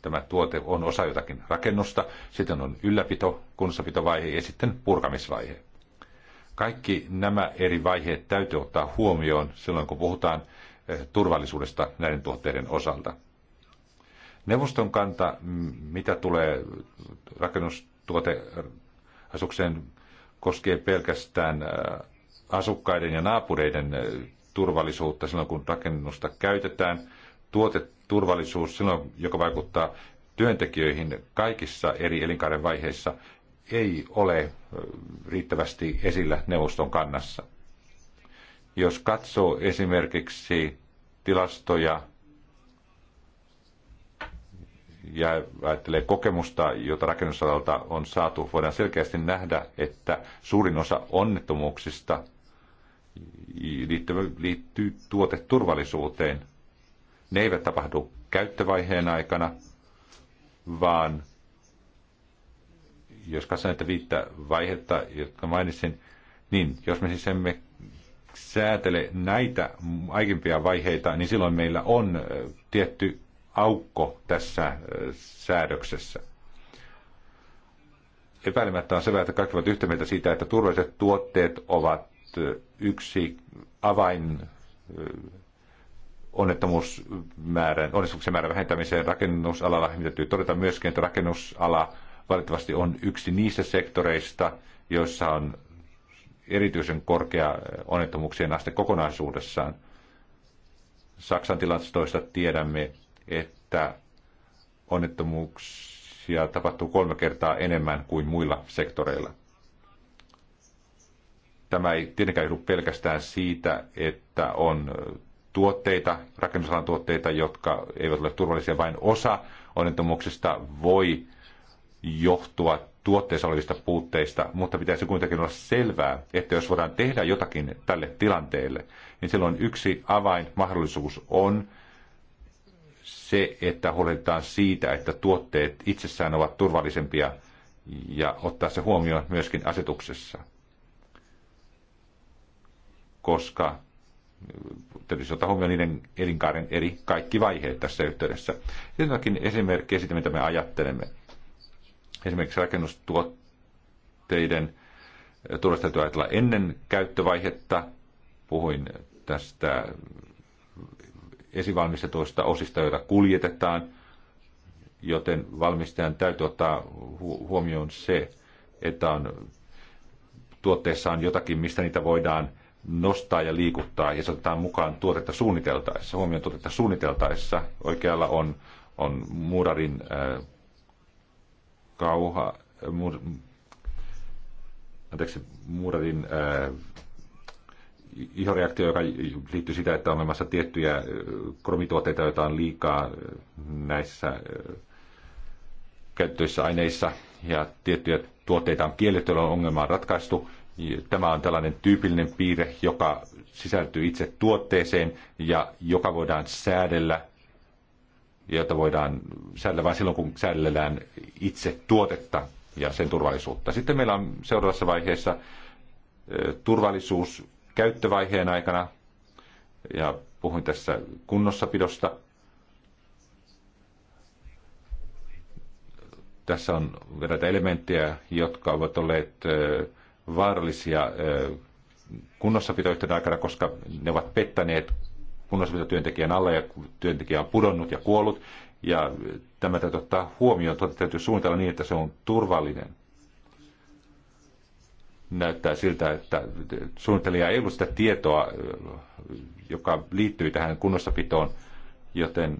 D: tämä tuote on osa jotakin rakennusta. Sitten on ylläpito, kunnossapitovaihe ja sitten purkamisvaihe. Kaikki nämä eri vaiheet täytyy ottaa huomioon silloin, kun puhutaan eh, turvallisuudesta näiden tuotteiden osalta. Neuvoston kanta, mitä tulee rakennustuoteasukseen koskee pelkästään äh, asukkaiden ja naapureiden äh, turvallisuutta silloin, kun rakennusta käytetään, tuoteturvallisuus silloin, joka vaikuttaa työntekijöihin kaikissa eri elinkaaren vaiheissa, ei ole äh, riittävästi esillä neuvoston kannassa. Jos katsoo esimerkiksi tilastoja ja ajattelee kokemusta, jota rakennusalalta on saatu, voidaan selkeästi nähdä, että suurin osa onnettomuuksista liittyy, tuoteturvallisuuteen. Ne eivät tapahdu käyttövaiheen aikana, vaan jos katsotaan näitä viittä vaihetta, jotka mainitsin, niin jos me siis emme säätele näitä aikimpia vaiheita, niin silloin meillä on tietty aukko tässä äh, säädöksessä. Epäilemättä on se, että kaikki ovat yhtä mieltä siitä, että turvalliset tuotteet ovat äh, yksi avain äh, onnettomuusmäärän, onnettomuuksien määrän vähentämiseen rakennusalalla. Mitä niin täytyy todeta myöskin, että rakennusala valitettavasti on yksi niistä sektoreista, joissa on erityisen korkea onnettomuuksien aste kokonaisuudessaan. Saksan tilastoista tiedämme, että onnettomuuksia tapahtuu kolme kertaa enemmän kuin muilla sektoreilla. Tämä ei tietenkään johdu pelkästään siitä, että on tuotteita, rakennusalan tuotteita, jotka eivät ole turvallisia. Vain osa onnettomuuksista voi johtua tuotteessa olevista puutteista, mutta pitäisi kuitenkin olla selvää, että jos voidaan tehdä jotakin tälle tilanteelle, niin silloin yksi avainmahdollisuus on, se, että huolehditaan siitä, että tuotteet itsessään ovat turvallisempia ja ottaa se huomioon myöskin asetuksessa. Koska täytyisi ottaa huomioon niiden elinkaaren eri kaikki vaiheet tässä yhteydessä. Jotakin esimerkkejä siitä, mitä me ajattelemme. Esimerkiksi rakennustuotteiden turvallisuus täytyy ajatella ennen käyttövaihetta. Puhuin tästä esivalmistetuista osista, joita kuljetetaan, joten valmistajan täytyy ottaa huomioon se, että on tuotteessa on jotakin, mistä niitä voidaan nostaa ja liikuttaa, ja se otetaan mukaan tuotetta suunniteltaessa, huomioon tuotetta suunniteltaessa. Oikealla on, on muurarin äh, kauha, mu, anteeksi, muurarin äh, reaktio, joka liittyy sitä, että on olemassa tiettyjä kromituotteita, joita on liikaa näissä käyttöissä aineissa ja tiettyjä tuotteita on kielletty, on ongelma on ratkaistu. Tämä on tällainen tyypillinen piirre, joka sisältyy itse tuotteeseen ja joka voidaan säädellä, jota voidaan säädellä vain silloin, kun säädellään itse tuotetta ja sen turvallisuutta. Sitten meillä on seuraavassa vaiheessa turvallisuus käyttövaiheen aikana, ja puhuin tässä kunnossapidosta. Tässä on eräitä elementtejä, jotka ovat olleet vaarallisia kunnossapitoyhtiön aikana, koska ne ovat pettäneet kunnossapitotyöntekijän alla ja työntekijä on pudonnut ja kuollut. Ja tämä täytyy ottaa huomioon, täytyy suunnitella niin, että se on turvallinen näyttää siltä, että suunnittelija ei ollut sitä tietoa, joka liittyy tähän kunnossapitoon, joten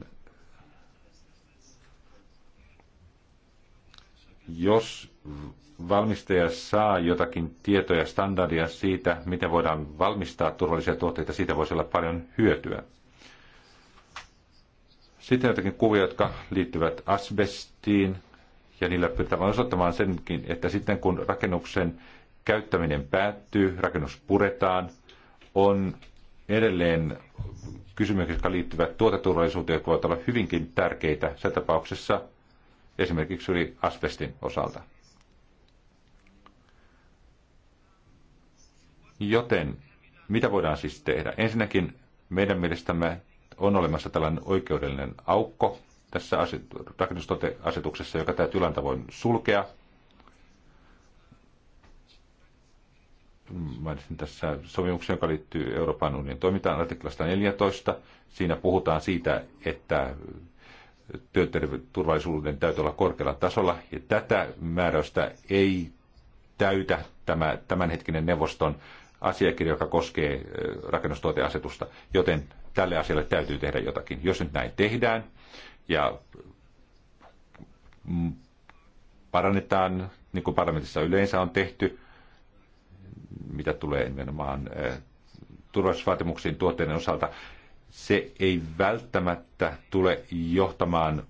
D: jos valmistaja saa jotakin tietoja, standardia siitä, miten voidaan valmistaa turvallisia tuotteita, siitä voisi olla paljon hyötyä. Sitten jotakin kuvia, jotka liittyvät asbestiin, ja niillä pyritään osoittamaan senkin, että sitten kun rakennuksen käyttäminen päättyy, rakennus puretaan, on edelleen kysymyksiä, jotka liittyvät tuoteturvallisuuteen, jotka voivat olla hyvinkin tärkeitä se tapauksessa esimerkiksi yli asbestin osalta. Joten mitä voidaan siis tehdä? Ensinnäkin meidän mielestämme on olemassa tällainen oikeudellinen aukko tässä rakennustoteasetuksessa, joka täytyy jollain tavoin sulkea – mainitsin tässä sopimuksen, joka liittyy Euroopan unionin toimintaan artiklasta 14. Siinä puhutaan siitä, että työterveysturvallisuuden täytyy olla korkealla tasolla, ja tätä määräystä ei täytä tämä tämänhetkinen neuvoston asiakirja, joka koskee rakennustuoteasetusta, joten tälle asialle täytyy tehdä jotakin. Jos nyt näin tehdään ja mm, parannetaan, niin kuin parlamentissa yleensä on tehty, mitä tulee nimenomaan eh, turvallisuusvaatimuksiin tuotteiden osalta, se ei välttämättä tule johtamaan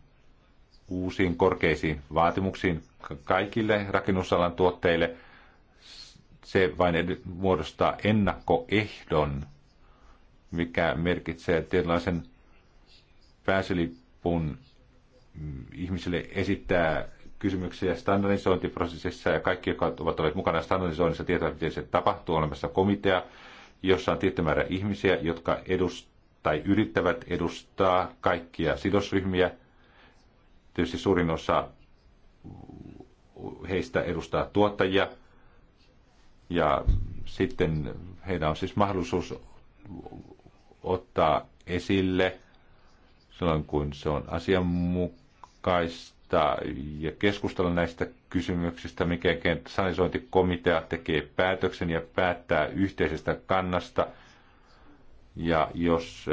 D: uusiin korkeisiin vaatimuksiin kaikille rakennusalan tuotteille. Se vain muodostaa ennakkoehdon, mikä merkitsee tietynlaisen pääsylipun mm, ihmisille esittää kysymyksiä standardisointiprosessissa ja kaikki, jotka ovat olleet mukana standardisoinnissa, tietävät, miten se tapahtuu. Olemassa komitea, jossa on tietty määrä ihmisiä, jotka edust- tai yrittävät edustaa kaikkia sidosryhmiä. Tietysti suurin osa heistä edustaa tuottajia. Ja sitten heillä on siis mahdollisuus ottaa esille silloin, kun se on asianmukaista valmistaa ja keskustella näistä kysymyksistä, mikä sanisointikomitea tekee päätöksen ja päättää yhteisestä kannasta. Ja jos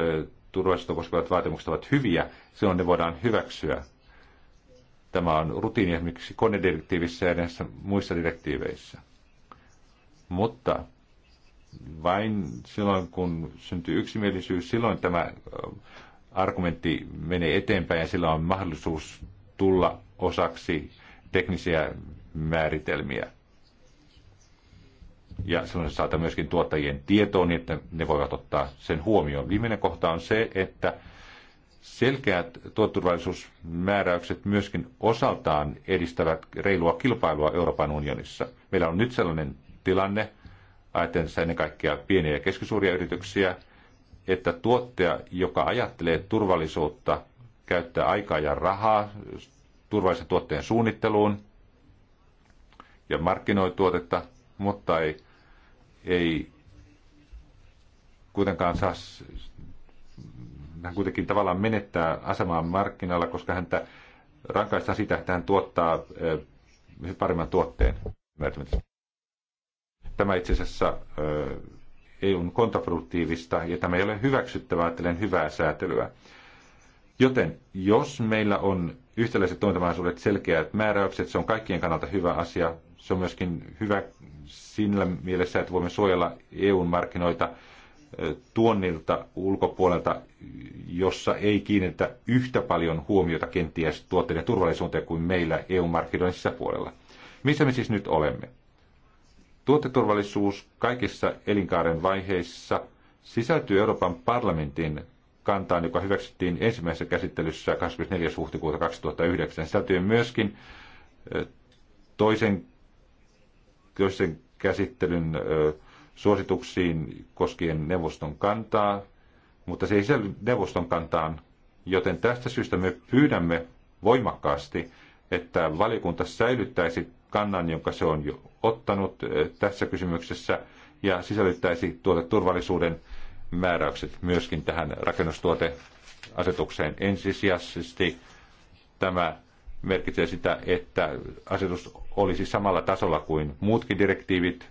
D: turvallisuutta koskevat vaatimukset ovat hyviä, silloin ne voidaan hyväksyä. Tämä on rutiini esimerkiksi konedirektiivissä ja näissä muissa direktiiveissä. Mutta vain silloin, kun syntyy yksimielisyys, silloin tämä argumentti menee eteenpäin ja sillä on mahdollisuus tulla osaksi teknisiä määritelmiä. Ja silloin se saattaa myöskin tuottajien tietoon, niin että ne voivat ottaa sen huomioon. Viimeinen kohta on se, että selkeät tuoturvallisuusmääräykset myöskin osaltaan edistävät reilua kilpailua Euroopan unionissa. Meillä on nyt sellainen tilanne, ajatellen ennen kaikkea pieniä ja keskisuuria yrityksiä, että tuottaja, joka ajattelee turvallisuutta käyttää aikaa ja rahaa turvallisen tuotteen suunnitteluun ja markkinoi tuotetta, mutta ei, ei kuitenkaan saa, hän kuitenkin tavallaan menettää asemaa markkinoilla, koska häntä rankaistaan sitä, että hän tuottaa eh, paremman tuotteen. Tämä itse asiassa ei eh, ole kontraproduktiivista ja tämä ei ole hyväksyttävää ajattelen hyvää säätelyä. Joten jos meillä on yhtäläiset toimintamahdollisuudet, selkeät määräykset, se on kaikkien kannalta hyvä asia. Se on myöskin hyvä sillä mielessä, että voimme suojella eu markkinoita tuonnilta ulkopuolelta, jossa ei kiinnitä yhtä paljon huomiota kenties tuotteiden turvallisuuteen kuin meillä EU-markkinoiden sisäpuolella. Missä me siis nyt olemme? Tuoteturvallisuus kaikissa elinkaaren vaiheissa sisältyy Euroopan parlamentin kantaan, joka hyväksyttiin ensimmäisessä käsittelyssä 24. huhtikuuta 2009. Sisältyy myöskin toisen, toisen käsittelyn suosituksiin koskien neuvoston kantaa, mutta se ei sisälly neuvoston kantaan, joten tästä syystä me pyydämme voimakkaasti, että valiokunta säilyttäisi kannan, jonka se on jo ottanut tässä kysymyksessä, ja sisällyttäisi tuota turvallisuuden määräykset myöskin tähän rakennustuoteasetukseen ensisijaisesti. Tämä merkitsee sitä, että asetus olisi samalla tasolla kuin muutkin direktiivit.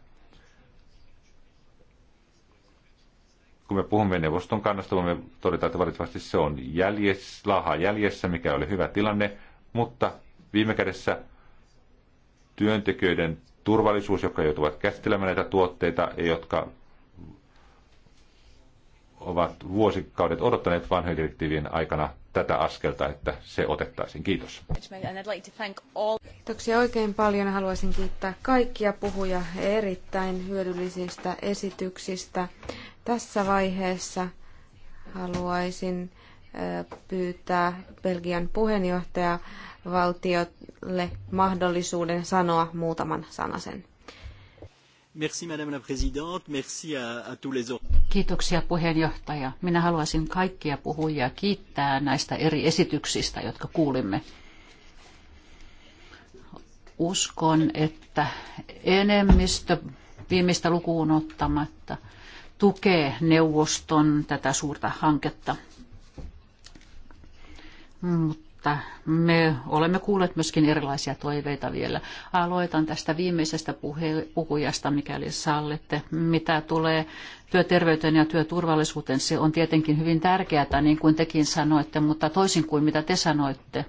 D: Kun me puhumme neuvoston kannasta, me todetaan, että valitettavasti se on jäljessä, laha jäljessä, mikä oli hyvä tilanne, mutta viime kädessä työntekijöiden turvallisuus, jotka joutuvat käsittelemään näitä tuotteita ja jotka ovat vuosikaudet odottaneet vanhojen direktiivien aikana tätä askelta, että se otettaisiin. Kiitos.
C: Kiitoksia oikein paljon. Haluaisin kiittää kaikkia puhuja erittäin hyödyllisistä esityksistä. Tässä vaiheessa haluaisin pyytää Belgian puheenjohtaja valtiolle mahdollisuuden sanoa muutaman sanasen.
B: Merci Madame Kiitoksia puheenjohtaja. Minä haluaisin kaikkia puhujia kiittää näistä eri esityksistä, jotka kuulimme. Uskon, että enemmistö viimeistä lukuun ottamatta tukee neuvoston tätä suurta hanketta. Mutta että me olemme kuulleet myöskin erilaisia toiveita vielä. Aloitan tästä viimeisestä puhe- puhujasta, mikäli sallitte. Mitä tulee työterveyteen ja työturvallisuuteen, se on tietenkin hyvin tärkeää, niin kuin tekin sanoitte, mutta toisin kuin mitä te sanoitte.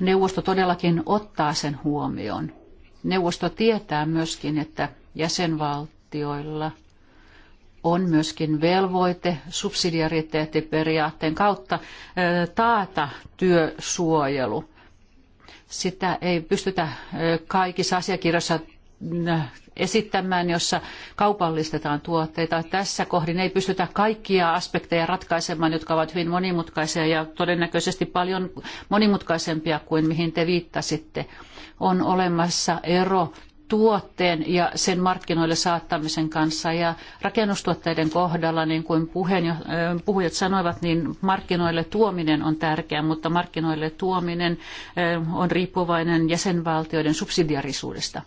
B: Neuvosto todellakin ottaa sen huomioon. Neuvosto tietää myöskin, että jäsenvaltioilla – on myöskin velvoite subsidiariteettiperiaatteen kautta taata työsuojelu. Sitä ei pystytä kaikissa asiakirjoissa esittämään, jossa kaupallistetaan tuotteita. Tässä kohdin ei pystytä kaikkia aspekteja ratkaisemaan, jotka ovat hyvin monimutkaisia ja todennäköisesti paljon monimutkaisempia kuin mihin te viittasitte. On olemassa ero tuotteen ja sen markkinoille saattamisen kanssa. Ja rakennustuotteiden kohdalla, niin kuin puhujat sanoivat, niin markkinoille tuominen on tärkeää, mutta markkinoille tuominen on riippuvainen jäsenvaltioiden subsidiarisuudesta.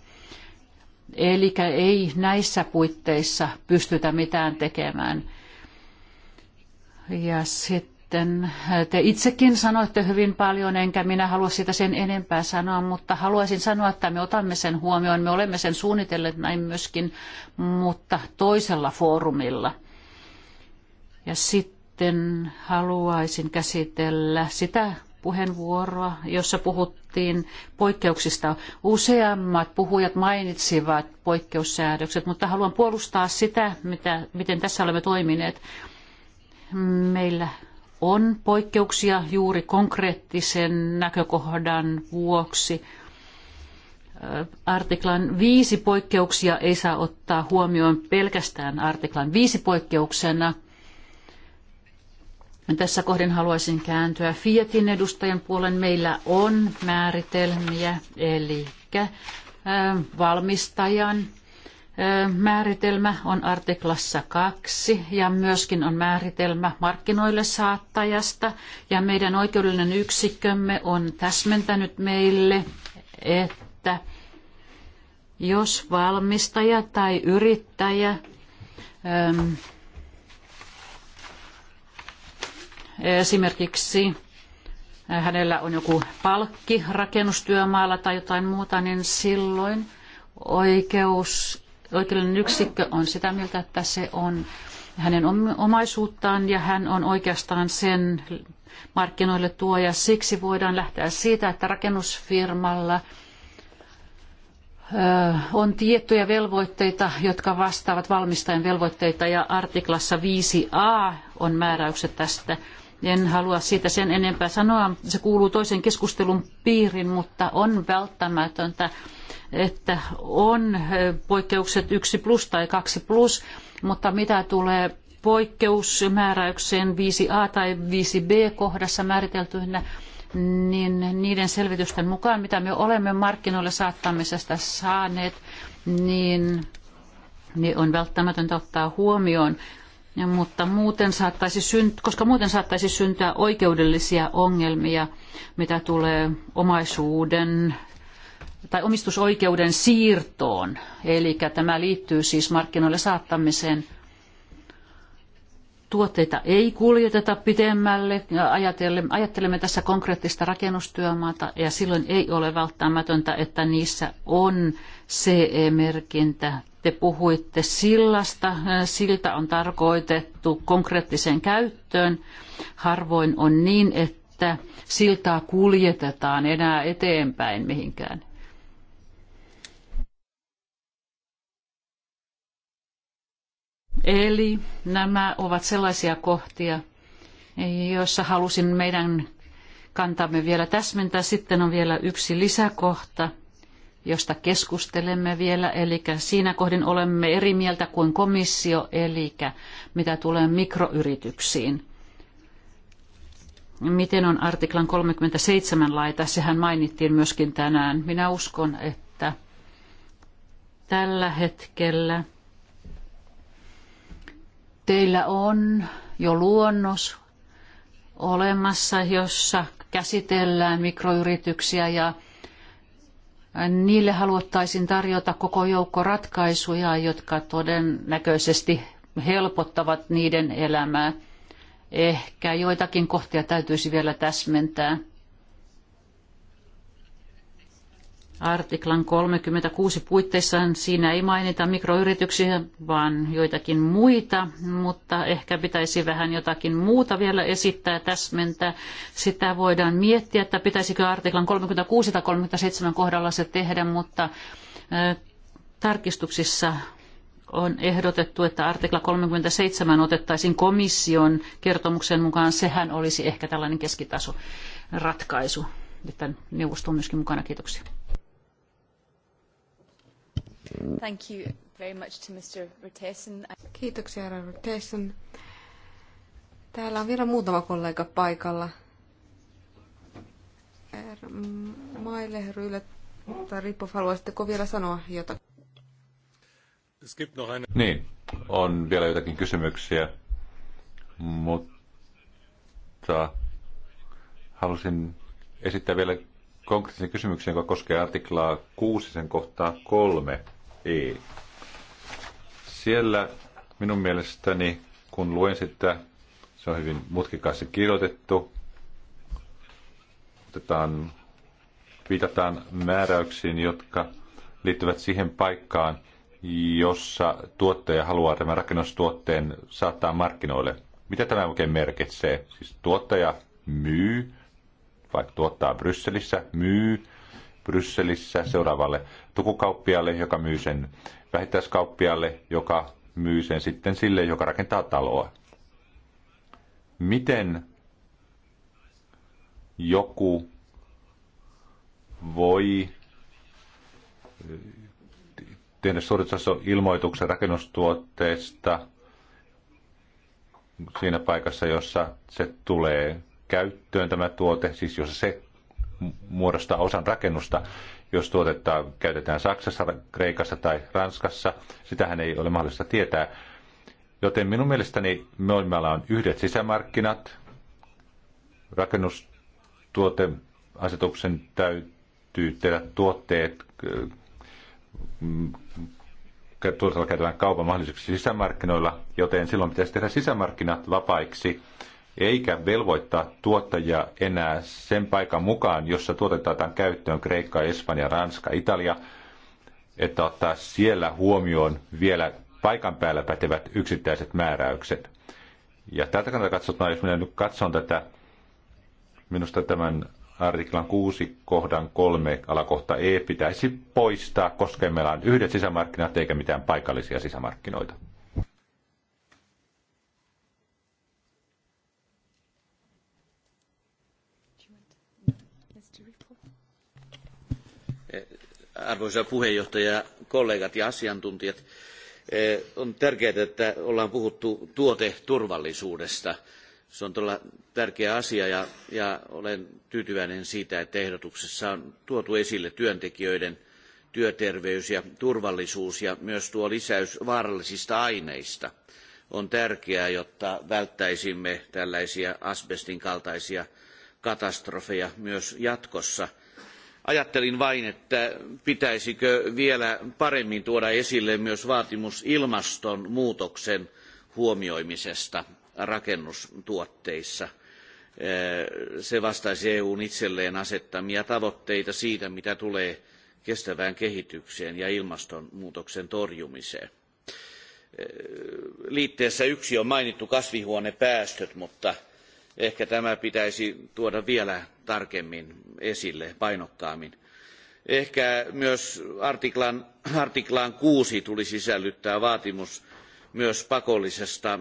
B: Eli ei näissä puitteissa pystytä mitään tekemään. Ja sit sitten eh, te itsekin sanoitte hyvin paljon, enkä minä halua sitä sen enempää sanoa, mutta haluaisin sanoa, että me otamme sen huomioon, me olemme sen suunnitelleet näin myöskin, mutta toisella foorumilla. Ja sitten haluaisin käsitellä sitä puheenvuoroa, jossa puhuttiin poikkeuksista. Useammat puhujat mainitsivat poikkeussäädökset, mutta haluan puolustaa sitä, mitä, miten tässä olemme toimineet. Meillä on poikkeuksia juuri konkreettisen näkökohdan vuoksi. Artiklan viisi poikkeuksia ei saa ottaa huomioon pelkästään artiklan viisi poikkeuksena. Tässä kohdin haluaisin kääntyä Fiatin edustajan puolen. Meillä on määritelmiä, eli valmistajan määritelmä on artiklassa 2 ja myöskin on määritelmä markkinoille saattajasta ja meidän oikeudellinen yksikkömme on täsmentänyt meille, että jos valmistaja tai yrittäjä esimerkiksi hänellä on joku palkki rakennustyömaalla tai jotain muuta, niin silloin oikeus Oikeudellinen yksikkö on sitä mieltä, että se on hänen omaisuuttaan ja hän on oikeastaan sen markkinoille tuoja. Siksi voidaan lähteä siitä, että rakennusfirmalla on tiettyjä velvoitteita, jotka vastaavat valmistajan velvoitteita ja artiklassa 5a on määräykset tästä. En halua siitä sen enempää sanoa, se kuuluu toisen keskustelun piirin, mutta on välttämätöntä, että on poikkeukset yksi plus tai kaksi plus, mutta mitä tulee poikkeusmääräykseen 5a tai 5b kohdassa määriteltyinä, niin niiden selvitysten mukaan, mitä me olemme markkinoille saattamisesta saaneet, niin ne niin on välttämätöntä ottaa huomioon ja, mutta muuten saattaisi synt- koska muuten saattaisi syntyä oikeudellisia ongelmia, mitä tulee omaisuuden tai omistusoikeuden siirtoon. Eli tämä liittyy siis markkinoille saattamiseen. Tuotteita ei kuljeteta pidemmälle. Ajattelemme, ajattelemme tässä konkreettista rakennustyömaata ja silloin ei ole välttämätöntä, että niissä on CE-merkintä te puhuitte sillasta. Silta on tarkoitettu konkreettiseen käyttöön. Harvoin on niin, että siltaa kuljetetaan enää eteenpäin mihinkään. Eli nämä ovat sellaisia kohtia, joissa halusin meidän kantamme vielä täsmentää. Sitten on vielä yksi lisäkohta – josta keskustelemme vielä, eli siinä kohdin olemme eri mieltä kuin komissio, eli mitä tulee mikroyrityksiin. Miten on artiklan 37 laita, sehän mainittiin myöskin tänään. Minä uskon, että tällä hetkellä teillä on jo luonnos olemassa, jossa käsitellään mikroyrityksiä ja Niille haluttaisiin tarjota koko joukko ratkaisuja, jotka todennäköisesti helpottavat niiden elämää. Ehkä joitakin kohtia täytyisi vielä täsmentää – artiklan 36 puitteissa siinä ei mainita mikroyrityksiä, vaan joitakin muita, mutta ehkä pitäisi vähän jotakin muuta vielä esittää, täsmentää. Sitä voidaan miettiä, että pitäisikö artiklan 36 tai 37 kohdalla se tehdä, mutta tarkistuksissa on ehdotettu, että artikla 37 otettaisiin komission kertomuksen mukaan. Sehän olisi ehkä tällainen keskitaso ratkaisu. neuvosto on myöskin mukana. Kiitoksia.
C: Thank you very much to Mr. Kiitoksia, herra Täällä on vielä muutama kollega paikalla. Er, maille, Ryyle tai Rippov, haluaisitteko vielä sanoa jotakin?
D: Niin, on vielä jotakin kysymyksiä, mutta halusin esittää vielä konkreettisen kysymyksen, joka koskee artiklaa 6, sen kohtaa 3 ei. Siellä minun mielestäni, kun luen sitä, se on hyvin mutkikasti kirjoitettu. Otetaan, viitataan määräyksiin, jotka liittyvät siihen paikkaan, jossa tuottaja haluaa tämän rakennustuotteen saattaa markkinoille. Mitä tämä oikein merkitsee? Siis tuottaja myy, vaikka tuottaa Brysselissä, myy Brysselissä seuraavalle tukukauppialle, joka myy sen vähittäiskauppialle, joka myy sen sitten sille, joka rakentaa taloa. Miten joku voi eh, tehdä ilmoituksen rakennustuotteesta siinä paikassa, jossa se tulee käyttöön tämä tuote, siis jos se muodostaa osan rakennusta, jos tuotetta käytetään Saksassa, Kreikassa tai Ranskassa, sitähän ei ole mahdollista tietää. Joten minun mielestäni me on yhdet sisämarkkinat, rakennustuoteasetuksen täytyy tehdä tuotteet tuotella käytetään kaupan mahdollisiksi sisämarkkinoilla, joten silloin pitäisi tehdä sisämarkkinat vapaiksi eikä velvoittaa tuottajia enää sen paikan mukaan, jossa tuotetaan käyttöön Kreikka, Espanja, Ranska, Italia, että ottaa siellä huomioon vielä paikan päällä pätevät yksittäiset määräykset. Ja tältä kannalta katsotaan, jos minä nyt katson tätä, minusta tämän artiklan 6 kohdan 3 alakohta E pitäisi poistaa, koska meillä on yhdet sisämarkkinat eikä mitään paikallisia sisämarkkinoita.
E: arvoisa puheenjohtaja, kollegat ja asiantuntijat. Eh, on tärkeää, että ollaan puhuttu tuoteturvallisuudesta. Se on todella tärkeä asia ja, ja olen tyytyväinen siitä, että ehdotuksessa on tuotu esille työntekijöiden työterveys ja turvallisuus ja myös tuo lisäys vaarallisista aineista on tärkeää, jotta välttäisimme tällaisia asbestin kaltaisia katastrofeja myös jatkossa – Ajattelin vain, että pitäisikö vielä paremmin tuoda esille myös vaatimus ilmastonmuutoksen huomioimisesta rakennustuotteissa. Se vastaisi EUn itselleen asettamia tavoitteita siitä, mitä tulee kestävään kehitykseen ja ilmastonmuutoksen torjumiseen. Liitteessä yksi on mainittu kasvihuonepäästöt, mutta Ehkä tämä pitäisi tuoda vielä tarkemmin esille, painokkaammin. Ehkä myös artiklan, artiklaan 6 tulisi sisällyttää vaatimus myös pakollisesta äh,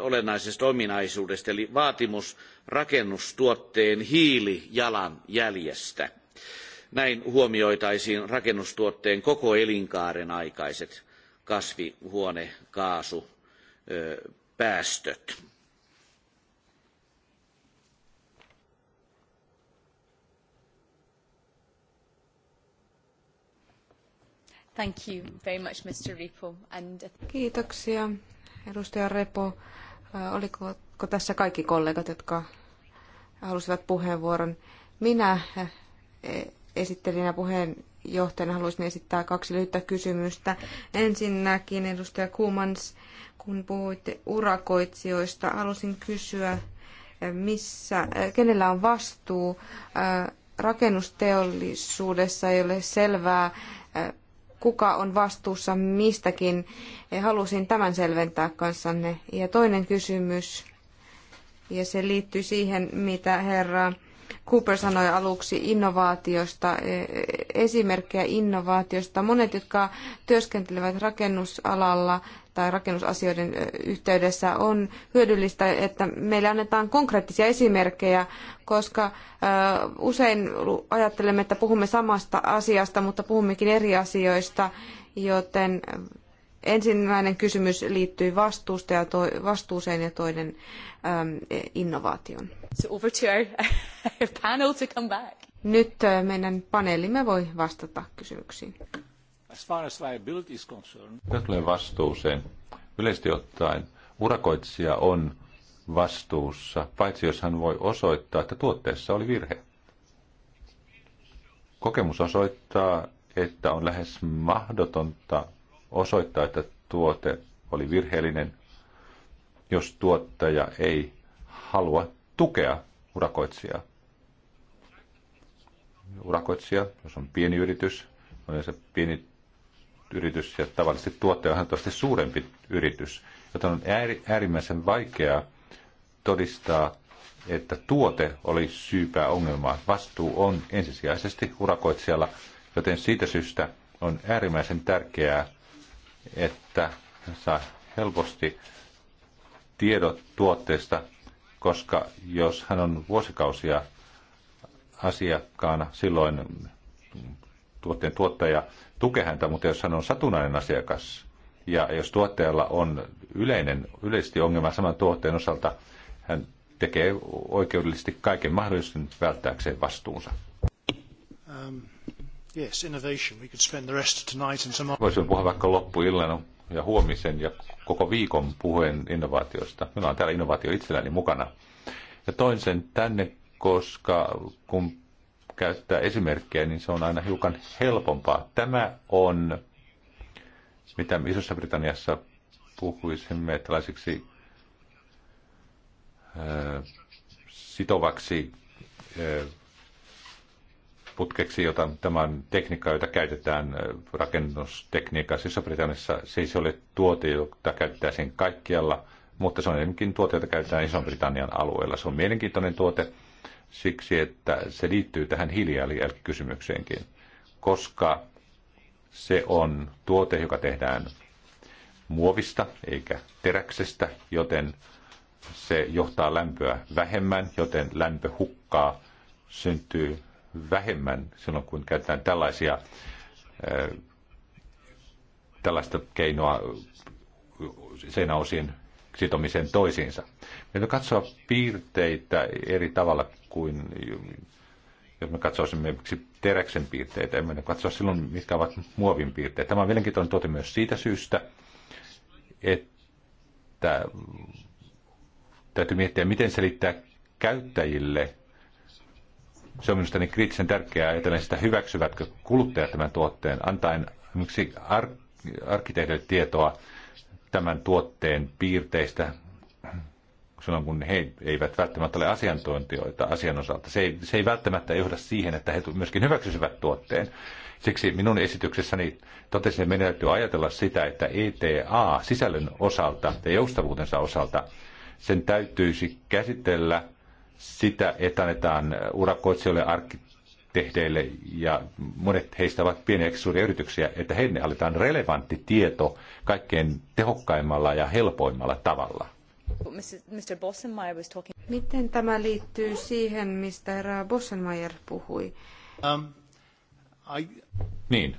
E: olennaisesta ominaisuudesta, eli vaatimus rakennustuotteen hiilijalanjäljestä. Näin huomioitaisiin rakennustuotteen koko elinkaaren aikaiset kasvihuonekaasupäästöt.
A: Thank you very much, Mr. Repo.
C: And... Uh, Kiitoksia, edustaja Repo. Äh, oliko tässä kaikki kollegat, jotka halusivat puheenvuoron? Minä äh, e, esittelijänä puheenjohtajana haluaisin esittää kaksi lyhyttä kysymystä. Ensinnäkin edustaja Kumans, kun puhuitte urakoitsijoista, halusin kysyä, äh, missä, kenellä on vastuu. Rakennusteollisuudessa ei ole selvää kuka on vastuussa mistäkin. Halusin tämän selventää kanssanne. Ja toinen kysymys, ja se liittyy siihen, mitä herra Cooper sanoi aluksi innovaatiosta, e, esimerkkejä innovaatiosta. Monet, jotka työskentelevät rakennusalalla, tai rakennusasioiden yhteydessä on hyödyllistä, että meille annetaan konkreettisia esimerkkejä, koska usein ajattelemme, että puhumme samasta asiasta, mutta puhummekin eri asioista, joten ensimmäinen kysymys liittyy vastuusta ja to, vastuuseen ja toinen äm, e, innovaation.
E: So over to *laughs* our, panel to come back.
C: Nyt meidän paneelimme voi vastata kysymyksiin.
E: As far as liability is concerned...
D: Mitä tulee vastuuseen? Yleisesti ottaen urakoitsija on vastuussa, paitsi jos hän voi osoittaa, että tuotteessa oli virhe. Kokemus osoittaa, että on lähes mahdotonta osoittaa, että tuote oli virheellinen, jos tuottaja ei halua tukea urakoitsijaa. Urakoitsija, jos on pieni yritys, on se pieni yritys ja tavallisesti tuottaja on huomattavasti suurempi yritys, joten on äärimmäisen vaikeaa todistaa, että tuote oli syypää ongelmaa. Vastuu on ensisijaisesti urakoitsijalla, joten siitä syystä on äärimmäisen tärkeää, että saa helposti tiedot tuotteesta, koska jos hän on vuosikausia asiakkaana, silloin tuotteen tuottaja tukea häntä, mutta jos hän on satunainen asiakas ja jos tuottajalla on yleinen, yleisesti ongelma saman tuotteen osalta, hän tekee oikeudellisesti kaiken mahdollisen välttääkseen vastuunsa.
E: Um, yes, innovation. We could spend the rest of tonight and some... Voisin
D: puhua vaikka loppuillan ja huomisen ja koko viikon puheen innovaatiosta. Minulla on täällä innovaatio itselläni mukana. Ja toin sen tänne, koska kun käyttää esimerkkejä, niin se on aina hiukan helpompaa. Tämä on, mitä Isossa Britanniassa puhuisimme tällaisiksi äh, sitovaksi äh, putkeksi, jota tämän tekniikka, jota käytetään äh, rakennustekniikassa isossa britanniassa Se ei ole tuote, jota käytetään kaikkialla, mutta se on enemmänkin tuote, jota käytetään Iso-Britannian alueella. Se on mielenkiintoinen tuote, siksi, että se liittyy tähän hiilijalanjälkikysymykseenkin, koska se on tuote, joka tehdään muovista eikä teräksestä, joten se johtaa lämpöä vähemmän, joten lämpöhukkaa syntyy vähemmän silloin, kun käytetään tällaisia, tällaista keinoa seinäosien sitomiseen toisiinsa. Meidän katsoa piirteitä eri tavalla kuin jos me katsoisimme teräksen piirteitä, emme katsoa silloin, mitkä ovat muovin piirteet. Tämä on mielenkiintoinen tuote myös siitä syystä, että täytyy miettiä, miten selittää käyttäjille. Se on minusta niin kriittisen tärkeää ajatella sitä, hyväksyvätkö kuluttajat tämän tuotteen, antaen esimerkiksi ar- arkkitehdille tietoa tämän tuotteen piirteistä silloin, kun he eivät välttämättä ole asiantuntijoita asian osalta. Se ei, se ei välttämättä johda siihen, että he myöskin hyväksyisivät tuotteen. Siksi minun esityksessäni totesin, että meidän täytyy ajatella sitä, että ETA sisällön osalta ja joustavuutensa osalta sen täytyisi käsitellä sitä, että annetaan urakoitsijoille, arkkitehdeille ja monet heistä ovat pieniä ja suuria yrityksiä, että heille annetaan relevantti tieto kaikkein tehokkaimmalla ja helpoimmalla tavalla.
C: Miten tämä liittyy siihen, mistä herra Bossenmeier puhui? Um,
D: I... Niin.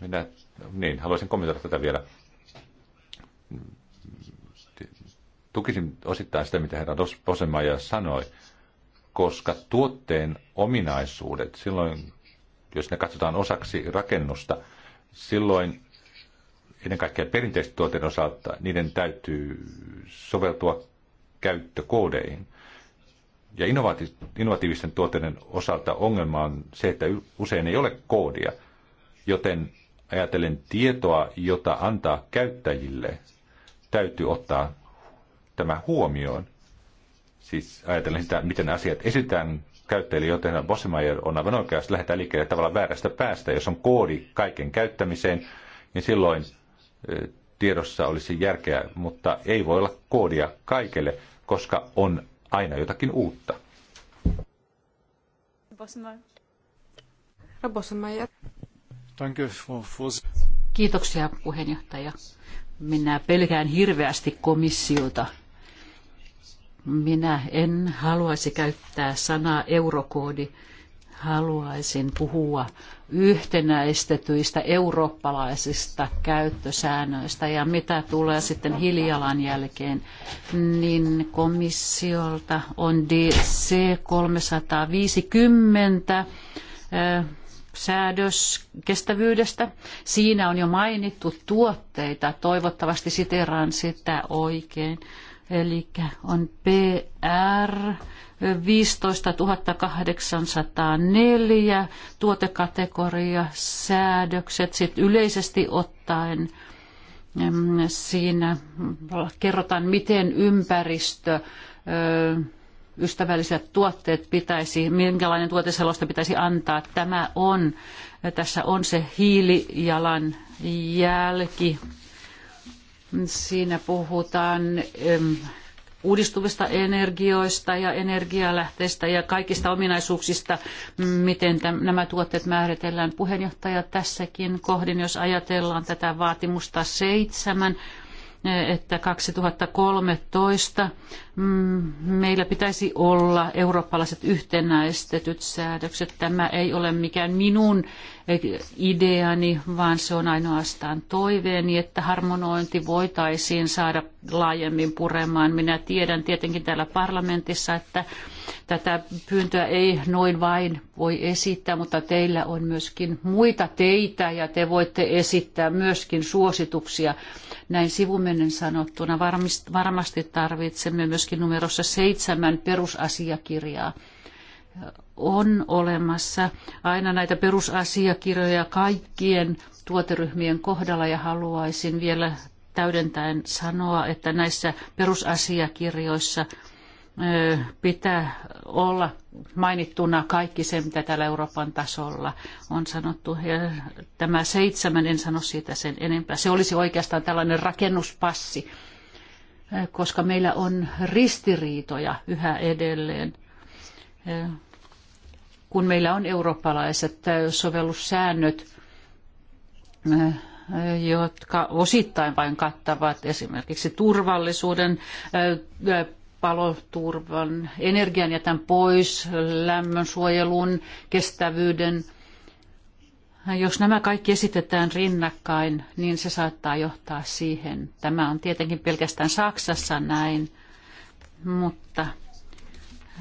D: Minä, niin, haluaisin kommentoida tätä vielä. Tukisin osittain sitä, mitä herra Bossenmeier sanoi, koska tuotteen ominaisuudet, silloin jos ne katsotaan osaksi rakennusta, silloin ennen kaikkea perinteisten tuotteiden osalta, niiden täytyy soveltua käyttökoodeihin. Ja innovati- innovatiivisten tuotteiden osalta ongelma on se, että usein ei ole koodia, joten ajatellen tietoa, jota antaa käyttäjille, täytyy ottaa tämä huomioon. Siis ajatellen sitä, miten asiat esitään käyttäjille, joten Bossemeyer on aivan oikeassa, lähdetään liikkeelle tavallaan väärästä päästä. Jos on koodi kaiken käyttämiseen, niin silloin tiedossa olisi järkeä, mutta ei voi olla koodia kaikelle, koska on aina jotakin uutta.
C: Kiitoksia
B: puheenjohtaja. Minä pelkään hirveästi komissiota. Minä en haluaisi käyttää sanaa eurokoodi haluaisin puhua yhtenäistetyistä eurooppalaisista käyttösäännöistä ja mitä tulee sitten hiilijalanjälkeen, niin komissiolta on DC 350 säädös kestävyydestä. Siinä on jo mainittu tuotteita, toivottavasti siteraan sitä oikein. Eli on PR 15 804 tuotekategoria, säädökset, sitten yleisesti ottaen siinä kerrotaan, miten ympäristö ystävälliset tuotteet pitäisi, minkälainen tuoteselosta pitäisi antaa. Tämä on, tässä on se hiilijalan jälki Siinä puhutaan uudistuvista energioista ja energialähteistä ja kaikista ominaisuuksista, miten nämä tuotteet määritellään. Puheenjohtaja tässäkin kohdin, jos ajatellaan tätä vaatimusta seitsemän, että 2013 mm, meillä pitäisi olla eurooppalaiset yhtenäistetyt säädökset. Tämä ei ole mikään minun eh, ideani, vaan se on ainoastaan toiveeni, että harmonointi voitaisiin saada laajemmin puremaan. Minä tiedän tietenkin täällä parlamentissa, että Tätä pyyntöä ei noin vain voi esittää, mutta teillä on myöskin muita teitä ja te voitte esittää myöskin suosituksia. Näin sivumennen sanottuna varmasti tarvitsemme myöskin numerossa seitsemän perusasiakirjaa on olemassa aina näitä perusasiakirjoja kaikkien tuoteryhmien kohdalla ja haluaisin vielä täydentäen sanoa, että näissä perusasiakirjoissa – pitää olla mainittuna kaikki se, mitä täällä Euroopan tasolla on sanottu. Ja tämä seitsemän, en sano siitä sen enempää. Se olisi oikeastaan tällainen rakennuspassi, koska meillä on ristiriitoja yhä edelleen. Kun meillä on eurooppalaiset sovellussäännöt, jotka osittain vain kattavat esimerkiksi turvallisuuden, paloturvan, energian jätän pois, lämmön suojelun, kestävyyden. Jos nämä kaikki esitetään rinnakkain, niin se saattaa johtaa siihen. Tämä on tietenkin pelkästään Saksassa näin, mutta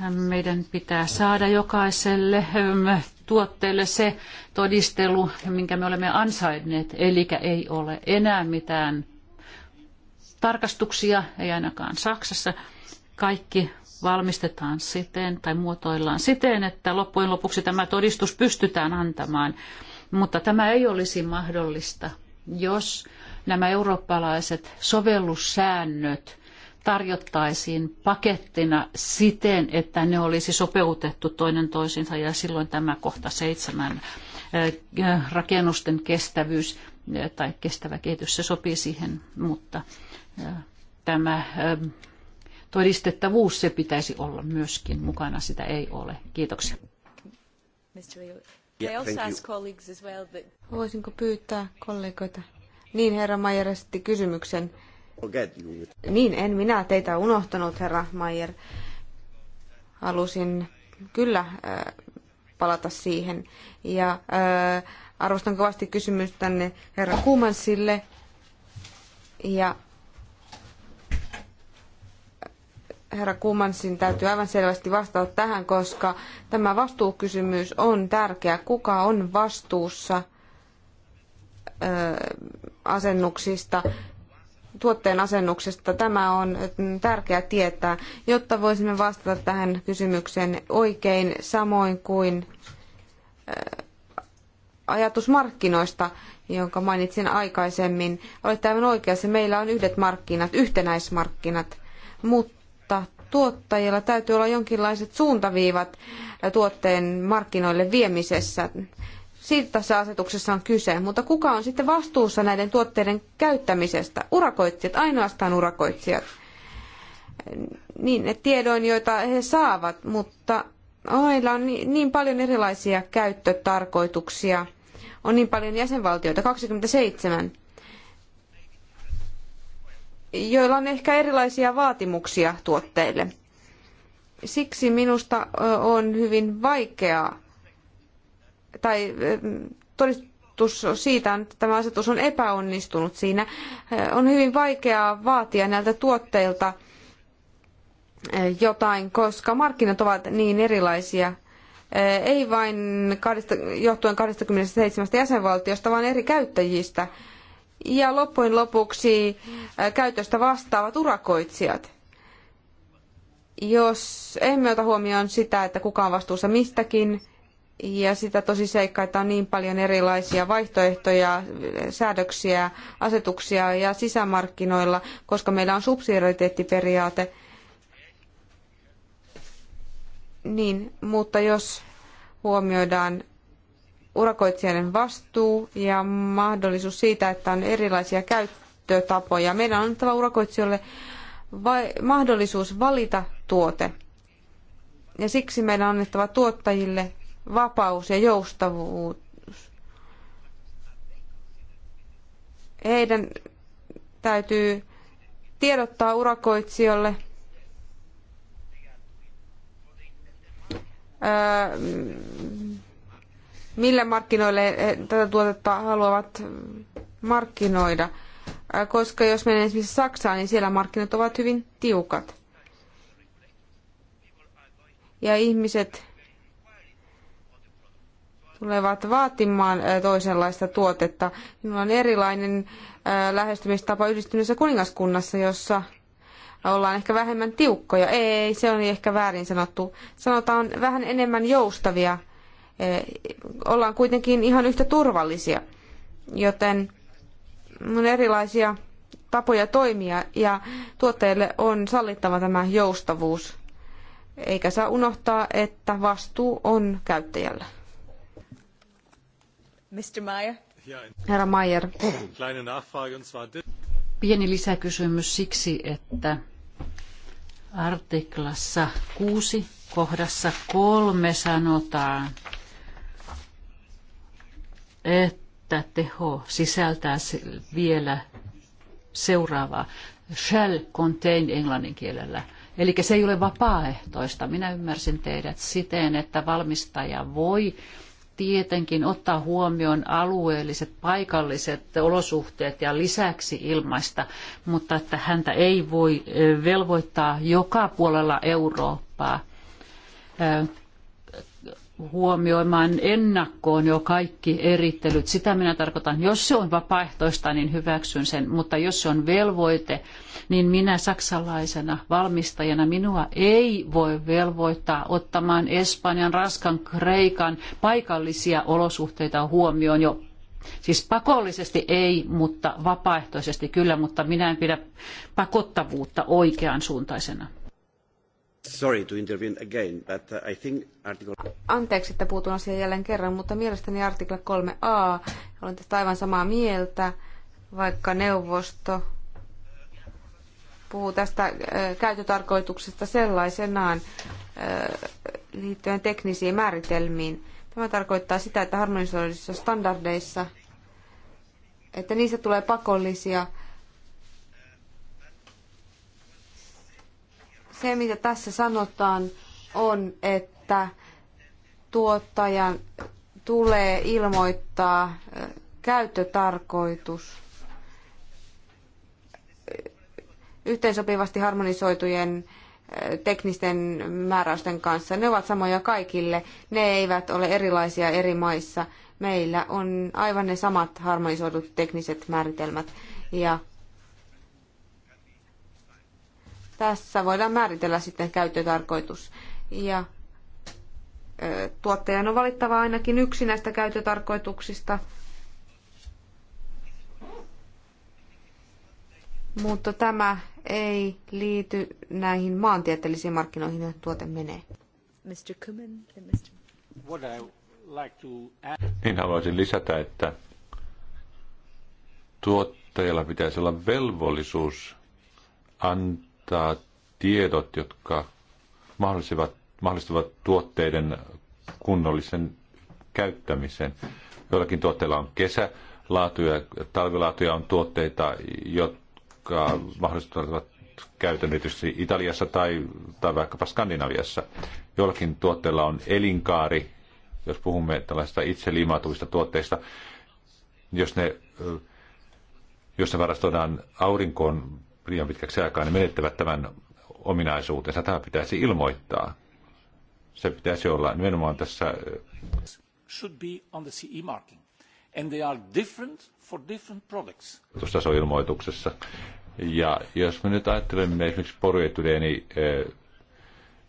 B: meidän pitää saada jokaiselle ähm, tuotteelle se todistelu, minkä me olemme ansainneet, eli ei ole enää mitään tarkastuksia, ei ainakaan Saksassa, kaikki valmistetaan siten tai muotoillaan siten, että loppujen lopuksi tämä todistus pystytään antamaan. Mutta tämä ei olisi mahdollista, jos nämä eurooppalaiset sovellussäännöt tarjottaisiin pakettina siten, että ne olisi sopeutettu toinen toisinsa ja silloin tämä kohta seitsemän eh, rakennusten kestävyys eh, tai kestävä kehitys, se sopii siihen, mutta eh, tämä todistettavuus se pitäisi olla myöskin mukana, sitä ei ole. Kiitoksia.
C: Voisinko pyytää kollegoita? Niin, herra Mayer esitti kysymyksen. Niin, en minä teitä unohtanut, herra Mayer. Halusin kyllä äh, palata siihen. Ja äh, arvostan kovasti kysymystänne herra Kumansille. Ja herra Kumansin täytyy aivan selvästi vastata tähän, koska tämä vastuukysymys on tärkeä. Kuka on vastuussa asennuksista, tuotteen asennuksesta? Tämä on tärkeä tietää, jotta voisimme vastata tähän kysymykseen oikein, samoin kuin ajatus markkinoista, jonka mainitsin aikaisemmin. Olette aivan oikeassa, meillä on yhdet markkinat, yhtenäismarkkinat, mutta mutta tuottajilla täytyy olla jonkinlaiset suuntaviivat tuotteen markkinoille viemisessä. Siitä tässä asetuksessa on kyse, mutta kuka on sitten vastuussa näiden tuotteiden käyttämisestä? Urakoitsijat, ainoastaan urakoitsijat. Niin, ne tiedoin, joita he saavat, mutta heillä on niin paljon erilaisia käyttötarkoituksia. On niin paljon jäsenvaltioita, 27 joilla on ehkä erilaisia vaatimuksia tuotteille. Siksi minusta on hyvin vaikeaa, tai todistus siitä, että tämä asetus on epäonnistunut siinä, on hyvin vaikeaa vaatia näiltä tuotteilta jotain, koska markkinat ovat niin erilaisia ei vain johtuen 27 jäsenvaltiosta, vaan eri käyttäjistä ja loppujen lopuksi äh, käytöstä vastaavat urakoitsijat. Jos emme ota huomioon sitä, että kuka on vastuussa mistäkin, ja sitä tosi seikkaa, että on niin paljon erilaisia vaihtoehtoja, säädöksiä, asetuksia ja sisämarkkinoilla, koska meillä on subsidiariteettiperiaate. Niin, mutta jos huomioidaan urakoitsijan vastuu ja mahdollisuus siitä, että on erilaisia käyttötapoja. Meidän on annettava urakoitsijoille mahdollisuus valita tuote. Ja siksi meidän on annettava tuottajille vapaus ja joustavuus. Heidän täytyy tiedottaa urakoitsijoille millä markkinoille eh, tätä tuotetta haluavat eh, markkinoida. Eh, koska jos menen esimerkiksi Saksaan, niin siellä markkinat ovat hyvin tiukat. Ja ihmiset tulevat vaatimaan toisenlaista tuotetta. Minulla on erilainen lähestymistapa yhdistyneessä kuningaskunnassa, jossa ollaan ehkä vähemmän tiukkoja. Ei, se on ehkä väärin sanottu. Sanotaan vähän enemmän joustavia ollaan kuitenkin ihan yhtä turvallisia. Joten on erilaisia tapoja toimia ja tuottajille on sallittava tämä joustavuus. Eikä saa unohtaa, että vastuu on käyttäjällä.
D: Mr. Meyer. Herra Mayer.
B: Pieni lisäkysymys siksi, että artiklassa 6 kohdassa kolme sanotaan, että teho sisältää vielä seuraavaa. Shall contain englannin kielellä. Eli se ei ole vapaaehtoista. Minä ymmärsin teidät siten, että valmistaja voi tietenkin ottaa huomioon alueelliset, paikalliset olosuhteet ja lisäksi ilmaista, mutta että häntä ei voi velvoittaa joka puolella Eurooppaa huomioimaan ennakkoon jo kaikki erittelyt. Sitä minä tarkoitan, jos se on vapaaehtoista, niin hyväksyn sen, mutta jos se on velvoite, niin minä saksalaisena valmistajana minua ei voi velvoittaa ottamaan Espanjan, Raskan, Kreikan paikallisia olosuhteita huomioon jo Siis pakollisesti ei, mutta vapaaehtoisesti kyllä, mutta minä en pidä pakottavuutta oikean suuntaisena.
E: Sorry to intervene again, but uh, I think article...
C: Anteeksi, että puutun asiaan jälleen kerran, mutta mielestäni artikla 3a, olen tästä aivan samaa mieltä, vaikka neuvosto puhuu tästä käytötarkoituksesta sellaisenaan liittyen teknisiin määritelmiin. Tämä tarkoittaa sitä, että harmonisoiduissa standardeissa, että niistä tulee pakollisia se, mitä tässä sanotaan, on, että tuottajan tulee ilmoittaa käyttötarkoitus yhteensopivasti harmonisoitujen teknisten määräysten kanssa. Ne ovat samoja kaikille. Ne eivät ole erilaisia eri maissa. Meillä on aivan ne samat harmonisoidut tekniset määritelmät. Ja tässä voidaan määritellä sitten käyttötarkoitus. Ja tuottajan on valittava ainakin yksi näistä käyttötarkoituksista. Mutta tämä ei liity näihin maantieteellisiin markkinoihin, joihin tuote menee.
D: Mr. Kuman, Mr. What I like to add... Niin haluaisin lisätä, että tuottajalla pitäisi olla velvollisuus antaa tuottaa tiedot, jotka mahdollistavat, mahdollistavat tuotteiden kunnollisen käyttämisen. Joillakin tuotteilla on kesälaatuja, talvilaatuja on tuotteita, jotka mahdollistavat käytön erityisesti Italiassa tai, tai vaikkapa Skandinaviassa. Joillakin tuotteilla on elinkaari, jos puhumme tällaista itse liimautuvista tuotteista, jos ne, jos ne varastoidaan aurinkoon liian pitkäksi aikaa, ne niin menettävät tämän ominaisuutensa. Tämä pitäisi ilmoittaa. Se pitäisi olla nimenomaan tässä... Should be on the CE marking. And they are different for different products. ilmoituksessa. Ja jos me nyt ajattelemme esimerkiksi poryetyleeni eh,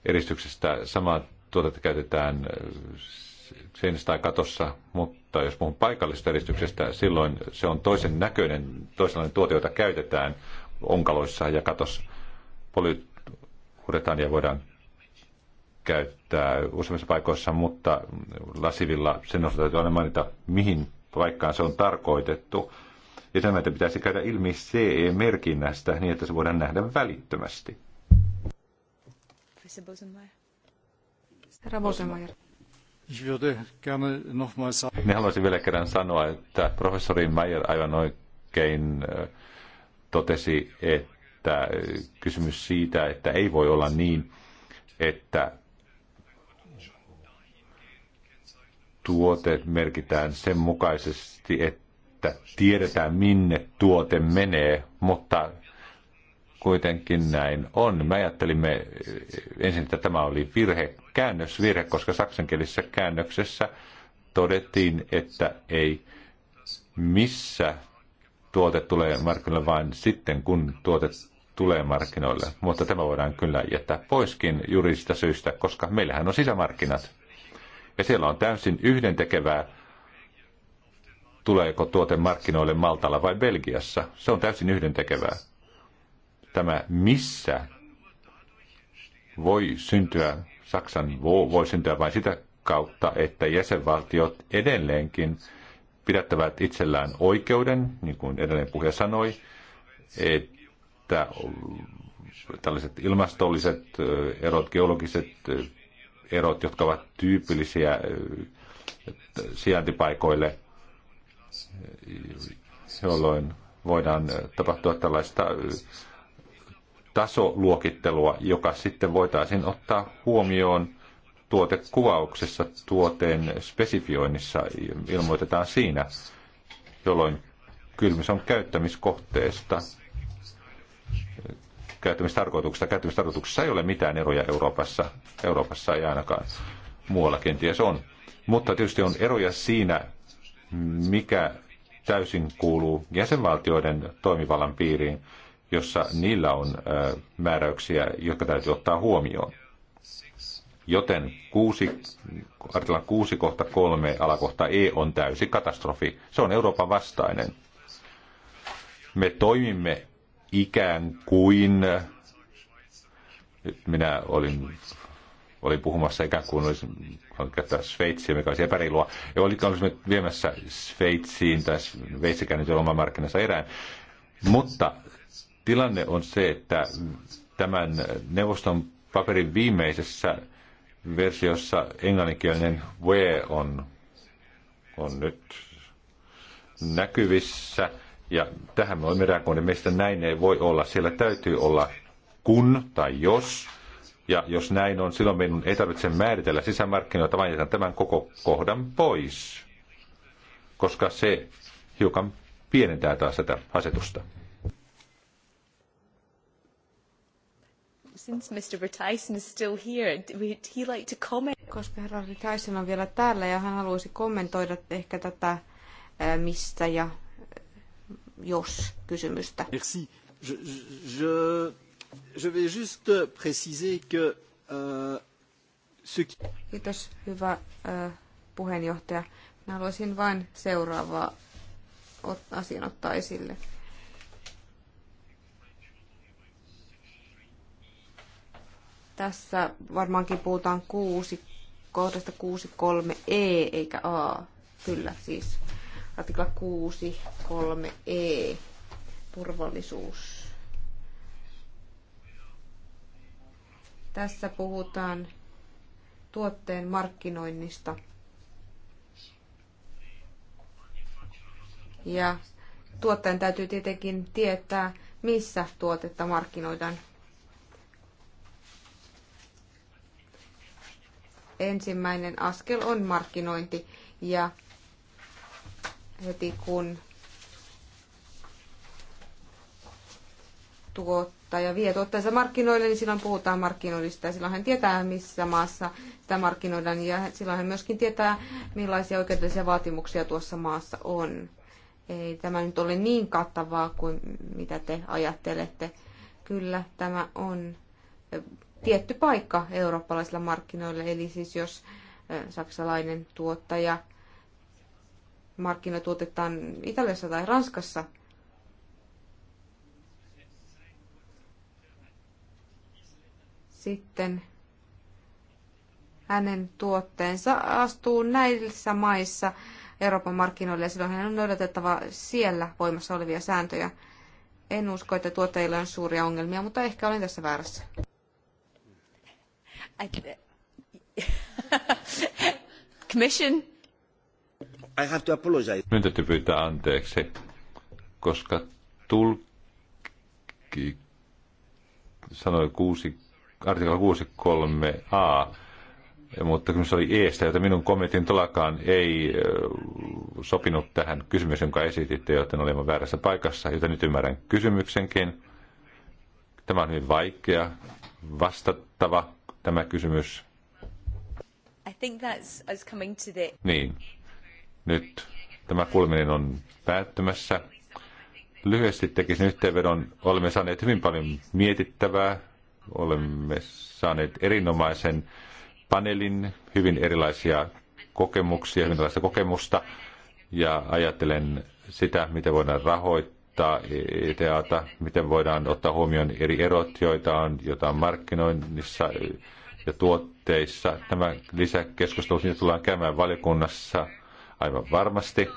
D: eristyksestä, samaa tuotetta käytetään eh, seinässä tai katossa, mutta jos puhun paikallisesta eristyksestä, silloin se on toisen näköinen, toisenlainen tuote, jota käytetään onkaloissaan ja katos polyuretaania voidaan käyttää useimmissa paikoissa, mutta lasivilla sen osalta täytyy aina mainita, mihin paikkaan se on tarkoitettu. Ja tämä pitäisi käydä ilmi CE-merkinnästä niin, että se voidaan nähdä välittömästi. Ne haluaisin vielä kerran sanoa, että professori Meyer aivan oikein äh, totesi, että eh, kysymys siitä, että ei voi olla niin, että tuote merkitään sen mukaisesti, että tiedetään minne tuote menee, mutta kuitenkin näin on. Me ajattelimme eh, ensin, että tämä oli virhe, käännösvirhe, koska saksankielisessä käännöksessä todettiin, että ei missä tuote tulee markkinoille vain sitten, kun tuote tulee markkinoille. Mutta tämä voidaan kyllä jättää poiskin juridista syystä, koska meillähän on sisämarkkinat. Ja siellä on täysin yhdentekevää, tuleeko tuote markkinoille Maltalla vai Belgiassa. Se on täysin yhdentekevää. Tämä missä voi syntyä, Saksan voi syntyä vain sitä kautta, että jäsenvaltiot edelleenkin pidättävät itsellään oikeuden, niin kuin edellinen puhuja sanoi, että tällaiset ilmastolliset erot, geologiset erot, jotka ovat tyypillisiä sijaintipaikoille, jolloin voidaan tapahtua tällaista tasoluokittelua, joka sitten voitaisiin ottaa huomioon tuotekuvauksessa, tuoteen spesifioinnissa ilmoitetaan siinä, jolloin kylmys on käyttämiskohteesta, Käyttämistarkoituksessa, Käyttämistarkoituksessa ei ole mitään eroja Euroopassa, Euroopassa ei ainakaan muualla kenties on. Mutta tietysti on eroja siinä, mikä täysin kuuluu jäsenvaltioiden toimivallan piiriin, jossa niillä on määräyksiä, jotka täytyy ottaa huomioon. Joten 6, artikla 6 kohta 3 alakohta E on täysi katastrofi. Se on Euroopan vastainen. Me toimimme ikään kuin, nyt minä olin, olin puhumassa ikään kuin olisin käyttää Sveitsiä, mikä olisi epäreilua, ja olisimme viemässä Sveitsiin tai Sveitsikään nyt oman markkinansa erään. Mutta tilanne on se, että tämän neuvoston paperin viimeisessä versiossa englanninkielinen we on, on nyt näkyvissä. Ja tähän me olemme reagoineet. Meistä näin ei voi olla. Siellä täytyy olla kun tai jos. Ja jos näin on, silloin meidän ei tarvitse määritellä sisämarkkinoita, vaan jätän tämän koko kohdan pois. Koska se hiukan pienentää taas tätä asetusta.
C: since Mr. Tyson is still here, would he like to comment? Koska herra Tyson on vielä täällä ja hän haluaisi kommentoida ehkä tätä mistä ja jos kysymystä.
E: Merci. Je, je, je vais juste préciser que euh, ce
C: Kiitos, hyvä äh, puheenjohtaja. Minä haluaisin vain seuraavaa asian ottaa esille. Tässä varmaankin puhutaan kuusi, kohdasta 6.3e e, eikä a. Kyllä siis. Artikla 6.3e. E, turvallisuus. Tässä puhutaan tuotteen markkinoinnista. Ja tuottajan täytyy tietenkin tietää, missä tuotetta markkinoidaan. ensimmäinen askel on markkinointi ja heti kun tuottaja vie tuotteensa markkinoille, niin silloin puhutaan markkinoinnista ja silloin hän tietää, missä maassa sitä markkinoidaan ja silloin hän myöskin tietää, millaisia oikeudellisia vaatimuksia tuossa maassa on. Ei tämä nyt ole niin kattavaa kuin mitä te ajattelette. Kyllä tämä on tietty paikka eurooppalaisilla markkinoilla. Eli siis jos saksalainen tuottaja tuotetaan Italiassa tai Ranskassa, sitten hänen tuotteensa astuu näissä maissa Euroopan markkinoille ja silloin hän on noudatettava siellä voimassa olevia sääntöjä. En usko, että tuottajilla on suuria ongelmia, mutta ehkä olen tässä väärässä. I, *laughs* Commission.
E: I have to apologize.
D: Minun täytyy pyytää anteeksi, koska tulkki sanoi 6, artikla 6.3a, mutta kyllä se oli eestä, joten minun kommentin tolakaan ei sopinut tähän kysymys, jonka esititte, joten olimme väärässä paikassa, joten nyt ymmärrän kysymyksenkin. Tämä on hyvin vaikea, vastattava tämä kysymys?
A: I think that's us coming to the...
D: Niin. Nyt tämä kulminen on päättymässä. Lyhyesti tekisin yhteenvedon. Olemme saaneet hyvin paljon mietittävää. Olemme saaneet erinomaisen paneelin, hyvin erilaisia kokemuksia, hyvin erilaista kokemusta. Ja ajattelen sitä, miten voidaan rahoittaa rajoittaa ETAta, miten voidaan ottaa huomioon eri erot, joita on, joita on markkinoinnissa ja tuotteissa. Tämä lisäkeskustelu siitä tullaan käymään valiokunnassa aivan varmasti.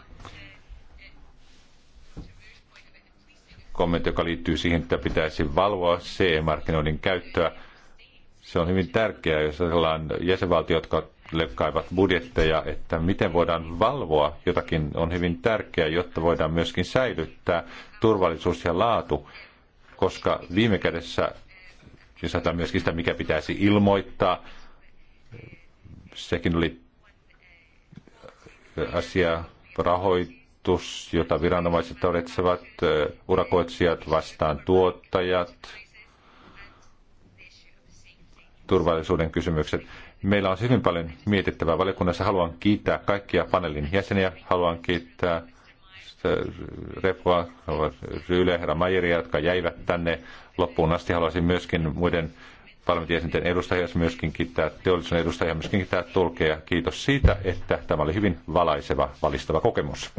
D: Kommentti, joka liittyy siihen, että pitäisi valvoa CE-markkinoinnin käyttöä. Se on hyvin tärkeää, jos ajatellaan jäsenvaltiot, jotka leikkaavat budjetteja, että miten voidaan valvoa jotakin on hyvin tärkeää, jotta voidaan myöskin säilyttää turvallisuus ja laatu, koska viime kädessä jos ajatellaan myöskin sitä, mikä pitäisi ilmoittaa. Sekin oli asia rahoitus, jota viranomaiset todetsevat, urakoitsijat vastaan tuottajat, turvallisuuden kysymykset. Meillä on siis hyvin paljon mietittävää valiokunnassa. Haluan kiittää kaikkia paneelin jäseniä. Haluan kiittää Repua, Ryyle, herra Majeria, jotka jäivät tänne loppuun asti. Haluaisin myöskin muiden parlamentin edustajia, myöskin kiittää teollisuuden edustajia, myöskin kiittää tulkeja. Kiitos siitä, että tämä oli hyvin valaiseva, valistava kokemus.